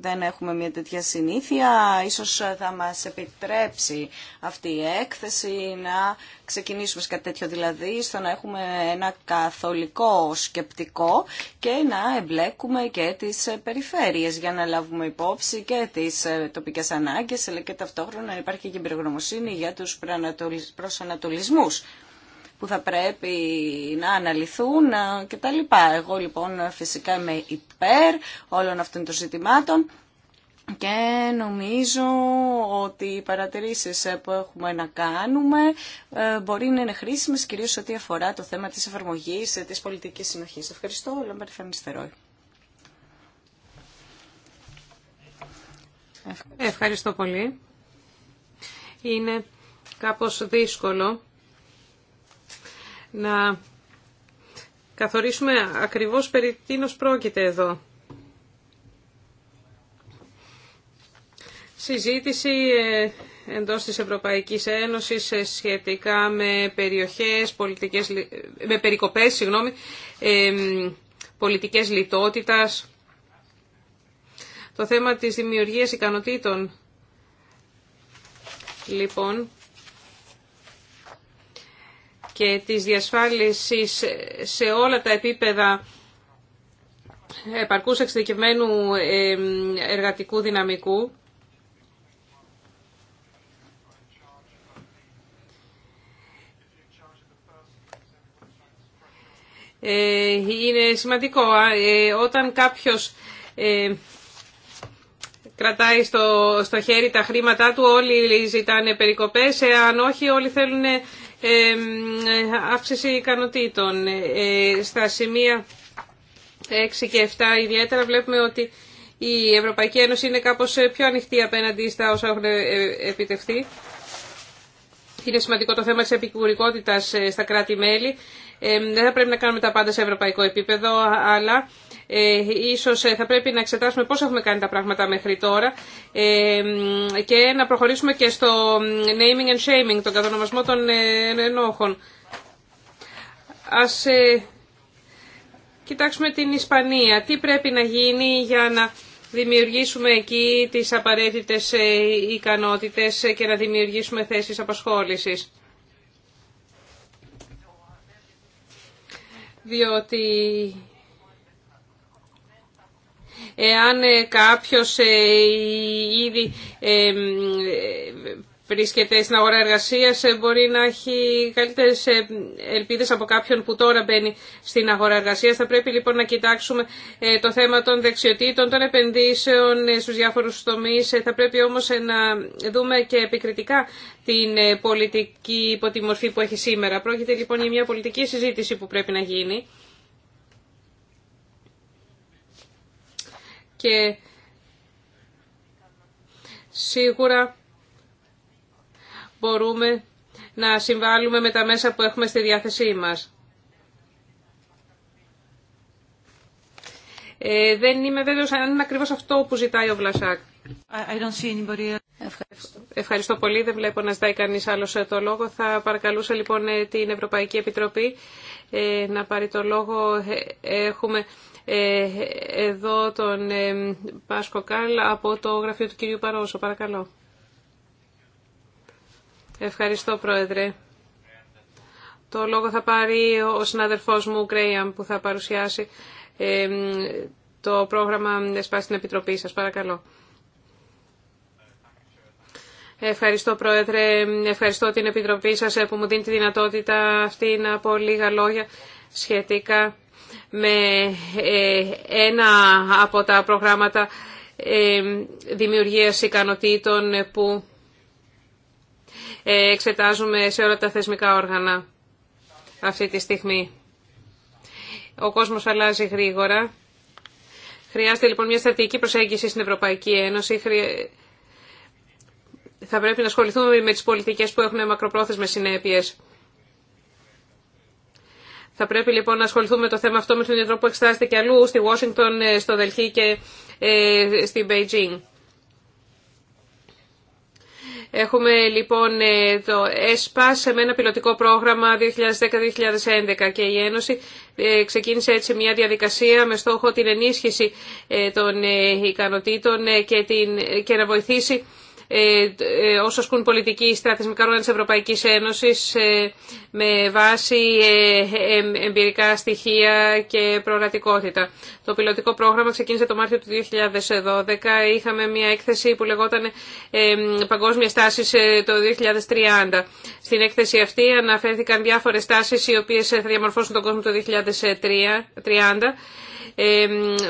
A: δεν έχουμε μια τέτοια συνήθεια. Ίσως θα μας επιτρέψει αυτή η έκθεση να ξεκινήσουμε σε κάτι τέτοιο δηλαδή, στο να έχουμε ένα καθολικό σκεπτικό και να εμπλέκουμε και τις περιφέρειες για να λάβουμε υπόψη και τις ε, τοπικές ανάγκες αλλά και ταυτόχρονα υπάρχει και η για τους προσανατολισμούς που θα πρέπει να αναλυθούν ε, κτλ. Εγώ λοιπόν φυσικά είμαι υπέρ όλων αυτών των ζητημάτων και νομίζω ότι οι παρατηρήσεις που έχουμε να κάνουμε ε, μπορεί να είναι χρήσιμες κυρίως ό,τι αφορά το θέμα της εφαρμογής ε, της πολιτικής συνοχής. Ευχαριστώ, Λαμπέρ Φανιστερόη. Ευχαριστώ
B: πολύ. Είναι κάπως δύσκολο να καθορίσουμε ακριβώς περί τίνος πρόκειται εδώ. Συζήτηση ε, εντός της Ευρωπαϊκής Ένωσης ε, σχετικά με περιοχές, πολιτικές, με περικοπές, συγγνώμη, ε, πολιτικές λιτότητας. Το θέμα της δημιουργίας ικανοτήτων, λοιπόν, και της διασφάλισης σε όλα τα επίπεδα επαρκούς εξειδικευμένου εργατικού δυναμικού. Ε, είναι σημαντικό ε, όταν κάποιος ε, κρατάει στο, χέρι τα χρήματά του, όλοι ζητάνε περικοπές, αν όχι όλοι θέλουν αύξηση ικανοτήτων. Ε, στα σημεία 6 και 7 ιδιαίτερα βλέπουμε ότι η Ευρωπαϊκή Ένωση είναι κάπως ε, πιο ανοιχτή απέναντι στα όσα έχουν ε, επιτευχθεί. Είναι σημαντικό το θέμα της επικουρικότητας στα κράτη-μέλη. Δεν θα πρέπει να κάνουμε τα πάντα σε ευρωπαϊκό επίπεδο, αλλά ε, ίσως ε, θα πρέπει να εξετάσουμε πώς έχουμε κάνει τα πράγματα μέχρι τώρα ε, και να προχωρήσουμε και στο naming and shaming, τον κατονομασμό των ενόχων. Ας κοιτάξουμε την Ισπανία. Τι πρέπει να γίνει για να δημιουργήσουμε εκεί τις απαραίτητες ικανότητες και να δημιουργήσουμε θέσεις απασχόλησης. Διότι εάν ε, κάποιος ε, ήδη ε, βρίσκεται στην αγορά εργασίας μπορεί να έχει καλύτερες ελπίδες από κάποιον που τώρα μπαίνει στην αγορά εργασίας. Θα πρέπει λοιπόν να κοιτάξουμε το θέμα των δεξιοτήτων, των επενδύσεων στους διάφορους τομείς. Θα πρέπει όμως να δούμε και επικριτικά την πολιτική υπό τη μορφή που έχει σήμερα. Πρόκειται λοιπόν για μια πολιτική συζήτηση που πρέπει να γίνει. και σίγουρα μπορούμε να συμβάλλουμε με τα μέσα που έχουμε στη διάθεσή μας. Ε, δεν είμαι βέβαιος αν είναι ακριβώς αυτό που ζητάει ο Βλασάκ. I don't see anybody Ευχαριστώ. πολύ. Δεν βλέπω να ζητάει κανεί άλλο ε, το λόγο. Θα παρακαλούσα λοιπόν ε, την Ευρωπαϊκή Επιτροπή ε, να πάρει το λόγο. Έχουμε ε, εδώ τον ε, Πάσκο Κάλ από το γραφείο του κυρίου Παρόσο. Παρακαλώ. Ευχαριστώ, Πρόεδρε. Το λόγο θα πάρει ο συνάδελφός μου, Κρέιαμ, που θα παρουσιάσει ε, το πρόγραμμα ΕΣΠΑ στην Επιτροπή σας. Παρακαλώ. Ευχαριστώ Πρόεδρε, ευχαριστώ την Επιτροπή σας που μου δίνει τη δυνατότητα αυτή να πω λίγα λόγια σχετικά με ε, ένα από τα προγράμματα ε, δημιουργίας ικανοτήτων που ε, εξετάζουμε σε όλα τα θεσμικά όργανα αυτή τη στιγμή. Ο κόσμος αλλάζει γρήγορα. Χρειάζεται λοιπόν μια στρατηγική προσέγγιση στην Ευρωπαϊκή Ένωση. Θα πρέπει να ασχοληθούμε με τις πολιτικές που έχουν μακροπρόθεσμες συνέπειες. Θα πρέπει λοιπόν να ασχοληθούμε με το θέμα αυτό με τον ίδιο τρόπο που εξετάζεται και αλλού, στη Washington, ε, στο Δελχή και στη ε, στην Beijing. Έχουμε λοιπόν ε, το ΕΣΠΑ σε ένα πιλωτικό πρόγραμμα 2010-2011 και η Ένωση ξεκίνησε έτσι μια διαδικασία με στόχο την ενίσχυση των ικανοτήτων και, την, και να βοηθήσει ε, ε, όσο ασκούν πολιτική στα θεσμικά όργανα της Ευρωπαϊκής Ένωσης ε, με βάση εμπειρικά στοιχεία και προορατικότητα. Το πιλωτικό πρόγραμμα ξεκίνησε το Μάρτιο του 2012. Είχαμε μια έκθεση που λεγόταν «Παγκόσμια στάση το 2030». Στην έκθεση αυτή αναφέρθηκαν διάφορες στάσεις οι οποίες θα διαμορφώσουν τον κόσμο το 2030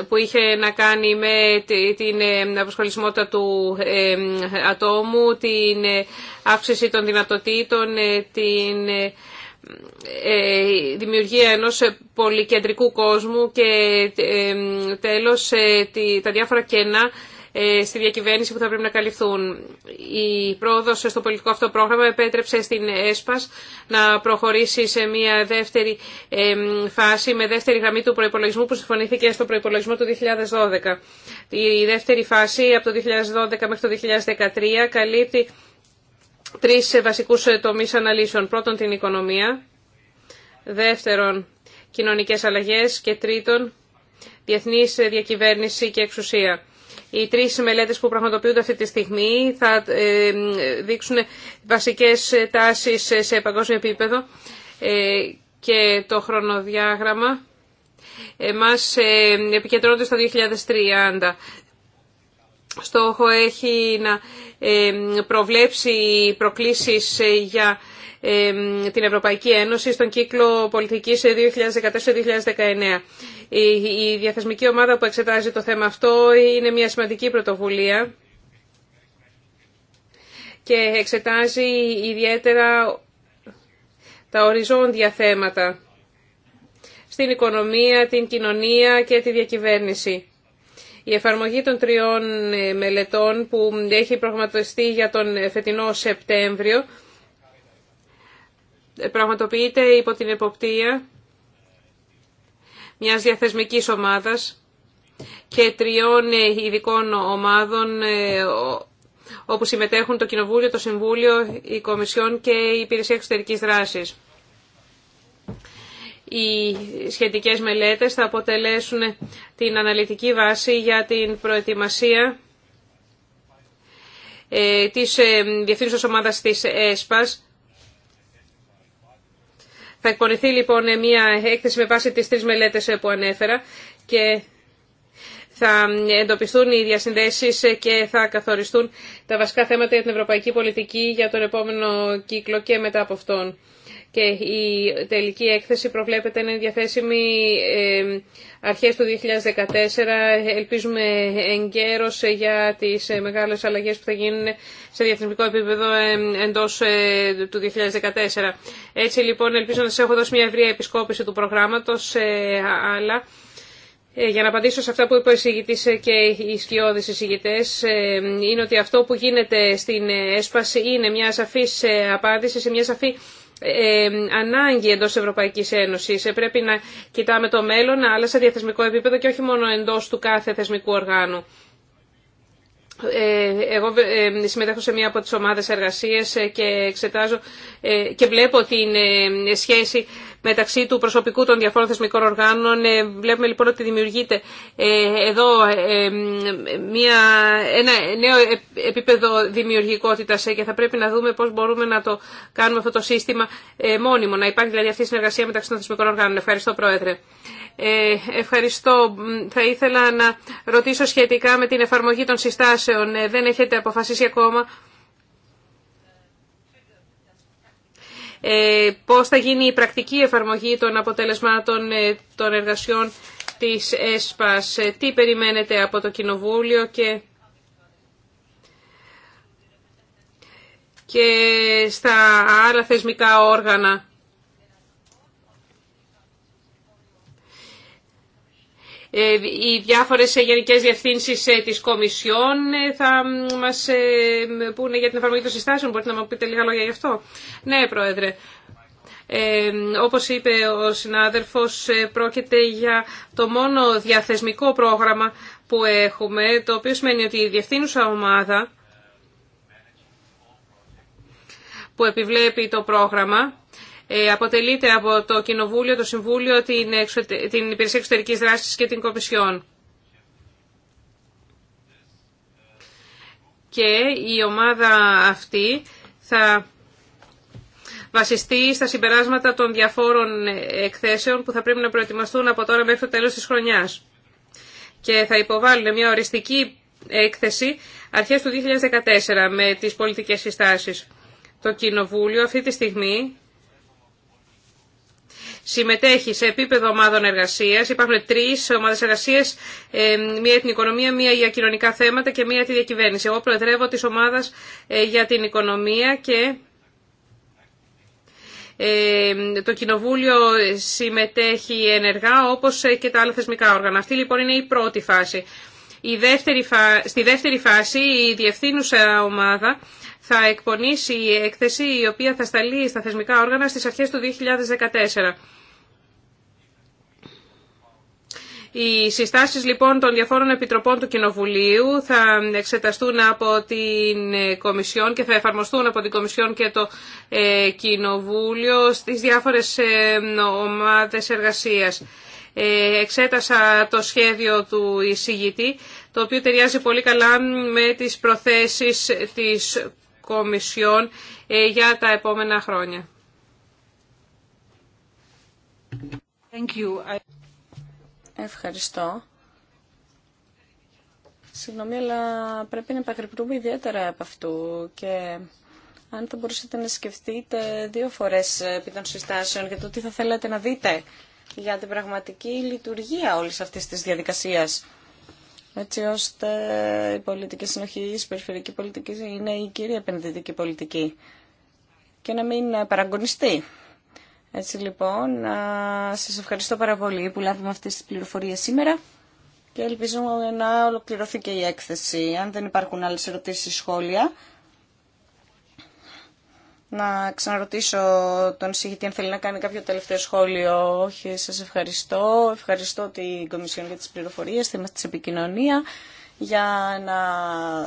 B: που είχε να κάνει με την αποσχολησιμότητα του ατόμου, την ε, αύξηση των δυνατοτήτων, ε, την ε, δημιουργία ενός πολυκεντρικού κόσμου και τέλος τα διάφορα κενά ε, στη διακυβέρνηση που θα πρέπει να καλυφθούν. Η πρόοδο στο πολιτικό αυτό πρόγραμμα επέτρεψε στην ΕΣΠΑΣ να προχωρήσει σε μια δεύτερη ε, φάση με δεύτερη γραμμή του προπολογισμού που συμφωνήθηκε στο προπολογισμό του 2012. Η δεύτερη φάση από το 2012 μέχρι το 2013 καλύπτει τρεις βασικούς τομείς αναλύσεων. Πρώτον την οικονομία, δεύτερον κοινωνικές αλλαγές και τρίτον διεθνής διακυβέρνηση και εξουσία. Οι τρεις μελέτες που πραγματοποιούνται αυτή τη στιγμή θα ε, δείξουν βασικές τάσεις σε παγκόσμιο επίπεδο ε, και το χρονοδιάγραμμα μας ε, επικεντρώνονται στο 2030. Στόχο έχει να προβλέψει προκλήσεις για την Ευρωπαϊκή Ένωση στον κύκλο πολιτικής 2014-2019. Η διαθεσμική ομάδα που εξετάζει το θέμα αυτό είναι μια σημαντική πρωτοβουλία και εξετάζει ιδιαίτερα τα οριζόντια θέματα στην οικονομία, την κοινωνία και τη διακυβέρνηση. Η εφαρμογή των τριών μελετών που έχει προγραμματιστεί για τον φετινό Σεπτέμβριο πραγματοποιείται υπό την εποπτεία μιας διαθεσμικής ομάδας και τριών ε, ειδικών ομάδων ε, όπου συμμετέχουν το Κοινοβούλιο, το Συμβούλιο, η Κομισιόν και η Υπηρεσία Εξωτερικής Δράσης. Οι σχετικές μελέτες θα αποτελέσουν την αναλυτική βάση για την προετοιμασία ε, της Διευθύνουσας Ομάδας της ΕΣΠΑΣ θα εκπονηθεί λοιπόν μια έκθεση με βάση τις τρεις μελέτες ε, που ανέφερα και θα εντοπιστούν οι διασυνδέσεις ε, και θα καθοριστούν τα βασικά θέματα για την ευρωπαϊκή πολιτική για τον επόμενο κύκλο και μετά από αυτόν και η τελική έκθεση προβλέπεται να είναι διαθέσιμη αρχές του 2014. Ελπίζουμε εγκαίρως για τις ε, μεγάλες αλλαγές που θα γίνουν σε διαθεσμικό επίπεδο εντός ε, του 2014. Έτσι λοιπόν ελπίζω να σας έχω δώσει μια ευρία επισκόπηση του προγράμματος, ε, αλλά... Για να απαντήσω σε αυτά που είπε ο εισηγητής και οι σκιώδει είναι ότι αυτό που γίνεται στην ΕΣΠΑΣ είναι μια σαφή απάντηση σε μια σαφή ε, ανάγκη εντός Ευρωπαϊκής Ένωσης. Ε, πρέπει να κοιτάμε το μέλλον, αλλά σε διαθεσμικό επίπεδο και όχι μόνο εντός του κάθε θεσμικού οργάνου. Ε, εγώ συμμετέχω σε μία από τις ομάδες εργασίες και εξετάζω και βλέπω την σχέση μεταξύ του προσωπικού των διαφόρων θεσμικών οργάνων. Ε, βλέπουμε λοιπόν ότι δημιουργείται ε, εδώ ε, μια, ένα νέο επίπεδο δημιουργικότητας και θα πρέπει να δούμε πώς μπορούμε να το κάνουμε αυτό το σύστημα μόνιμο, να υπάρχει δηλαδή αυτή η συνεργασία μεταξύ των θεσμικών οργάνων. Ευχαριστώ Πρόεδρε. Ε, ευχαριστώ. Θα ήθελα να ρωτήσω σχετικά με την εφαρμογή των συστάσεων. Δεν έχετε αποφασίσει ακόμα Ε, πώς θα γίνει η πρακτική εφαρμογή των αποτελεσμάτων ε, των εργασιών της ΕΣΠΑΣ, ε, τι περιμένετε από το Κοινοβούλιο και... και στα άλλα θεσμικά όργανα. Ε, οι διάφορες ε, γενικές διευθύνσεις ε, της Κομισιόν θα μας πούνε για την εφαρμογή των συστάσεων. Μπορείτε να μου πείτε λίγα λόγια γι' αυτό. Ναι, Πρόεδρε. Ε, όπως είπε ο συνάδελφος, πρόκειται για το μόνο διαθεσμικό πρόγραμμα που έχουμε, το οποίο σημαίνει ότι η διευθύνουσα ομάδα που επιβλέπει το πρόγραμμα ε, αποτελείται από το Κοινοβούλιο, το Συμβούλιο, την, την Υπηρεσία Εξωτερικής Δράσης και την Κομισιόν. Και η ομάδα αυτή θα βασιστεί στα συμπεράσματα των διαφόρων εκθέσεων που θα πρέπει να προετοιμαστούν από τώρα μέχρι το τέλος της χρονιάς. Και θα υποβάλουν μια οριστική έκθεση αρχές του 2014 με τις πολιτικές συστάσεις. Το Κοινοβούλιο αυτή τη στιγμή συμμετέχει σε επίπεδο ομάδων εργασία. Υπάρχουν τρεις ομάδες ε, μία για την οικονομία, μία για κοινωνικά θέματα και μία για τη διακυβέρνηση. Εγώ προεδρεύω της ομάδας ε, για την οικονομία και ε, το Κοινοβούλιο συμμετέχει ενεργά όπως ε, και τα άλλα θεσμικά όργανα. Αυτή λοιπόν είναι η πρώτη φάση. Η δεύτερη φα... Στη δεύτερη φάση η διευθύνουσα ομάδα θα εκπονήσει η έκθεση η οποία θα σταλεί στα θεσμικά όργανα στις αρχές του 2014. Οι συστάσεις λοιπόν των διαφόρων επιτροπών του Κοινοβουλίου θα εξεταστούν από την ε, Κομισιόν και θα εφαρμοστούν από την Κομισιόν και το ε, Κοινοβούλιο στις διάφορες ε, ομάδες εργασίας. Εξέτασα το σχέδιο του εισηγητή, το οποίο ταιριάζει πολύ καλά με τις προθέσεις της Κομισιόν για τα επόμενα χρόνια.
A: Thank Ευχαριστώ. Συγγνώμη, αλλά πρέπει να επαγρυπνούμε ιδιαίτερα από αυτού και αν θα μπορούσατε να σκεφτείτε δύο φορές επί των συστάσεων για το τι θα θέλατε να δείτε για την πραγματική λειτουργία όλης αυτής της διαδικασίας. Έτσι ώστε η πολιτική συνοχή, η περιφερειακή πολιτική είναι η κύρια επενδυτική πολιτική και να μην παραγκονιστεί. Έτσι λοιπόν, σας ευχαριστώ πάρα πολύ που λάβουμε αυτές τις πληροφορίες σήμερα και ελπίζουμε να ολοκληρωθεί και η έκθεση. Αν δεν υπάρχουν άλλες ερωτήσεις ή σχόλια, να ξαναρωτήσω τον συγχητή αν θέλει να κάνει κάποιο τελευταίο σχόλιο. Όχι, σας ευχαριστώ. Ευχαριστώ την Κομισιόν για τις πληροφορίες, θα είμαστε επικοινωνία για να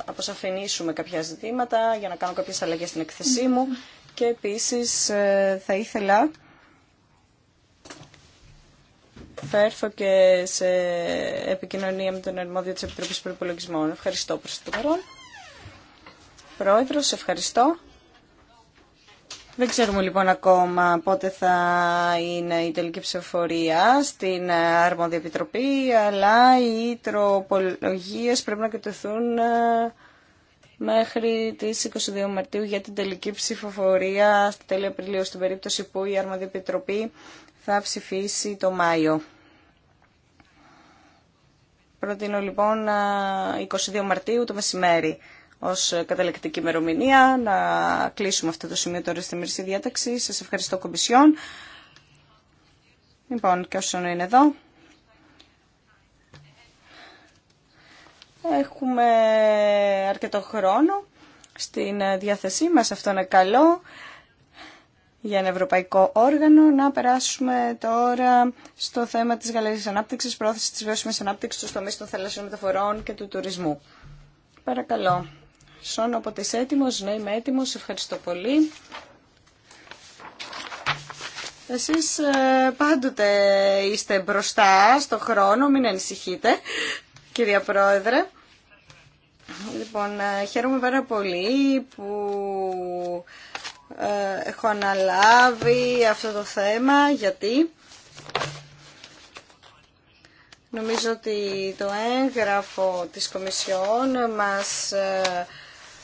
A: αποσαφηνίσουμε κάποια ζητήματα, για να κάνω κάποιες αλλαγές στην εκθεσή μου και επίσης ε, θα ήθελα θα έρθω και σε επικοινωνία με τον αρμόδιο της Επιτροπής Προπολογισμών. Ευχαριστώ προς το παρόν. Πρόεδρος, ευχαριστώ. Δεν ξέρουμε λοιπόν ακόμα πότε θα είναι η τελική ψηφοφορία στην αρμόδια επιτροπή, αλλά οι τροπολογίε πρέπει να κατευθούν ε, μέχρι τις 22 Μαρτίου για την τελική ψηφοφορία στη τέλη Απριλίου, στην περίπτωση που η αρμόδια επιτροπή θα ψηφίσει το Μάιο. Προτείνω λοιπόν 22 Μαρτίου το μεσημέρι ως καταλεκτική ημερομηνία να κλείσουμε αυτό το σημείο τώρα στη μερική διάταξη. Σας ευχαριστώ κομπισιόν. Λοιπόν, και όσον είναι εδώ. Έχουμε αρκετό χρόνο στην διάθεσή μας, αυτό είναι καλό για ένα ευρωπαϊκό όργανο. Να περάσουμε τώρα στο θέμα της γαλλική ανάπτυξης, πρόθεση της βιώσιμης ανάπτυξης στους τομείς των θαλασσιών μεταφορών και του τουρισμού. Παρακαλώ. Σόν, από είσαι έτοιμος, ναι είμαι έτοιμος, ευχαριστώ πολύ. Εσείς ε, πάντοτε είστε μπροστά στο χρόνο, μην ανησυχείτε, κυρία Πρόεδρε. Λοιπόν, ε, χαίρομαι πάρα πολύ που ε, έχω αναλάβει αυτό το θέμα γιατί νομίζω ότι το έγγραφο της Κομισιόν μας ε,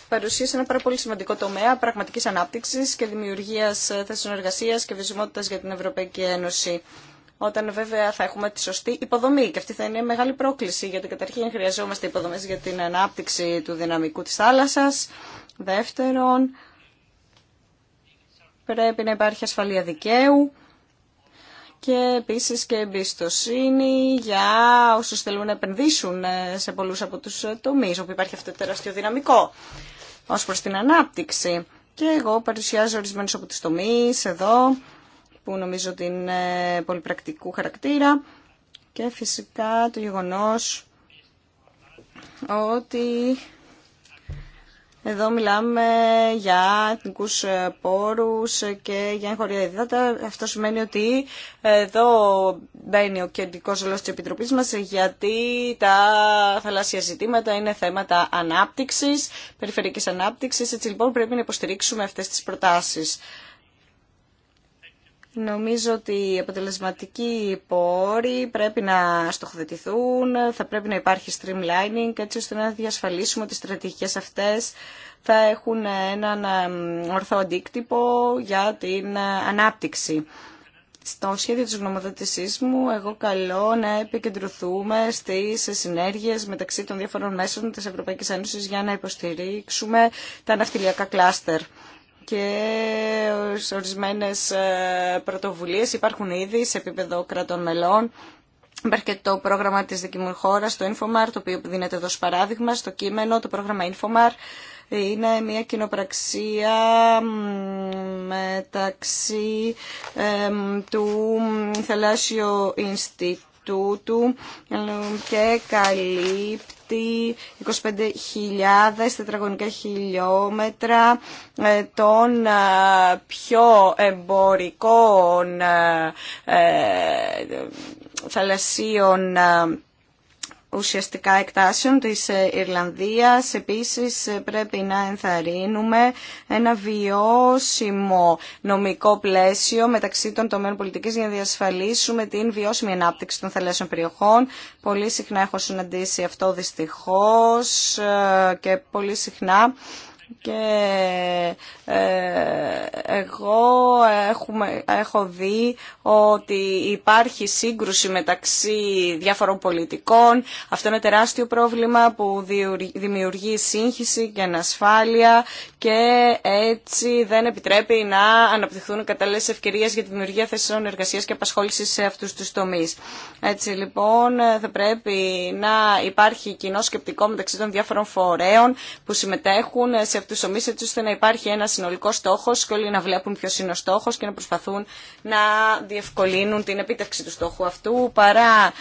A: παρουσίασε ένα πάρα πολύ σημαντικό τομέα πραγματικής ανάπτυξης και δημιουργίας ε, θέσεων εργασίας και βιωσιμότητας για την Ευρωπαϊκή Ένωση όταν βέβαια θα έχουμε τη σωστή υποδομή. Και αυτή θα είναι μεγάλη πρόκληση, γιατί καταρχήν χρειαζόμαστε υποδομές για την ανάπτυξη του δυναμικού της θάλασσας. Δεύτερον, πρέπει να υπάρχει ασφαλεία δικαίου και επίσης και εμπιστοσύνη για όσους θέλουν να επενδύσουν ε, σε πολλούς από τους ε, τομείς, όπου υπάρχει αυτό το τεράστιο δυναμικό ως προς την ανάπτυξη. Και εγώ παρουσιάζω ορισμένου από τους τομείς εδώ, που νομίζω ότι είναι πολυπρακτικού χαρακτήρα και φυσικά το γεγονός ότι εδώ μιλάμε για εθνικού ε, πόρου και για εγχωρία υδάτα. Αυτό σημαίνει ότι εδώ μπαίνει ο κεντρικό ρόλο τη Επιτροπή μα, γιατί τα θαλάσσια ζητήματα είναι θέματα ανάπτυξη, περιφερειακή ανάπτυξη. Έτσι λοιπόν πρέπει να υποστηρίξουμε αυτέ τι προτάσει. Νομίζω ότι οι αποτελεσματικοί πόροι πρέπει να στοχοθετηθούν, θα πρέπει να υπάρχει streamlining έτσι ώστε να διασφαλίσουμε ότι οι στρατηγικές αυτές θα έχουν έναν ορθό αντίκτυπο για την ε, ανάπτυξη. Στο σχέδιο της γνωμοδότησής μου, εγώ καλώ να επικεντρωθούμε στις συνέργειες μεταξύ των διάφορων μέσων της Ευρωπαϊκής Ένωσης για να υποστηρίξουμε τα ναυτιλιακά κλάστερ και ορισμένες ε, πρωτοβουλίες υπάρχουν ήδη σε επίπεδο κρατών μελών. Υπάρχει και το πρόγραμμα της δική μου χώρα, το Infomar, το οποίο δίνεται εδώ ως παράδειγμα στο κείμενο, το πρόγραμμα Infomar. Είναι μια κοινοπραξία μεταξύ ε, του Θαλάσσιο Ινστιτούτου τούτου ε, και καλύπτει 25.000 τετραγωνικά χιλιόμετρα ε, των ε, πιο εμπορικών θαλασσίων ουσιαστικά εκτάσεων της ε, Ιρλανδίας. Επίσης ε, πρέπει να ενθαρρύνουμε ένα βιώσιμο νομικό πλαίσιο μεταξύ των τομέων πολιτικής για να διασφαλίσουμε την βιώσιμη ανάπτυξη των θαλάσσιων περιοχών. Πολύ συχνά έχω συναντήσει αυτό δυστυχώς ε, και πολύ συχνά και ε, εγώ έχουμε, έχω δει ότι υπάρχει σύγκρουση μεταξύ διάφορων πολιτικών. Αυτό είναι τεράστιο πρόβλημα που δημιουργεί σύγχυση και ανασφάλεια και έτσι δεν επιτρέπει να αναπτυχθούν κατάλληλες ευκαιρίες για τη δημιουργία θέσεων εργασίας και απασχόλησης σε αυτούς τους τομείς. Έτσι λοιπόν θα πρέπει να υπάρχει κοινό σκεπτικό μεταξύ των διάφορων φορέων που συμμετέχουν σε αυτού του έτσι ώστε να υπάρχει ένα συνολικό στόχο και όλοι να βλέπουν ποιο είναι ο στόχο και να προσπαθούν να διευκολύνουν την επίτευξη του στόχου αυτού, παρά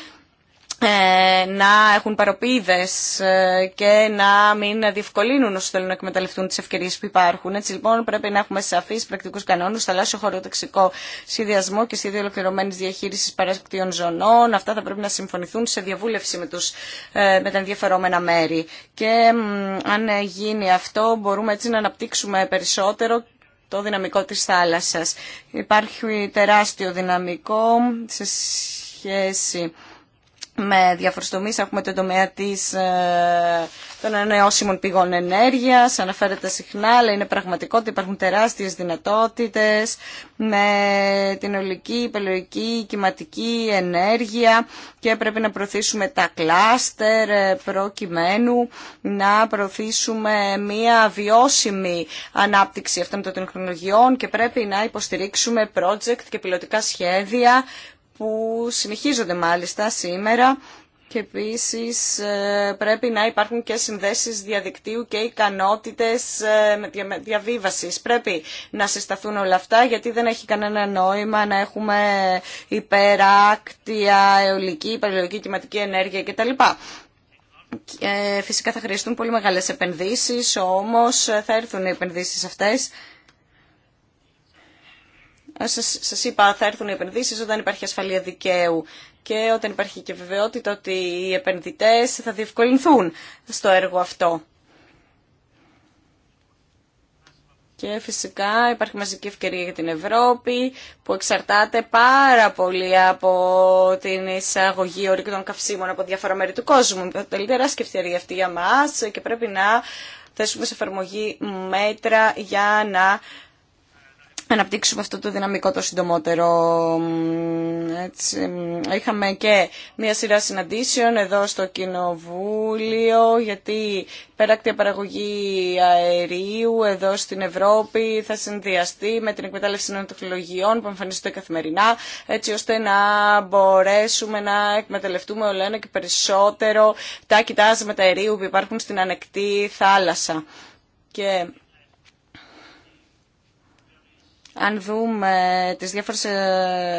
A: ε, να έχουν παροπίδες ε, και να μην διευκολύνουν όσοι θέλουν να εκμεταλλευτούν τις ευκαιρίες που υπάρχουν. Έτσι λοιπόν πρέπει να έχουμε σαφείς πρακτικούς κανόνους, θαλάσσιο χωροτεξικό σχεδιασμό και σχέδιο ολοκληρωμένης διαχείρισης παρακτήων ζωνών. Αυτά θα πρέπει να συμφωνηθούν σε διαβούλευση με, τους, ε, με τα ενδιαφερόμενα μέρη. Και αν γίνει αυτό μπορούμε έτσι να αναπτύξουμε περισσότερο το δυναμικό της θάλασσας. Υπάρχει τεράστιο δυναμικό σε σχέση με διάφορους τομείς. Έχουμε το τομέα της, ε, των ανανεώσιμων πηγών ενέργειας, αναφέρεται συχνά, αλλά είναι πραγματικό ότι υπάρχουν τεράστιες δυνατότητες με την ολική, υπελογική, κυματική ενέργεια και πρέπει να προωθήσουμε τα κλάστερ ε, προκειμένου να προωθήσουμε μια βιώσιμη ανάπτυξη αυτών των τεχνολογιών και πρέπει να υποστηρίξουμε project και πιλωτικά σχέδια που συνεχίζονται μάλιστα σήμερα και επίσης ε, πρέπει να υπάρχουν και συνδέσεις διαδικτύου και ικανότητες ε, διαβίβασης. Πρέπει να συσταθούν όλα αυτά γιατί δεν έχει κανένα νόημα να έχουμε υπεράκτια, αιωλική, υπεραιωλική, κλιματική ενέργεια κτλ. Ε, φυσικά θα χρειαστούν πολύ μεγάλες επενδύσεις, όμως θα έρθουν οι επενδύσεις αυτές σα είπα, θα έρθουν οι επενδύσει όταν υπάρχει ασφαλεία δικαίου και όταν υπάρχει και βεβαιότητα ότι οι επενδυτές θα διευκολυνθούν στο έργο αυτό. Και φυσικά υπάρχει μαζική ευκαιρία για την Ευρώπη που εξαρτάται πάρα πολύ από την εισαγωγή των καυσίμων από διάφορα μέρη του κόσμου. Είναι αυτή για μας και πρέπει να θέσουμε σε εφαρμογή μέτρα για να να αναπτύξουμε αυτό το δυναμικό το συντομότερο. Έτσι, είχαμε και μια σειρά συναντήσεων εδώ στο Κοινοβούλιο, γιατί περάκτια παραγωγή αερίου εδώ στην Ευρώπη θα συνδυαστεί με την εκμετάλλευση νέων τεχνολογιών που εμφανίζονται καθημερινά, έτσι ώστε να μπορέσουμε να εκμεταλλευτούμε όλο ένα και περισσότερο τα τα αερίου που υπάρχουν στην ανεκτή θάλασσα. Και αν δούμε τις διάφορες ε,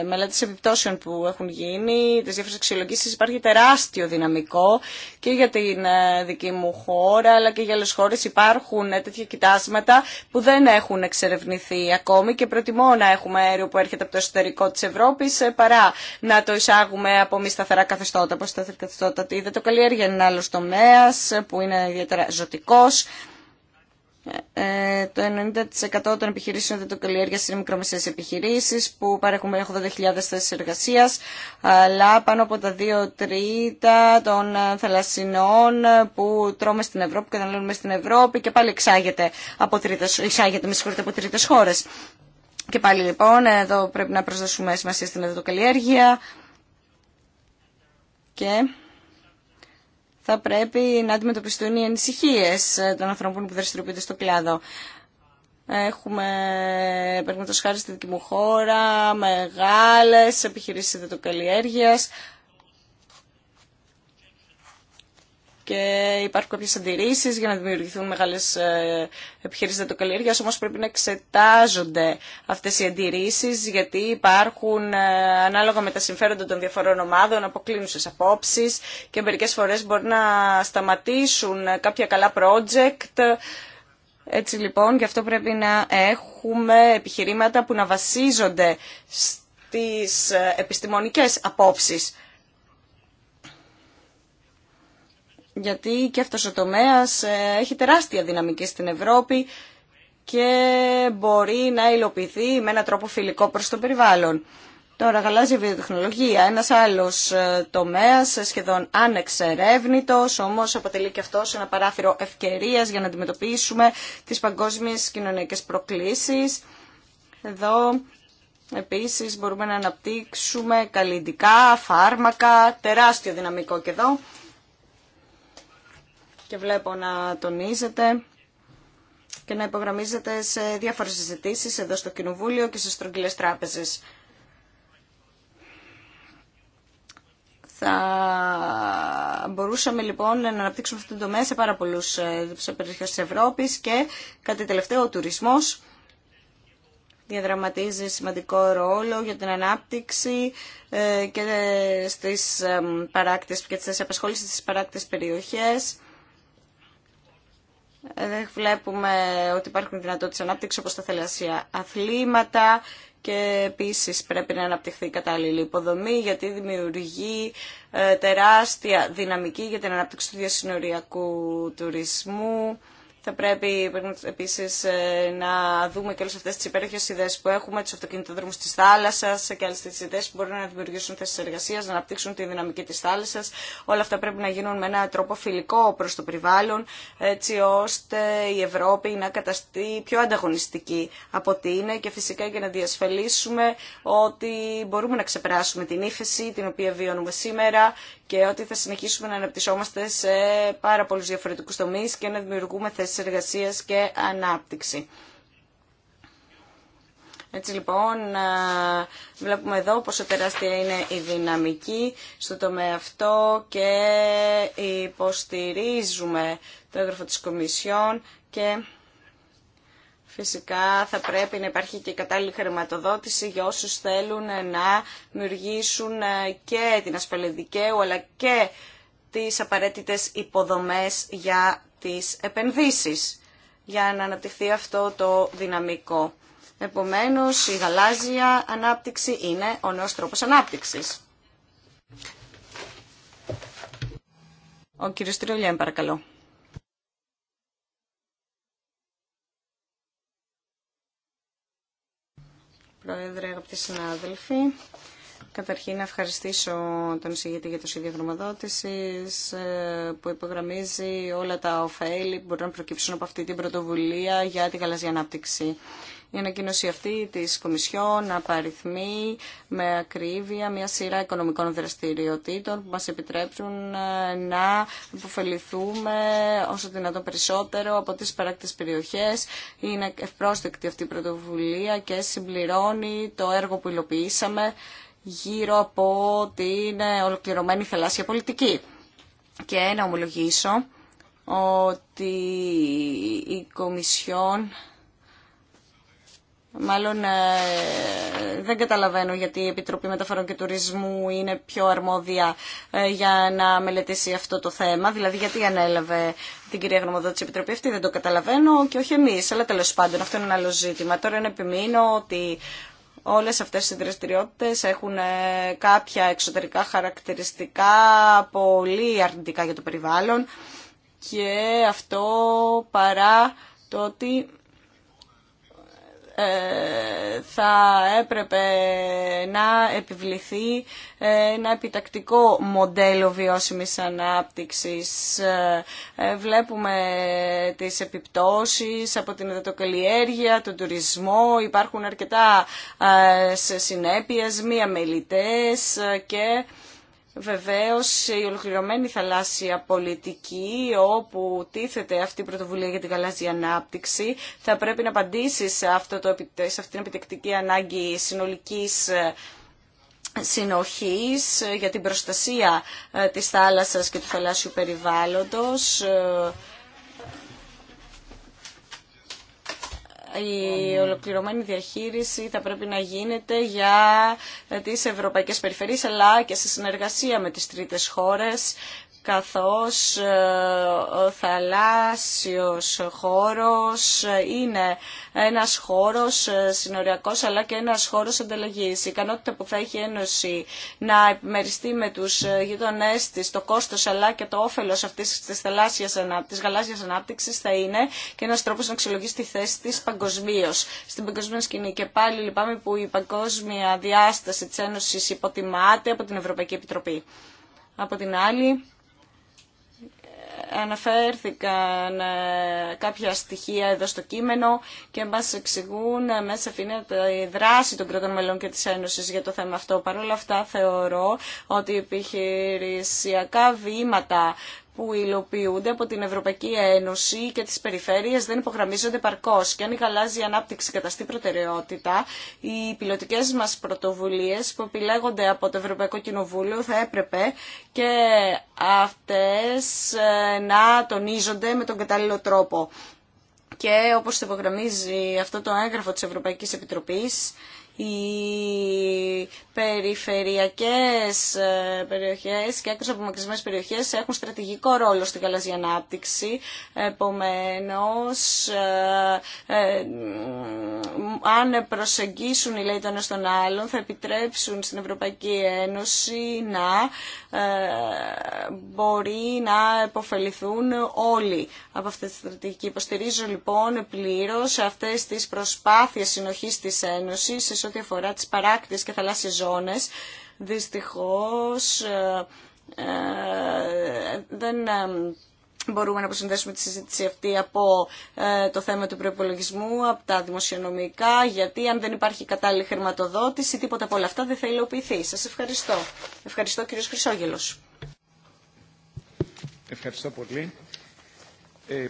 A: μελέτες επιπτώσεων που έχουν γίνει, τις διάφορες αξιολογήσεις, υπάρχει τεράστιο δυναμικό και για την ε, δική μου χώρα, αλλά και για άλλες χώρες υπάρχουν ε, τέτοια κοιτάσματα που δεν έχουν εξερευνηθεί ακόμη και προτιμώ να έχουμε αέριο που έρχεται από το εσωτερικό της Ευρώπης παρά να το εισάγουμε από μη σταθερά καθεστώτα, από σταθερή καθεστώτα. Είδα το καλλιέργεια είναι άλλος τομέας που είναι ιδιαίτερα ζωτικός. Ε, το 90% των επιχειρήσεων καλλιέργεια είναι μικρομεσαίε επιχειρήσει που παρέχουν 80.000 θέσει εργασία, αλλά πάνω από τα 2 τρίτα των ε, θαλασσινών ε, που τρώμε στην Ευρώπη, καταναλώνουμε στην Ευρώπη και πάλι εξάγεται από τρίτε, από χώρε. Και πάλι λοιπόν εδώ πρέπει να προσδώσουμε σημασία στην διτοκαλλιέργεια και θα πρέπει να αντιμετωπιστούν οι ανησυχίε των ανθρώπων που δραστηριοποιούνται στο κλάδο. Έχουμε, παραδείγματο χάρη στη δική μου χώρα, μεγάλε επιχειρήσει ιδιωτοκαλλιέργειας και υπάρχουν κάποιες αντιρρήσεις για να δημιουργηθούν μεγάλες ε, επιχειρήσεις δεδοκαλλιέργεια. όμως πρέπει να εξετάζονται αυτές οι αντιρρήσεις γιατί υπάρχουν ε, ανάλογα με τα συμφέροντα των διαφορών ομάδων αποκλίνουσες απόψεις και μερικές φορές μπορεί να σταματήσουν κάποια καλά project έτσι λοιπόν, γι' αυτό πρέπει να έχουμε επιχειρήματα που να βασίζονται στις ε, επιστημονικές απόψεις γιατί και αυτός ο τομέας ε, έχει τεράστια δυναμική στην Ευρώπη και μπορεί να υλοποιηθεί με έναν τρόπο φιλικό προς το περιβάλλον. Τώρα, γαλάζια βιοτεχνολογία, ένας άλλος ε, τομέας, ε, σχεδόν ανεξερεύνητος, όμως αποτελεί και αυτός ένα παράθυρο ευκαιρίας για να αντιμετωπίσουμε τις παγκόσμιες κοινωνικές προκλήσεις. Εδώ Επίσης μπορούμε να αναπτύξουμε καλλιντικά, φάρμακα, τεράστιο δυναμικό και εδώ και βλέπω να τονίζετε και να υπογραμμίζεται σε διάφορες συζητήσει εδώ στο Κοινοβούλιο και στις τρογγυλές τράπεζες. Θα μπορούσαμε λοιπόν να αναπτύξουμε αυτήν την τομέα σε πάρα πολλούς ε, σε περιοχές της Ευρώπης και κάτι τελευταίο ο τουρισμός διαδραματίζει σημαντικό ρόλο για την ανάπτυξη ε, και στις ε, παράκτες και τις απασχόλησεις στις παράκτες περιοχές δεν βλέπουμε ότι υπάρχουν δυνατότητες ανάπτυξη όπως τα θελασσία αθλήματα και επίσης πρέπει να αναπτυχθεί η κατάλληλη υποδομή γιατί δημιουργεί ε, τεράστια δυναμική για την ανάπτυξη του διασυνοριακού τουρισμού θα πρέπει επίση ε, να δούμε και όλε αυτέ τι υπέροχε ιδέε που έχουμε, του αυτοκινητοδρόμου τη θάλασσα και άλλε τέτοιε ιδέε που μπορούν να δημιουργήσουν θέσει εργασία, να αναπτύξουν τη δυναμική τη θάλασσα. Όλα αυτά πρέπει να γίνουν με έναν τρόπο φιλικό προ το περιβάλλον, έτσι ώστε η Ευρώπη να καταστεί πιο ανταγωνιστική από ό,τι είναι και φυσικά για να διασφαλίσουμε ότι μπορούμε να ξεπεράσουμε την ύφεση την οποία βιώνουμε σήμερα και ότι θα συνεχίσουμε να αναπτυσσόμαστε σε πάρα πολλούς διαφορετικούς τομείς και να δημιουργούμε θέσεις εργασίας και ανάπτυξη. Έτσι λοιπόν βλέπουμε εδώ πόσο τεράστια είναι η δυναμική στο τομέα αυτό και υποστηρίζουμε το έγγραφο της Κομισιόν και Φυσικά θα πρέπει να υπάρχει και κατάλληλη χρηματοδότηση για όσους θέλουν να δημιουργήσουν ε, και την ασφαλή δικαίου αλλά και τις απαραίτητες υποδομές για τις επενδύσεις για να αναπτυχθεί αυτό το δυναμικό. Επομένως, η γαλάζια ανάπτυξη είναι ο νέος τρόπος ανάπτυξης. Ο κύριος Τριολιέν, παρακαλώ. Πρόεδρε, αγαπητοί συνάδελφοι. Καταρχήν να ευχαριστήσω τον εισηγητή για το σχέδιο ε, που υπογραμμίζει όλα τα ωφέλη που μπορούν να προκύψουν από αυτή την πρωτοβουλία για τη γαλαζιανάπτυξη. Η ανακοίνωση αυτή της Κομισιόν απαριθμεί με ακρίβεια μια σειρά οικονομικών δραστηριοτήτων που μας επιτρέψουν ε, να υποφεληθούμε όσο δυνατόν περισσότερο από τις παράκτη περιοχές. Είναι ευπρόσδεκτη αυτή η πρωτοβουλία και συμπληρώνει το έργο που υλοποιήσαμε γύρω από την ολοκληρωμένη θελάσσια πολιτική. Και να ομολογήσω ότι η Κομισιόν Μάλλον ε, δεν καταλαβαίνω γιατί η Επιτροπή Μεταφορών και Τουρισμού είναι πιο αρμόδια ε, για να μελετήσει αυτό το θέμα. Δηλαδή γιατί ανέλαβε την κυρία Γνωμοδότη Επιτροπή αυτή δεν το καταλαβαίνω και όχι εμείς. Αλλά τέλος πάντων αυτό είναι ένα άλλο ζήτημα. Τώρα να επιμείνω ότι όλες αυτές οι δραστηριότητες έχουν ε, κάποια εξωτερικά χαρακτηριστικά πολύ αρνητικά για το περιβάλλον και αυτό παρά το ότι ε, θα έπρεπε να επιβληθεί ένα επιτακτικό μοντέλο βιώσιμης ανάπτυξης. Ε, βλέπουμε τις επιπτώσεις από την εδατοκαλλιέργεια, τον τουρισμό, υπάρχουν αρκετά ε, συνέπειες, μία μελιτές και Βεβαίως η ολοκληρωμένη θαλάσσια πολιτική όπου τίθεται αυτή η πρωτοβουλία για την γαλάζια ανάπτυξη θα πρέπει να απαντήσει σε, αυτό το, σε αυτήν την επιτεκτική ανάγκη συνολικής ε, συνοχής ε, για την προστασία ε, της θάλασσας και του θαλάσσιου περιβάλλοντος η ολοκληρωμένη διαχείριση θα πρέπει να γίνεται για τις ευρωπαϊκές περιφέρειες αλλά και σε συνεργασία με τις τρίτες χώρες καθώς ε, ο θαλάσσιος χώρος είναι ένας χώρος ε, συνοριακός αλλά και ένας χώρος ανταλλαγής. Η ικανότητα που θα έχει η Ένωση να επιμεριστεί με τους ε, γειτονές της το κόστος αλλά και το όφελος αυτής της, θαλάσσιας, της γαλάζιας ανάπτυξης θα είναι και ένας τρόπος να αξιολογήσει τη θέση της παγκοσμίω στην παγκοσμία σκηνή. Και πάλι λυπάμαι που η παγκόσμια διάσταση της Ένωσης υποτιμάται από την Ευρωπαϊκή Επιτροπή. Από την άλλη, αναφέρθηκαν ε, κάποια στοιχεία εδώ στο κείμενο και μας εξηγούν ε, μέσα φύνεται η δράση των κρατών μελών και της Ένωσης για το θέμα αυτό. Παρ' όλα αυτά θεωρώ ότι επιχειρησιακά βήματα που υλοποιούνται από την Ευρωπαϊκή Ένωση και τις περιφέρειες δεν υπογραμμίζονται παρκώς. Και αν η γαλάζια ανάπτυξη καταστεί προτεραιότητα, οι πιλωτικές μας πρωτοβουλίες που επιλέγονται από το Ευρωπαϊκό Κοινοβούλιο θα έπρεπε και αυτές ε, να τονίζονται με τον κατάλληλο τρόπο. Και όπως υπογραμμίζει αυτό το έγγραφο της Ευρωπαϊκής Επιτροπής, οι περιφερειακές ε, περιοχές και άκρως απομακρυσμένες περιοχές έχουν στρατηγικό ρόλο στην γαλαζιά ανάπτυξη. Επομένως, ε, ε, αν προσεγγίσουν οι λέει τον ένας τον άλλον, θα επιτρέψουν στην Ευρωπαϊκή Ένωση να μπορεί να επωφεληθούν όλοι από αυτή τη στρατηγική. Υποστηρίζω λοιπόν πλήρως αυτές τις προσπάθειες συνοχής της Ένωσης σε ό,τι αφορά τις παράκτη και θαλάσσιες ζώνες. Δυστυχώς ε, ε, δεν ε, μπορούμε να προσυνδέσουμε τη συζήτηση αυτή από το θέμα του προπολογισμού, από τα δημοσιονομικά, γιατί αν δεν υπάρχει κατάλληλη χρηματοδότηση, τίποτα από όλα αυτά δεν θα υλοποιηθεί. Σας ευχαριστώ. Ευχαριστώ κύριος Χρυσόγελος.
C: Ευχαριστώ πολύ. Ε,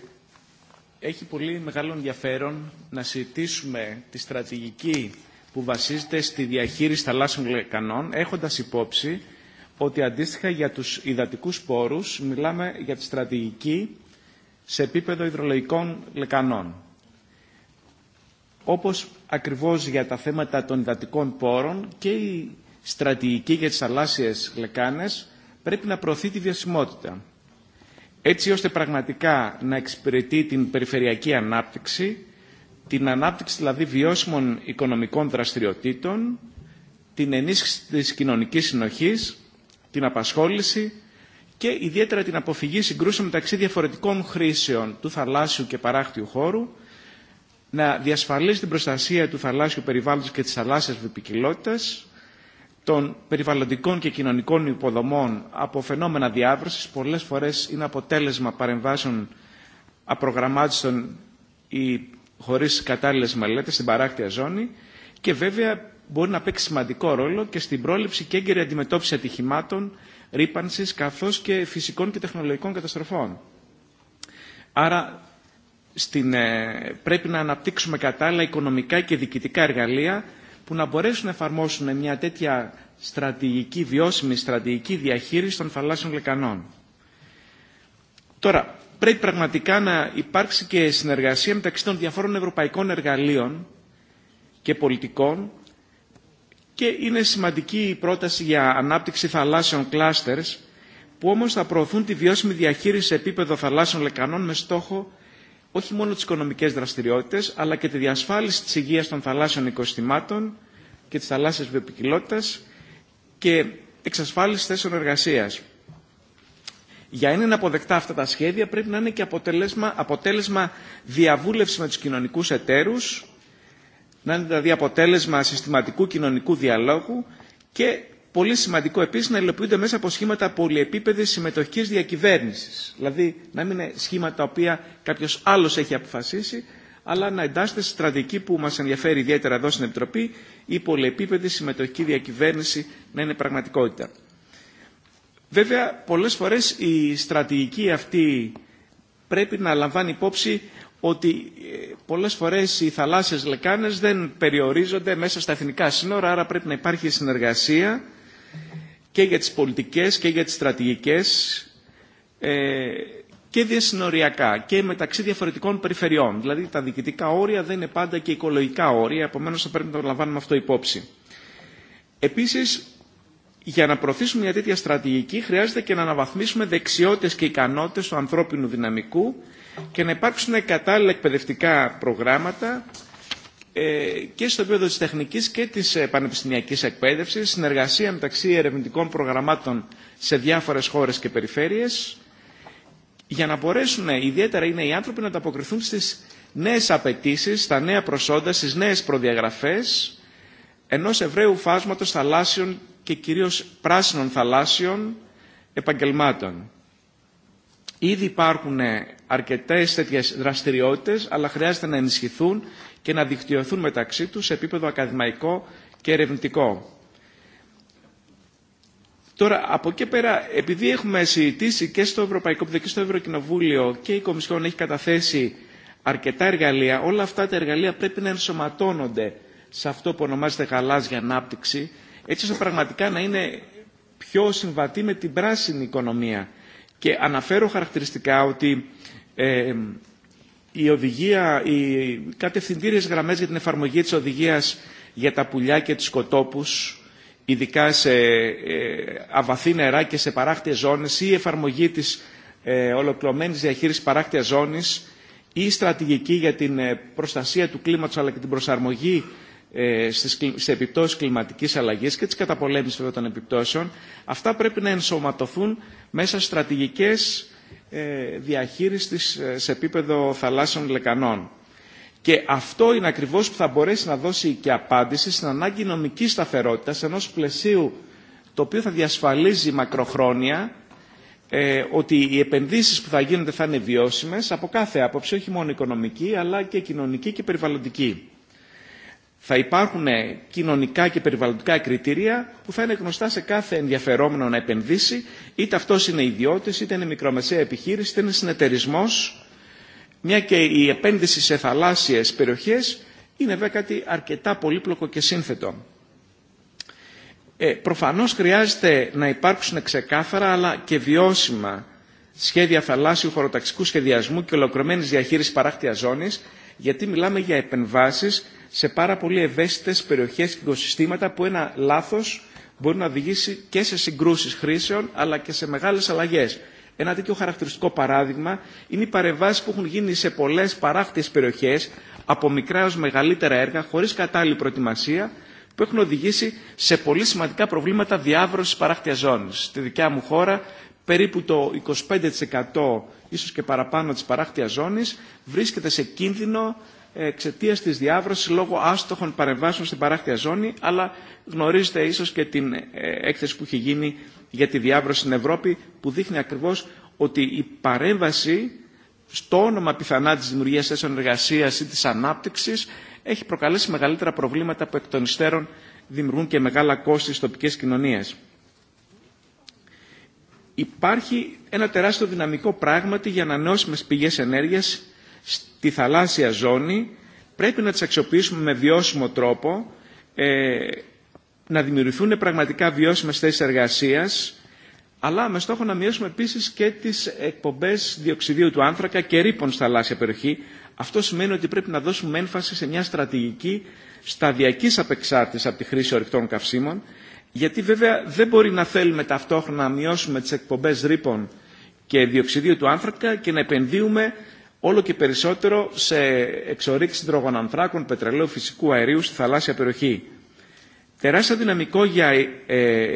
C: έχει πολύ μεγάλο ενδιαφέρον να συζητήσουμε τη στρατηγική που βασίζεται στη διαχείριση θαλάσσιων λεκανών, έχοντας υπόψη ότι αντίστοιχα για τους υδατικούς πόρους μιλάμε για τη στρατηγική σε επίπεδο υδρολογικών λεκανών. Όπως ακριβώς για τα θέματα των υδατικών πόρων και η στρατηγική για τις θαλάσσιες λεκάνες πρέπει να προωθεί τη βιωσιμότητα. Έτσι ώστε πραγματικά να εξυπηρετεί την περιφερειακή ανάπτυξη την ανάπτυξη δηλαδή βιώσιμων οικονομικών δραστηριοτήτων, την ενίσχυση της κοινωνικής συνοχής, την απασχόληση και ιδιαίτερα την αποφυγή συγκρούσεων μεταξύ διαφορετικών χρήσεων του θαλάσσιου και παράκτιου χώρου, να διασφαλίσει την προστασία του θαλάσσιου περιβάλλοντος και της θαλάσσιας βιπικιλότητας, των περιβαλλοντικών και κοινωνικών υποδομών από φαινόμενα διάβρωσης, πολλές φορές είναι αποτέλεσμα παρεμβάσεων απρογραμμάτιστων ή χωρίς κατάλληλε μελέτε, στην παράκτια ζώνη και βέβαια μπορεί να παίξει σημαντικό ρόλο και στην πρόληψη και έγκαιρη αντιμετώπιση ατυχημάτων, ρήπανση καθώς και φυσικών και τεχνολογικών καταστροφών. Άρα στην, ε, πρέπει να αναπτύξουμε κατάλληλα οικονομικά και διοικητικά εργαλεία που να μπορέσουν να εφαρμόσουν μια τέτοια στρατηγική, βιώσιμη στρατηγική διαχείριση των θαλάσσιων λεκανών. Τώρα, πρέπει πραγματικά να υπάρξει και συνεργασία μεταξύ των διαφόρων ευρωπαϊκών εργαλείων και πολιτικών και είναι σημαντική η πρόταση για ανάπτυξη θαλάσσιων κλάστερς που όμως θα προωθούν τη βιώσιμη διαχείριση σε επίπεδο θαλάσσιων λεκανών με στόχο όχι μόνο τις οικονομικές δραστηριότητες αλλά και τη διασφάλιση της υγείας των θαλάσσιων οικοστημάτων και της θαλάσσιας βιοποικιλότητας και εξασφάλιση θέσεων εργασίας για να είναι αποδεκτά αυτά τα σχέδια πρέπει να είναι και αποτέλεσμα, αποτέλεσμα διαβούλευση με τους κοινωνικούς εταίρους, να είναι δηλαδή αποτέλεσμα συστηματικού κοινωνικού διαλόγου και πολύ σημαντικό επίσης να υλοποιούνται μέσα από σχήματα πολυεπίπεδης συμμετοχής διακυβέρνησης. Δηλαδή να μην είναι σχήματα τα οποία κάποιος άλλος έχει αποφασίσει, αλλά να εντάσσεται στη στρατηγική που μας ενδιαφέρει ιδιαίτερα εδώ στην Επιτροπή, η πολυεπίπεδη συμμετοχική διακυβέρνηση να είναι πραγματικότητα. Βέβαια, πολλές φορές η στρατηγική αυτή πρέπει να λαμβάνει υπόψη ότι ε, πολλές φορές οι θαλάσσιες λεκάνες δεν περιορίζονται μέσα στα εθνικά σύνορα, άρα πρέπει να υπάρχει συνεργασία και για τις πολιτικές και για τις στρατηγικές ε, και διασυνοριακά και μεταξύ διαφορετικών περιφερειών. Δηλαδή τα διοικητικά όρια δεν είναι πάντα και οικολογικά όρια, επομένως θα πρέπει να το λαμβάνουμε αυτό υπόψη. Επίσης, για να προωθήσουμε μια τέτοια στρατηγική χρειάζεται και να αναβαθμίσουμε δεξιότητες και ικανότητες του ανθρώπινου δυναμικού και να υπάρξουν κατάλληλα εκπαιδευτικά προγράμματα ε, και στο επίπεδο της τεχνικής και της ε, πανεπιστημιακής εκπαίδευσης, συνεργασία μεταξύ ερευνητικών προγραμμάτων σε διάφορες χώρες και περιφέρειες, για να μπορέσουν ε, ιδιαίτερα είναι οι άνθρωποι να ανταποκριθούν στις νέες απαιτήσεις, στα νέα προσόντα, στις νέες προδιαγραφές ενός ευραίου φάσματος θαλάσσιων και κυρίως πράσινων θαλάσσιων επαγγελμάτων. Ήδη υπάρχουν ε, αρκετές τέτοιες δραστηριότητες, αλλά χρειάζεται να ενισχυθούν και να δικτυωθούν μεταξύ τους σε επίπεδο ακαδημαϊκό και ερευνητικό. Τώρα, από εκεί πέρα, επειδή έχουμε συζητήσει και στο Ευρωπαϊκό και στο Ευρωκοινοβούλιο και η Κομισιόν έχει καταθέσει αρκετά εργαλεία, όλα αυτά τα εργαλεία πρέπει να ενσωματώνονται σε αυτό που ονομάζεται γαλάζια ανάπτυξη, έτσι ώστε πραγματικά να είναι πιο συμβατή με την πράσινη οικονομία. Και αναφέρω χαρακτηριστικά ότι ε, η οδηγία, οι κατευθυντήριες γραμμές για την εφαρμογή της οδηγίας για τα πουλιά και τους κοτόπους, ειδικά σε ε, αβαθή νερά και σε παράκτιες ζώνες, ή η εφαρμογή της ε, ολοκληρωμένης διαχείρισης παράκτιας ζώνης, ή η στρατηγική για την ε, προστασία του κλίματος αλλά και την προσαρμογή ε, σε επιπτώσεις κλιματικής αλλαγής και της καταπολέμησης βέβαια των επιπτώσεων, αυτά πρέπει να ενσωματωθούν μέσα στρατηγικές ε, διαχείρισης ε, σε επίπεδο θαλάσσιων λεκανών. Και αυτό είναι ακριβώς που θα μπορέσει να δώσει και απάντηση στην ανάγκη νομικής σταθερότητας ενός πλαισίου το οποίο θα διασφαλίζει μακροχρόνια ότι οι επενδύσεις που θα γίνονται θα είναι βιώσιμες από κάθε άποψη, όχι μόνο οικονομική αλλά και κοινωνική και περιβαλλοντική θα υπάρχουν κοινωνικά και περιβαλλοντικά κριτήρια που θα είναι γνωστά σε κάθε ενδιαφερόμενο να επενδύσει, είτε αυτό είναι ιδιώτη, είτε είναι μικρομεσαία επιχείρηση, είτε είναι συνεταιρισμό. Μια και η επένδυση σε θαλάσσιε περιοχέ είναι βέβαια κάτι αρκετά πολύπλοκο και σύνθετο. Ε, προφανώς χρειάζεται να υπάρξουν ξεκάθαρα αλλά και βιώσιμα σχέδια θαλάσσιου χωροταξικού σχεδιασμού και ολοκληρωμένης διαχείρισης παράκτιας ζώνη, γιατί μιλάμε για επεμβάσει σε πάρα πολύ ευαίσθητες περιοχές και οικοσυστήματα που ένα λάθος μπορεί να οδηγήσει και σε συγκρούσεις χρήσεων αλλά και σε μεγάλες αλλαγές. Ένα τέτοιο χαρακτηριστικό παράδειγμα είναι οι παρεμβάσει που έχουν γίνει σε πολλέ παράκτιε περιοχέ, από μικρά έω μεγαλύτερα έργα, χωρί κατάλληλη προετοιμασία, που έχουν οδηγήσει σε πολύ σημαντικά προβλήματα διάβρωση παράκτια ζώνη. Στη δικιά μου χώρα, περίπου το 25% ίσως και παραπάνω τη παράκτιας ζώνη βρίσκεται σε κίνδυνο εξαιτία τη διάβρωση λόγω άστοχων παρεμβάσεων στην παράκτια ζώνη, αλλά γνωρίζετε ίσω και την ε, έκθεση που έχει γίνει για τη διάβρωση στην Ευρώπη, που δείχνει ακριβώ ότι η παρέμβαση στο όνομα πιθανά τη δημιουργία θέσεων εργασία ή τη ανάπτυξη έχει προκαλέσει μεγαλύτερα προβλήματα που εκ των υστέρων δημιουργούν και μεγάλα κόστη στι τοπικέ κοινωνίε. Υπάρχει ένα τεράστιο δυναμικό πράγματι για ανανεώσιμε πηγέ ενέργεια στη θαλάσσια ζώνη πρέπει να τις αξιοποιήσουμε με βιώσιμο τρόπο ε, να δημιουργηθούν πραγματικά βιώσιμες θέσεις εργασίας αλλά με στόχο να μειώσουμε επίσης και τις εκπομπές διοξιδίου του άνθρακα και ρήπων στα θαλάσσια περιοχή. Αυτό σημαίνει ότι πρέπει να δώσουμε έμφαση σε μια στρατηγική σταδιακής απεξάρτησης από τη χρήση ορυκτών καυσίμων γιατί βέβαια δεν μπορεί να θέλουμε ταυτόχρονα να μειώσουμε τις εκπομπές ρήπων και διοξιδίου του άνθρακα και να επενδύουμε όλο και περισσότερο σε εξορίξη υδρογονανθράκων, πετρελαίου, φυσικού αερίου στη θαλάσσια περιοχή. Τεράστιο δυναμικό για ε,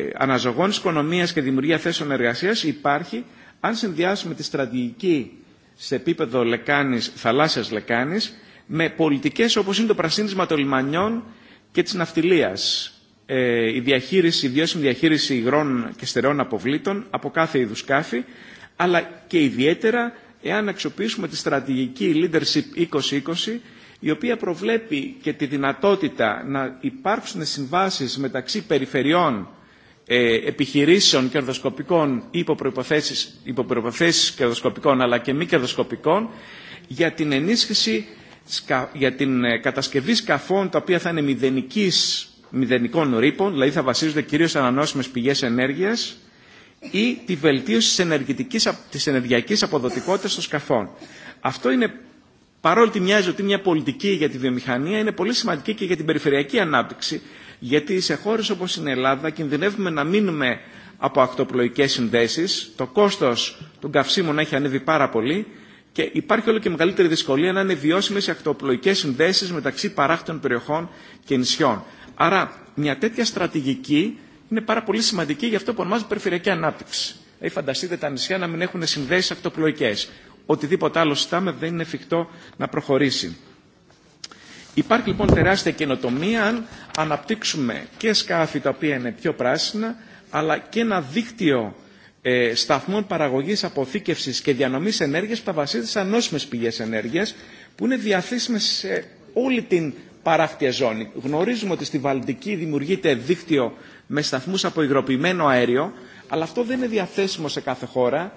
C: οικονομίας και δημιουργία θέσεων εργασίας υπάρχει αν συνδυάσουμε τη στρατηγική σε επίπεδο λεκάνης, θαλάσσιας λεκάνης με πολιτικές όπως είναι το πρασίνισμα των λιμανιών και της ναυτιλίας. Ε, η διαχείριση, η διαχείριση υγρών και στερεών αποβλήτων από κάθε είδους σκάφη αλλά και ιδιαίτερα εάν αξιοποιήσουμε τη στρατηγική Leadership 2020, η οποία προβλέπει και τη δυνατότητα να υπάρξουν συμβάσεις μεταξύ περιφερειών ε, επιχειρήσεων κερδοσκοπικών ή υποπροϋποθέσεις, κερδοσκοπικών αλλά και μη κερδοσκοπικών για την ενίσχυση για την ε, κατασκευή σκαφών τα οποία θα είναι μηδενικής, μηδενικών ρήπων, δηλαδή θα βασίζονται κυρίως σε ανανόσιμες πηγές ενέργειας ή τη βελτίωση της, ενεργητικής, της ενεργειακής αποδοτικότητας των σκαφών. Αυτό είναι, παρόλο ότι μοιάζει ότι μια πολιτική για τη βιομηχανία, είναι πολύ σημαντική και για την περιφερειακή ανάπτυξη, γιατί σε χώρες όπως η Ελλάδα κινδυνεύουμε να μείνουμε από ακτοπλοϊκές συνδέσεις, το κόστος των καυσίμων έχει ανέβει πάρα πολύ και υπάρχει όλο και μεγαλύτερη δυσκολία να είναι βιώσιμες οι ακτοπλοϊκές συνδέσεις μεταξύ παράκτων περιοχών και νησιών. Άρα μια τέτοια στρατηγική είναι πάρα πολύ σημαντική για αυτό που ονομάζουμε περιφερειακή ανάπτυξη. Δηλαδή, φανταστείτε τα νησιά να μην έχουν συνδέσει ακτοπλοϊκέ. Οτιδήποτε άλλο στάμε δεν είναι εφικτό να προχωρήσει. Υπάρχει λοιπόν τεράστια καινοτομία αν αναπτύξουμε και σκάφη τα οποία είναι πιο πράσινα, αλλά και ένα δίκτυο ε, σταθμών παραγωγής, αποθήκευσης και διανομή ενέργεια που θα βασίζεται σε ανώσιμε πηγές ενέργειας που είναι διαθέσιμες σε όλη την παράκτια ζώνη. Γνωρίζουμε ότι στη Βαλτική δημιουργείται δίκτυο με σταθμούς από υγροποιημένο αέριο, αλλά αυτό δεν είναι διαθέσιμο σε κάθε χώρα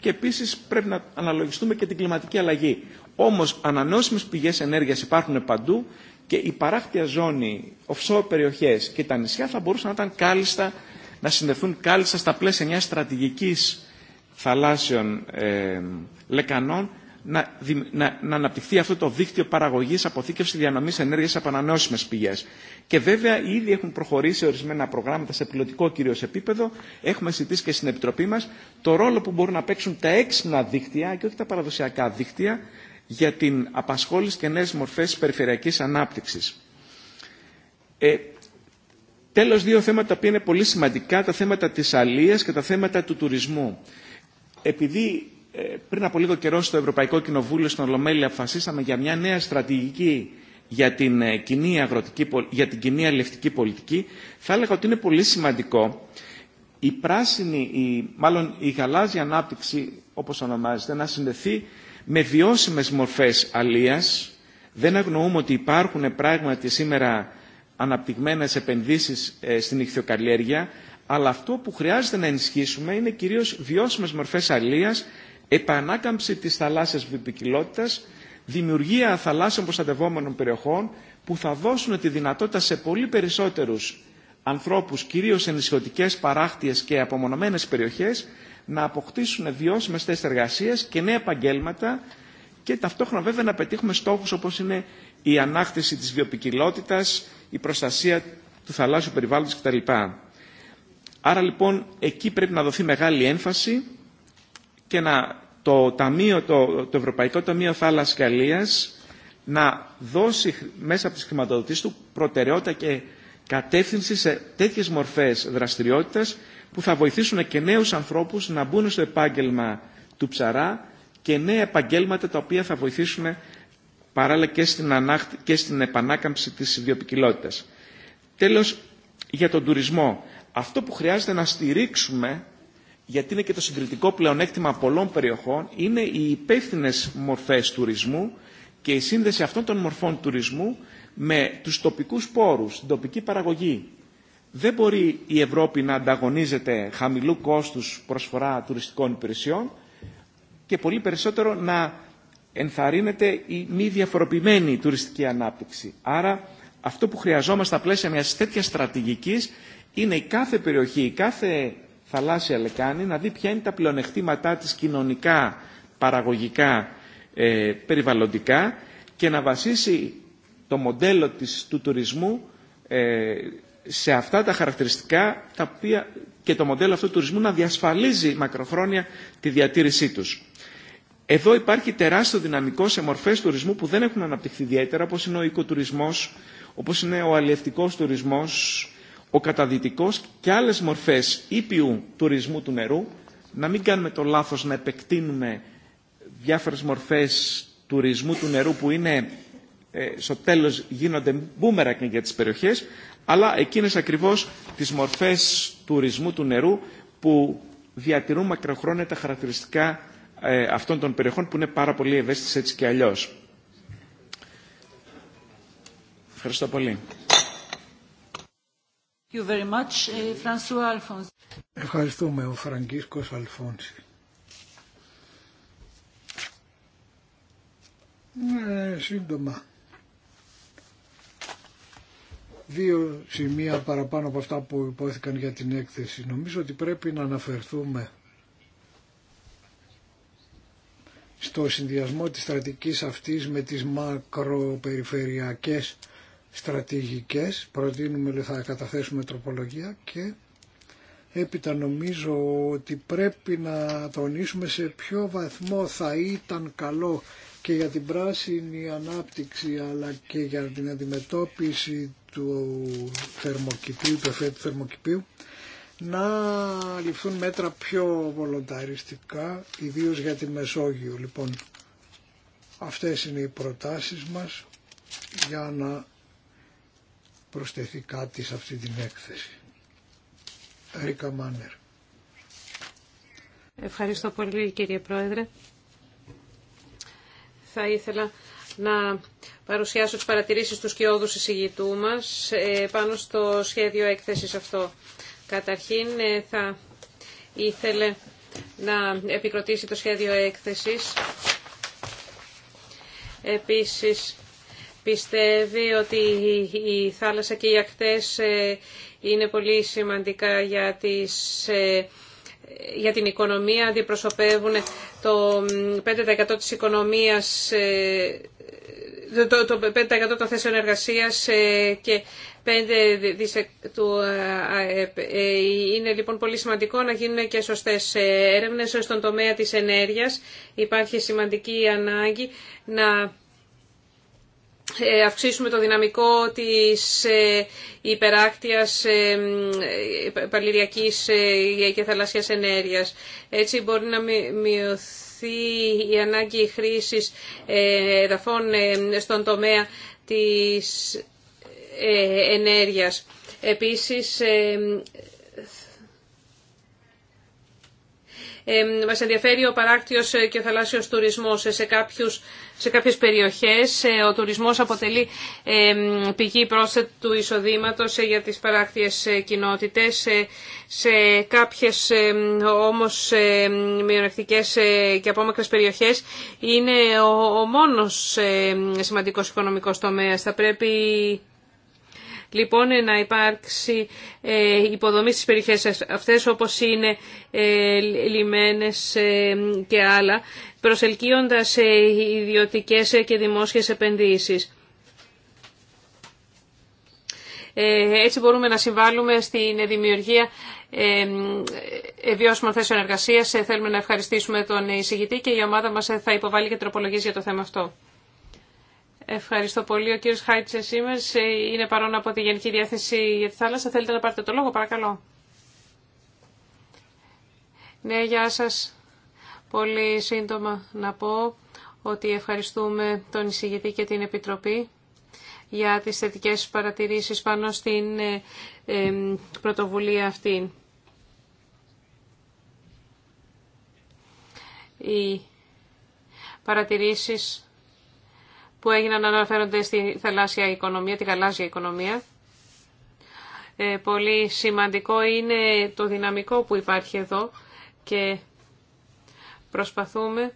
C: και επίσης πρέπει να αναλογιστούμε και την κλιματική αλλαγή. Όμως ανανεώσιμες πηγές ενέργειας υπάρχουν παντού και η παράκτια ζώνη, offshore περιοχές και τα νησιά θα μπορούσαν να, ήταν κάλιστα, να συνδεθούν κάλλιστα στα πλαίσια μιας στρατηγικής θαλάσσιων ε, λεκανών να, να, να αναπτυχθεί αυτό το δίκτυο παραγωγής, αποθήκευση, διανομής ενέργειας από ανανεώσιμες πηγές. Και βέβαια ήδη έχουν προχωρήσει ορισμένα προγράμματα σε πιλωτικό κυρίως επίπεδο. Έχουμε συζητήσει και στην Επιτροπή μας το ρόλο που μπορούν να παίξουν τα έξυπνα δίκτυα και όχι τα παραδοσιακά δίκτυα για την απασχόληση και νέες μορφές περιφερειακής ανάπτυξης. Ε, τέλος, δύο θέματα που είναι πολύ σημαντικά, τα θέματα της αλίας και τα θέματα του τουρισμού. Επειδή ε, πριν από λίγο καιρό στο Ευρωπαϊκό Κοινοβούλιο, στον Λομέλη αποφασίσαμε για μια νέα στρατηγική για την ε, κοινή, αγροτική, για την κοινή αλληλευτική πολιτική, θα έλεγα ότι είναι πολύ σημαντικό η πράσινη, η, μάλλον η γαλάζια ανάπτυξη, όπως ονομάζεται, να συνδεθεί με βιώσιμες μορφές αλίας. Δεν αγνοούμε ότι υπάρχουν πράγματι σήμερα αναπτυγμένες επενδύσεις ε, στην ηχθιοκαλλιέργεια αλλά αυτό που χρειάζεται να ενισχύσουμε είναι κυρίως βιώσιμες μορφές αλίας, επανάκαμψη της θαλάσσιας βιοπικιλότητας, δημιουργία θαλάσσιων προστατευόμενων περιοχών που θα δώσουν τη δυνατότητα σε πολύ περισσότερους ανθρώπους, κυρίως σε νησιωτικές παράκτιες και απομονωμένες περιοχές, να αποκτήσουν βιώσιμες θέσεις και νέα επαγγέλματα και ταυτόχρονα βέβαια να πετύχουμε στόχους όπως είναι η ανάκτηση της βιοπικιλότητας, η προστασία του θαλάσσιου περιβάλλοντος κτλ. Άρα λοιπόν εκεί πρέπει να δοθεί μεγάλη έμφαση και να το, ταμείο, το, το Ευρωπαϊκό Ταμείο Θάλασσας και να δώσει μέσα από τις χρηματοδοτήσεις του προτεραιότητα και κατεύθυνση σε τέτοιες μορφές δραστηριότητας που θα βοηθήσουν και νέους ανθρώπους να μπουν στο επάγγελμα του ψαρά και νέα επαγγέλματα τα οποία θα βοηθήσουν παράλληλα και στην, και στην επανάκαμψη της βιοπικιλότητας. Τέλος, για τον τουρισμό. Αυτό που χρειάζεται να στηρίξουμε γιατί είναι και το συγκριτικό πλεονέκτημα πολλών περιοχών, είναι οι υπεύθυνε μορφές τουρισμού και η σύνδεση αυτών των μορφών τουρισμού με τους τοπικούς πόρους, την τοπική παραγωγή. Δεν μπορεί η Ευρώπη να ανταγωνίζεται χαμηλού κόστους προσφορά τουριστικών υπηρεσιών και πολύ περισσότερο να ενθαρρύνεται η μη διαφοροποιημένη τουριστική ανάπτυξη. Άρα αυτό που χρειαζόμαστε στα πλαίσια μια τέτοιας στρατηγικής είναι η κάθε περιοχή, η κάθε θαλάσσια λεκάνη, να δει ποια είναι τα πλεονεκτήματά της κοινωνικά, παραγωγικά, ε, περιβαλλοντικά και να βασίσει το μοντέλο της, του τουρισμού ε, σε αυτά τα χαρακτηριστικά τα οποία, και το μοντέλο αυτού του τουρισμού να διασφαλίζει μακροχρόνια τη διατήρησή τους. Εδώ υπάρχει τεράστιο δυναμικό σε μορφές τουρισμού που δεν έχουν αναπτυχθεί ιδιαίτερα, όπως είναι ο οικοτουρισμός, όπως είναι ο αλλιευτικός τουρισμός, ο καταδυτικός και άλλες μορφές ήπιου τουρισμού του νερού, να μην κάνουμε το λάθος να επεκτείνουμε διάφορες μορφές τουρισμού του νερού που είναι ε, στο τέλος γίνονται και για τις περιοχές, αλλά εκείνες ακριβώς τις μορφές τουρισμού του νερού που διατηρούν μακροχρόνια τα χαρακτηριστικά ε, αυτών των περιοχών που είναι πάρα πολύ ευαίσθητες έτσι και αλλιώς. Ευχαριστώ πολύ.
A: Eh,
D: Ευχαριστούμε ο Φραγκίσκος Αλφόνση. Ναι, σύντομα. Δύο σημεία παραπάνω από αυτά που υπόθηκαν για την έκθεση. Νομίζω ότι πρέπει να αναφερθούμε στο συνδυασμό της στρατικής αυτής με τις μακροπεριφερειακές στρατηγικές, προτείνουμε ότι θα καταθέσουμε τροπολογία και έπειτα νομίζω ότι πρέπει να τονίσουμε σε ποιο βαθμό θα ήταν καλό και για την πράσινη ανάπτυξη αλλά και για την αντιμετώπιση του θερμοκηπίου, του εφέτου θερμοκηπίου να ληφθούν μέτρα πιο βολονταριστικά, ιδίως για τη Μεσόγειο. Λοιπόν, αυτές είναι οι προτάσεις μας για να προσθεθεί κάτι σε αυτή την έκθεση.
B: Ευχαριστώ πολύ κύριε Πρόεδρε. Θα ήθελα να παρουσιάσω τις παρατηρήσεις του σκιώδους εισηγητού μας ε, πάνω στο σχέδιο έκθεσης αυτό. Καταρχήν ε, θα ήθελε να επικροτήσει το σχέδιο έκθεσης. Επίσης πιστεύει ότι η θάλασσα και οι ακτές ε, είναι πολύ σημαντικά για, τις, ε, για την οικονομία, αντιπροσωπεύουν το 5% της οικονομίας, ε, το 5% των θέσεων εργασίας και 5 Είναι λοιπόν πολύ σημαντικό να γίνουν και σωστές έρευνες στον τομέα της ενέργειας. Υπάρχει σημαντική ανάγκη να ε, αυξήσουμε το δυναμικό της ε, υπεράκτιας ε, παλιριακής και θαλασσιάς ενέργειας. Έτσι μπορεί να μειωθεί η ανάγκη χρήσης εδαφών στον τομέα της ενέργειας. Επίσης, Ε, μας ενδιαφέρει ο παράκτιος ε, και ο θαλάσσιος τουρισμός σε, κάποιους, σε κάποιες περιοχές. Ε, ο τουρισμός αποτελεί πηγή πρόσθετου εισοδήματος για τις παράκτιες κοινότητες. Σε κάποιες όμως μειονεκτικές και απόμακρες περιοχές είναι ο μόνος σημαντικός οικονομικός τομέας. Θα πρέπει λοιπόν ε, να υπάρξει ε, υποδομή στις περιοχές αυτές όπως είναι ε, λιμένες και άλλα, προσελκύοντας ιδιωτικές και δημόσιες επενδύσεις. Έτσι μπορούμε να συμβάλλουμε στην δημιουργία βιώσιμων θέσεων εργασία. Θέλουμε να ευχαριστήσουμε τον εισηγητή και η ομάδα μα θα υποβάλει και τροπολογίες για το θέμα αυτό. Ευχαριστώ πολύ. Ο κύριος Χάιτσε Σίμερς ε, είναι παρόν από τη Γενική Διάθεση για τη Θάλασσα. Θέλετε να πάρετε το λόγο, παρακαλώ. Ναι, γεια σας. Πολύ σύντομα να πω ότι ευχαριστούμε τον εισηγητή και την Επιτροπή για τις θετικές παρατηρήσεις πάνω στην ε, ε, πρωτοβουλία αυτή. Οι παρατηρήσεις που έγιναν αναφέρονται στη θαλάσσια οικονομία, τη γαλάζια οικονομία. Ε, πολύ σημαντικό είναι το δυναμικό που υπάρχει εδώ και προσπαθούμε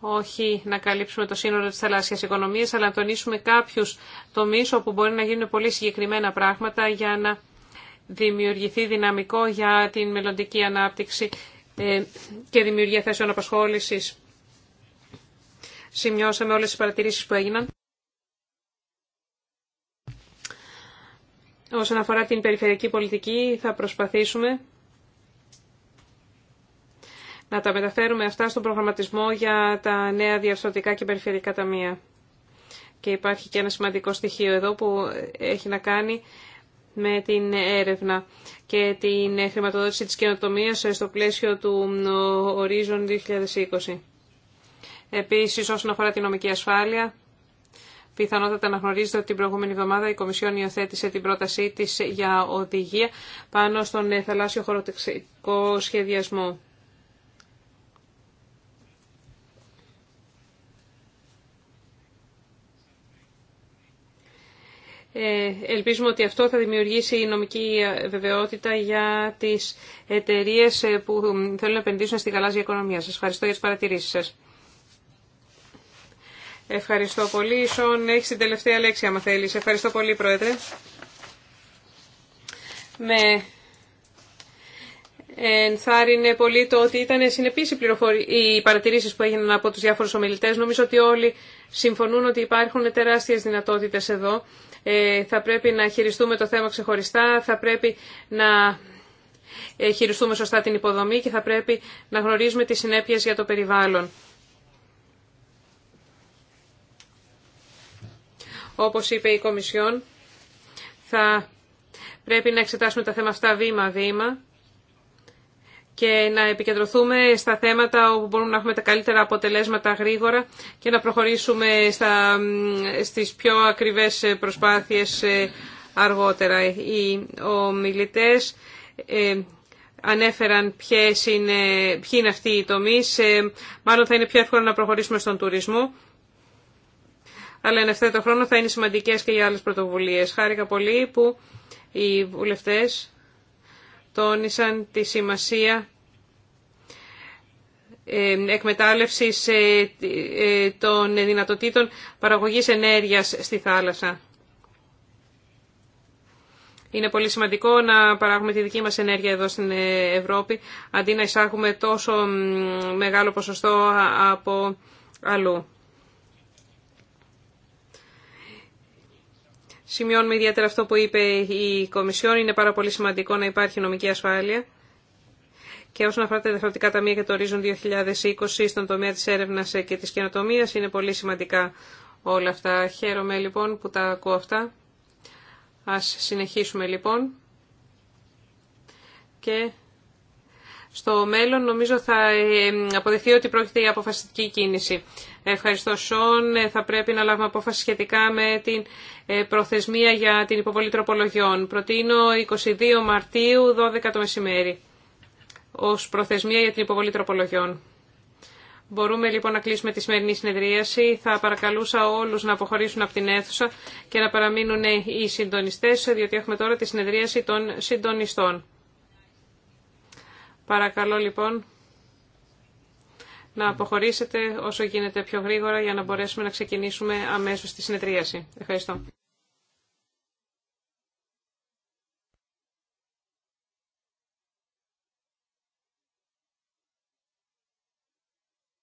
B: όχι να καλύψουμε το σύνολο της θαλάσσιας οικονομίας, αλλά να τονίσουμε κάποιους τομείς όπου μπορεί να γίνουν πολύ συγκεκριμένα πράγματα για να δημιουργηθεί δυναμικό για την μελλοντική ανάπτυξη ε, και δημιουργία θέσεων απασχόλησης Σημειώσαμε όλες τις παρατηρήσεις που έγιναν. Όσον αφορά την περιφερειακή πολιτική θα προσπαθήσουμε να τα μεταφέρουμε αυτά στον προγραμματισμό για τα νέα διαφθορτικά και περιφερειακά ταμεία. Και υπάρχει και ένα σημαντικό στοιχείο εδώ που έχει να κάνει με την έρευνα και την χρηματοδότηση της καινοτομίας στο πλαίσιο του Horizon 2020. Επίση, όσον αφορά τη νομική ασφάλεια, πιθανότατα να γνωρίζετε ότι την προηγούμενη εβδομάδα η Κομισιόν υιοθέτησε την πρότασή της για οδηγία πάνω στον θαλάσσιο χωροτεξικό σχεδιασμό. Ε, ελπίζουμε ότι αυτό θα δημιουργήσει νομική βεβαιότητα για τις εταιρείες ε, που θέλουν να επενδύσουν στη γαλάζια οικονομία. Σας ευχαριστώ για τις παρατηρήσεις σας. Ευχαριστώ πολύ. Σον, έχει την τελευταία λέξη άμα θέλει. Ευχαριστώ πολύ, Πρόεδρε. Με ενθάρρυνε πολύ το ότι ήταν συνεπείς οι, οι παρατηρήσεις που έγιναν από τους διάφορους ομιλητές. Νομίζω ότι όλοι συμφωνούν ότι υπάρχουν τεράστιες δυνατότητες εδώ. Ε, θα πρέπει να χειριστούμε το θέμα ξεχωριστά, θα πρέπει να ε, χειριστούμε σωστά την υποδομή και θα πρέπει να γνωρίζουμε τις συνέπειες για το περιβάλλον. Όπως είπε η Κομισιόν, θα πρέπει να εξετάσουμε τα θέματα αυτά βήμα-βήμα και να επικεντρωθούμε στα θέματα όπου μπορούμε να έχουμε τα καλύτερα αποτελέσματα γρήγορα και να προχωρήσουμε στα, στις πιο ακριβές προσπάθειες ε, αργότερα. Οι ομιλητές ε, ανέφεραν ποιες είναι, ποιοι είναι αυτοί οι τομείς. Ε, μάλλον θα είναι πιο εύκολο να προχωρήσουμε στον τουρισμό αλλά εν ευθέτω χρόνο θα είναι σημαντικές και οι άλλες πρωτοβουλίες. Χάρηκα πολύ που οι βουλευτές τόνισαν τη σημασία ε, εκμετάλλευσης ε, ε, των δυνατοτήτων παραγωγής ενέργειας στη θάλασσα. Είναι πολύ σημαντικό να παράγουμε τη δική μας ενέργεια εδώ στην Ευρώπη, αντί να εισάγουμε τόσο μεγάλο ποσοστό από αλλού. Σημειώνουμε ιδιαίτερα αυτό που είπε η Κομισιόν. Είναι πάρα πολύ σημαντικό να υπάρχει νομική ασφάλεια. Και όσον αφορά τα διαφορετικά ταμεία και το ορίζον 2020 στον τομέα της έρευνας και της καινοτομίας, είναι πολύ σημαντικά όλα αυτά. Χαίρομαι λοιπόν που τα ακούω αυτά. Ας συνεχίσουμε λοιπόν. Και στο μέλλον νομίζω θα ε, αποδεχθεί ότι πρόκειται η αποφασιστική κίνηση. Ευχαριστώ, Σον. Ε, θα πρέπει να λάβουμε απόφαση σχετικά με την ε, προθεσμία για την υποβολή τροπολογιών. Προτείνω 22 Μαρτίου, 12 το μεσημέρι, ως προθεσμία για την υποβολή τροπολογιών. Μπορούμε λοιπόν να κλείσουμε τη σημερινή συνεδρίαση. Θα παρακαλούσα όλους να αποχωρήσουν από την αίθουσα και να παραμείνουν ε, οι συντονιστές, διότι έχουμε τώρα τη συνεδρίαση των συντονιστών. Παρακαλώ λοιπόν να αποχωρήσετε όσο γίνεται πιο γρήγορα για να μπορέσουμε να ξεκινήσουμε αμέσως τη συνεδρίαση. Ευχαριστώ.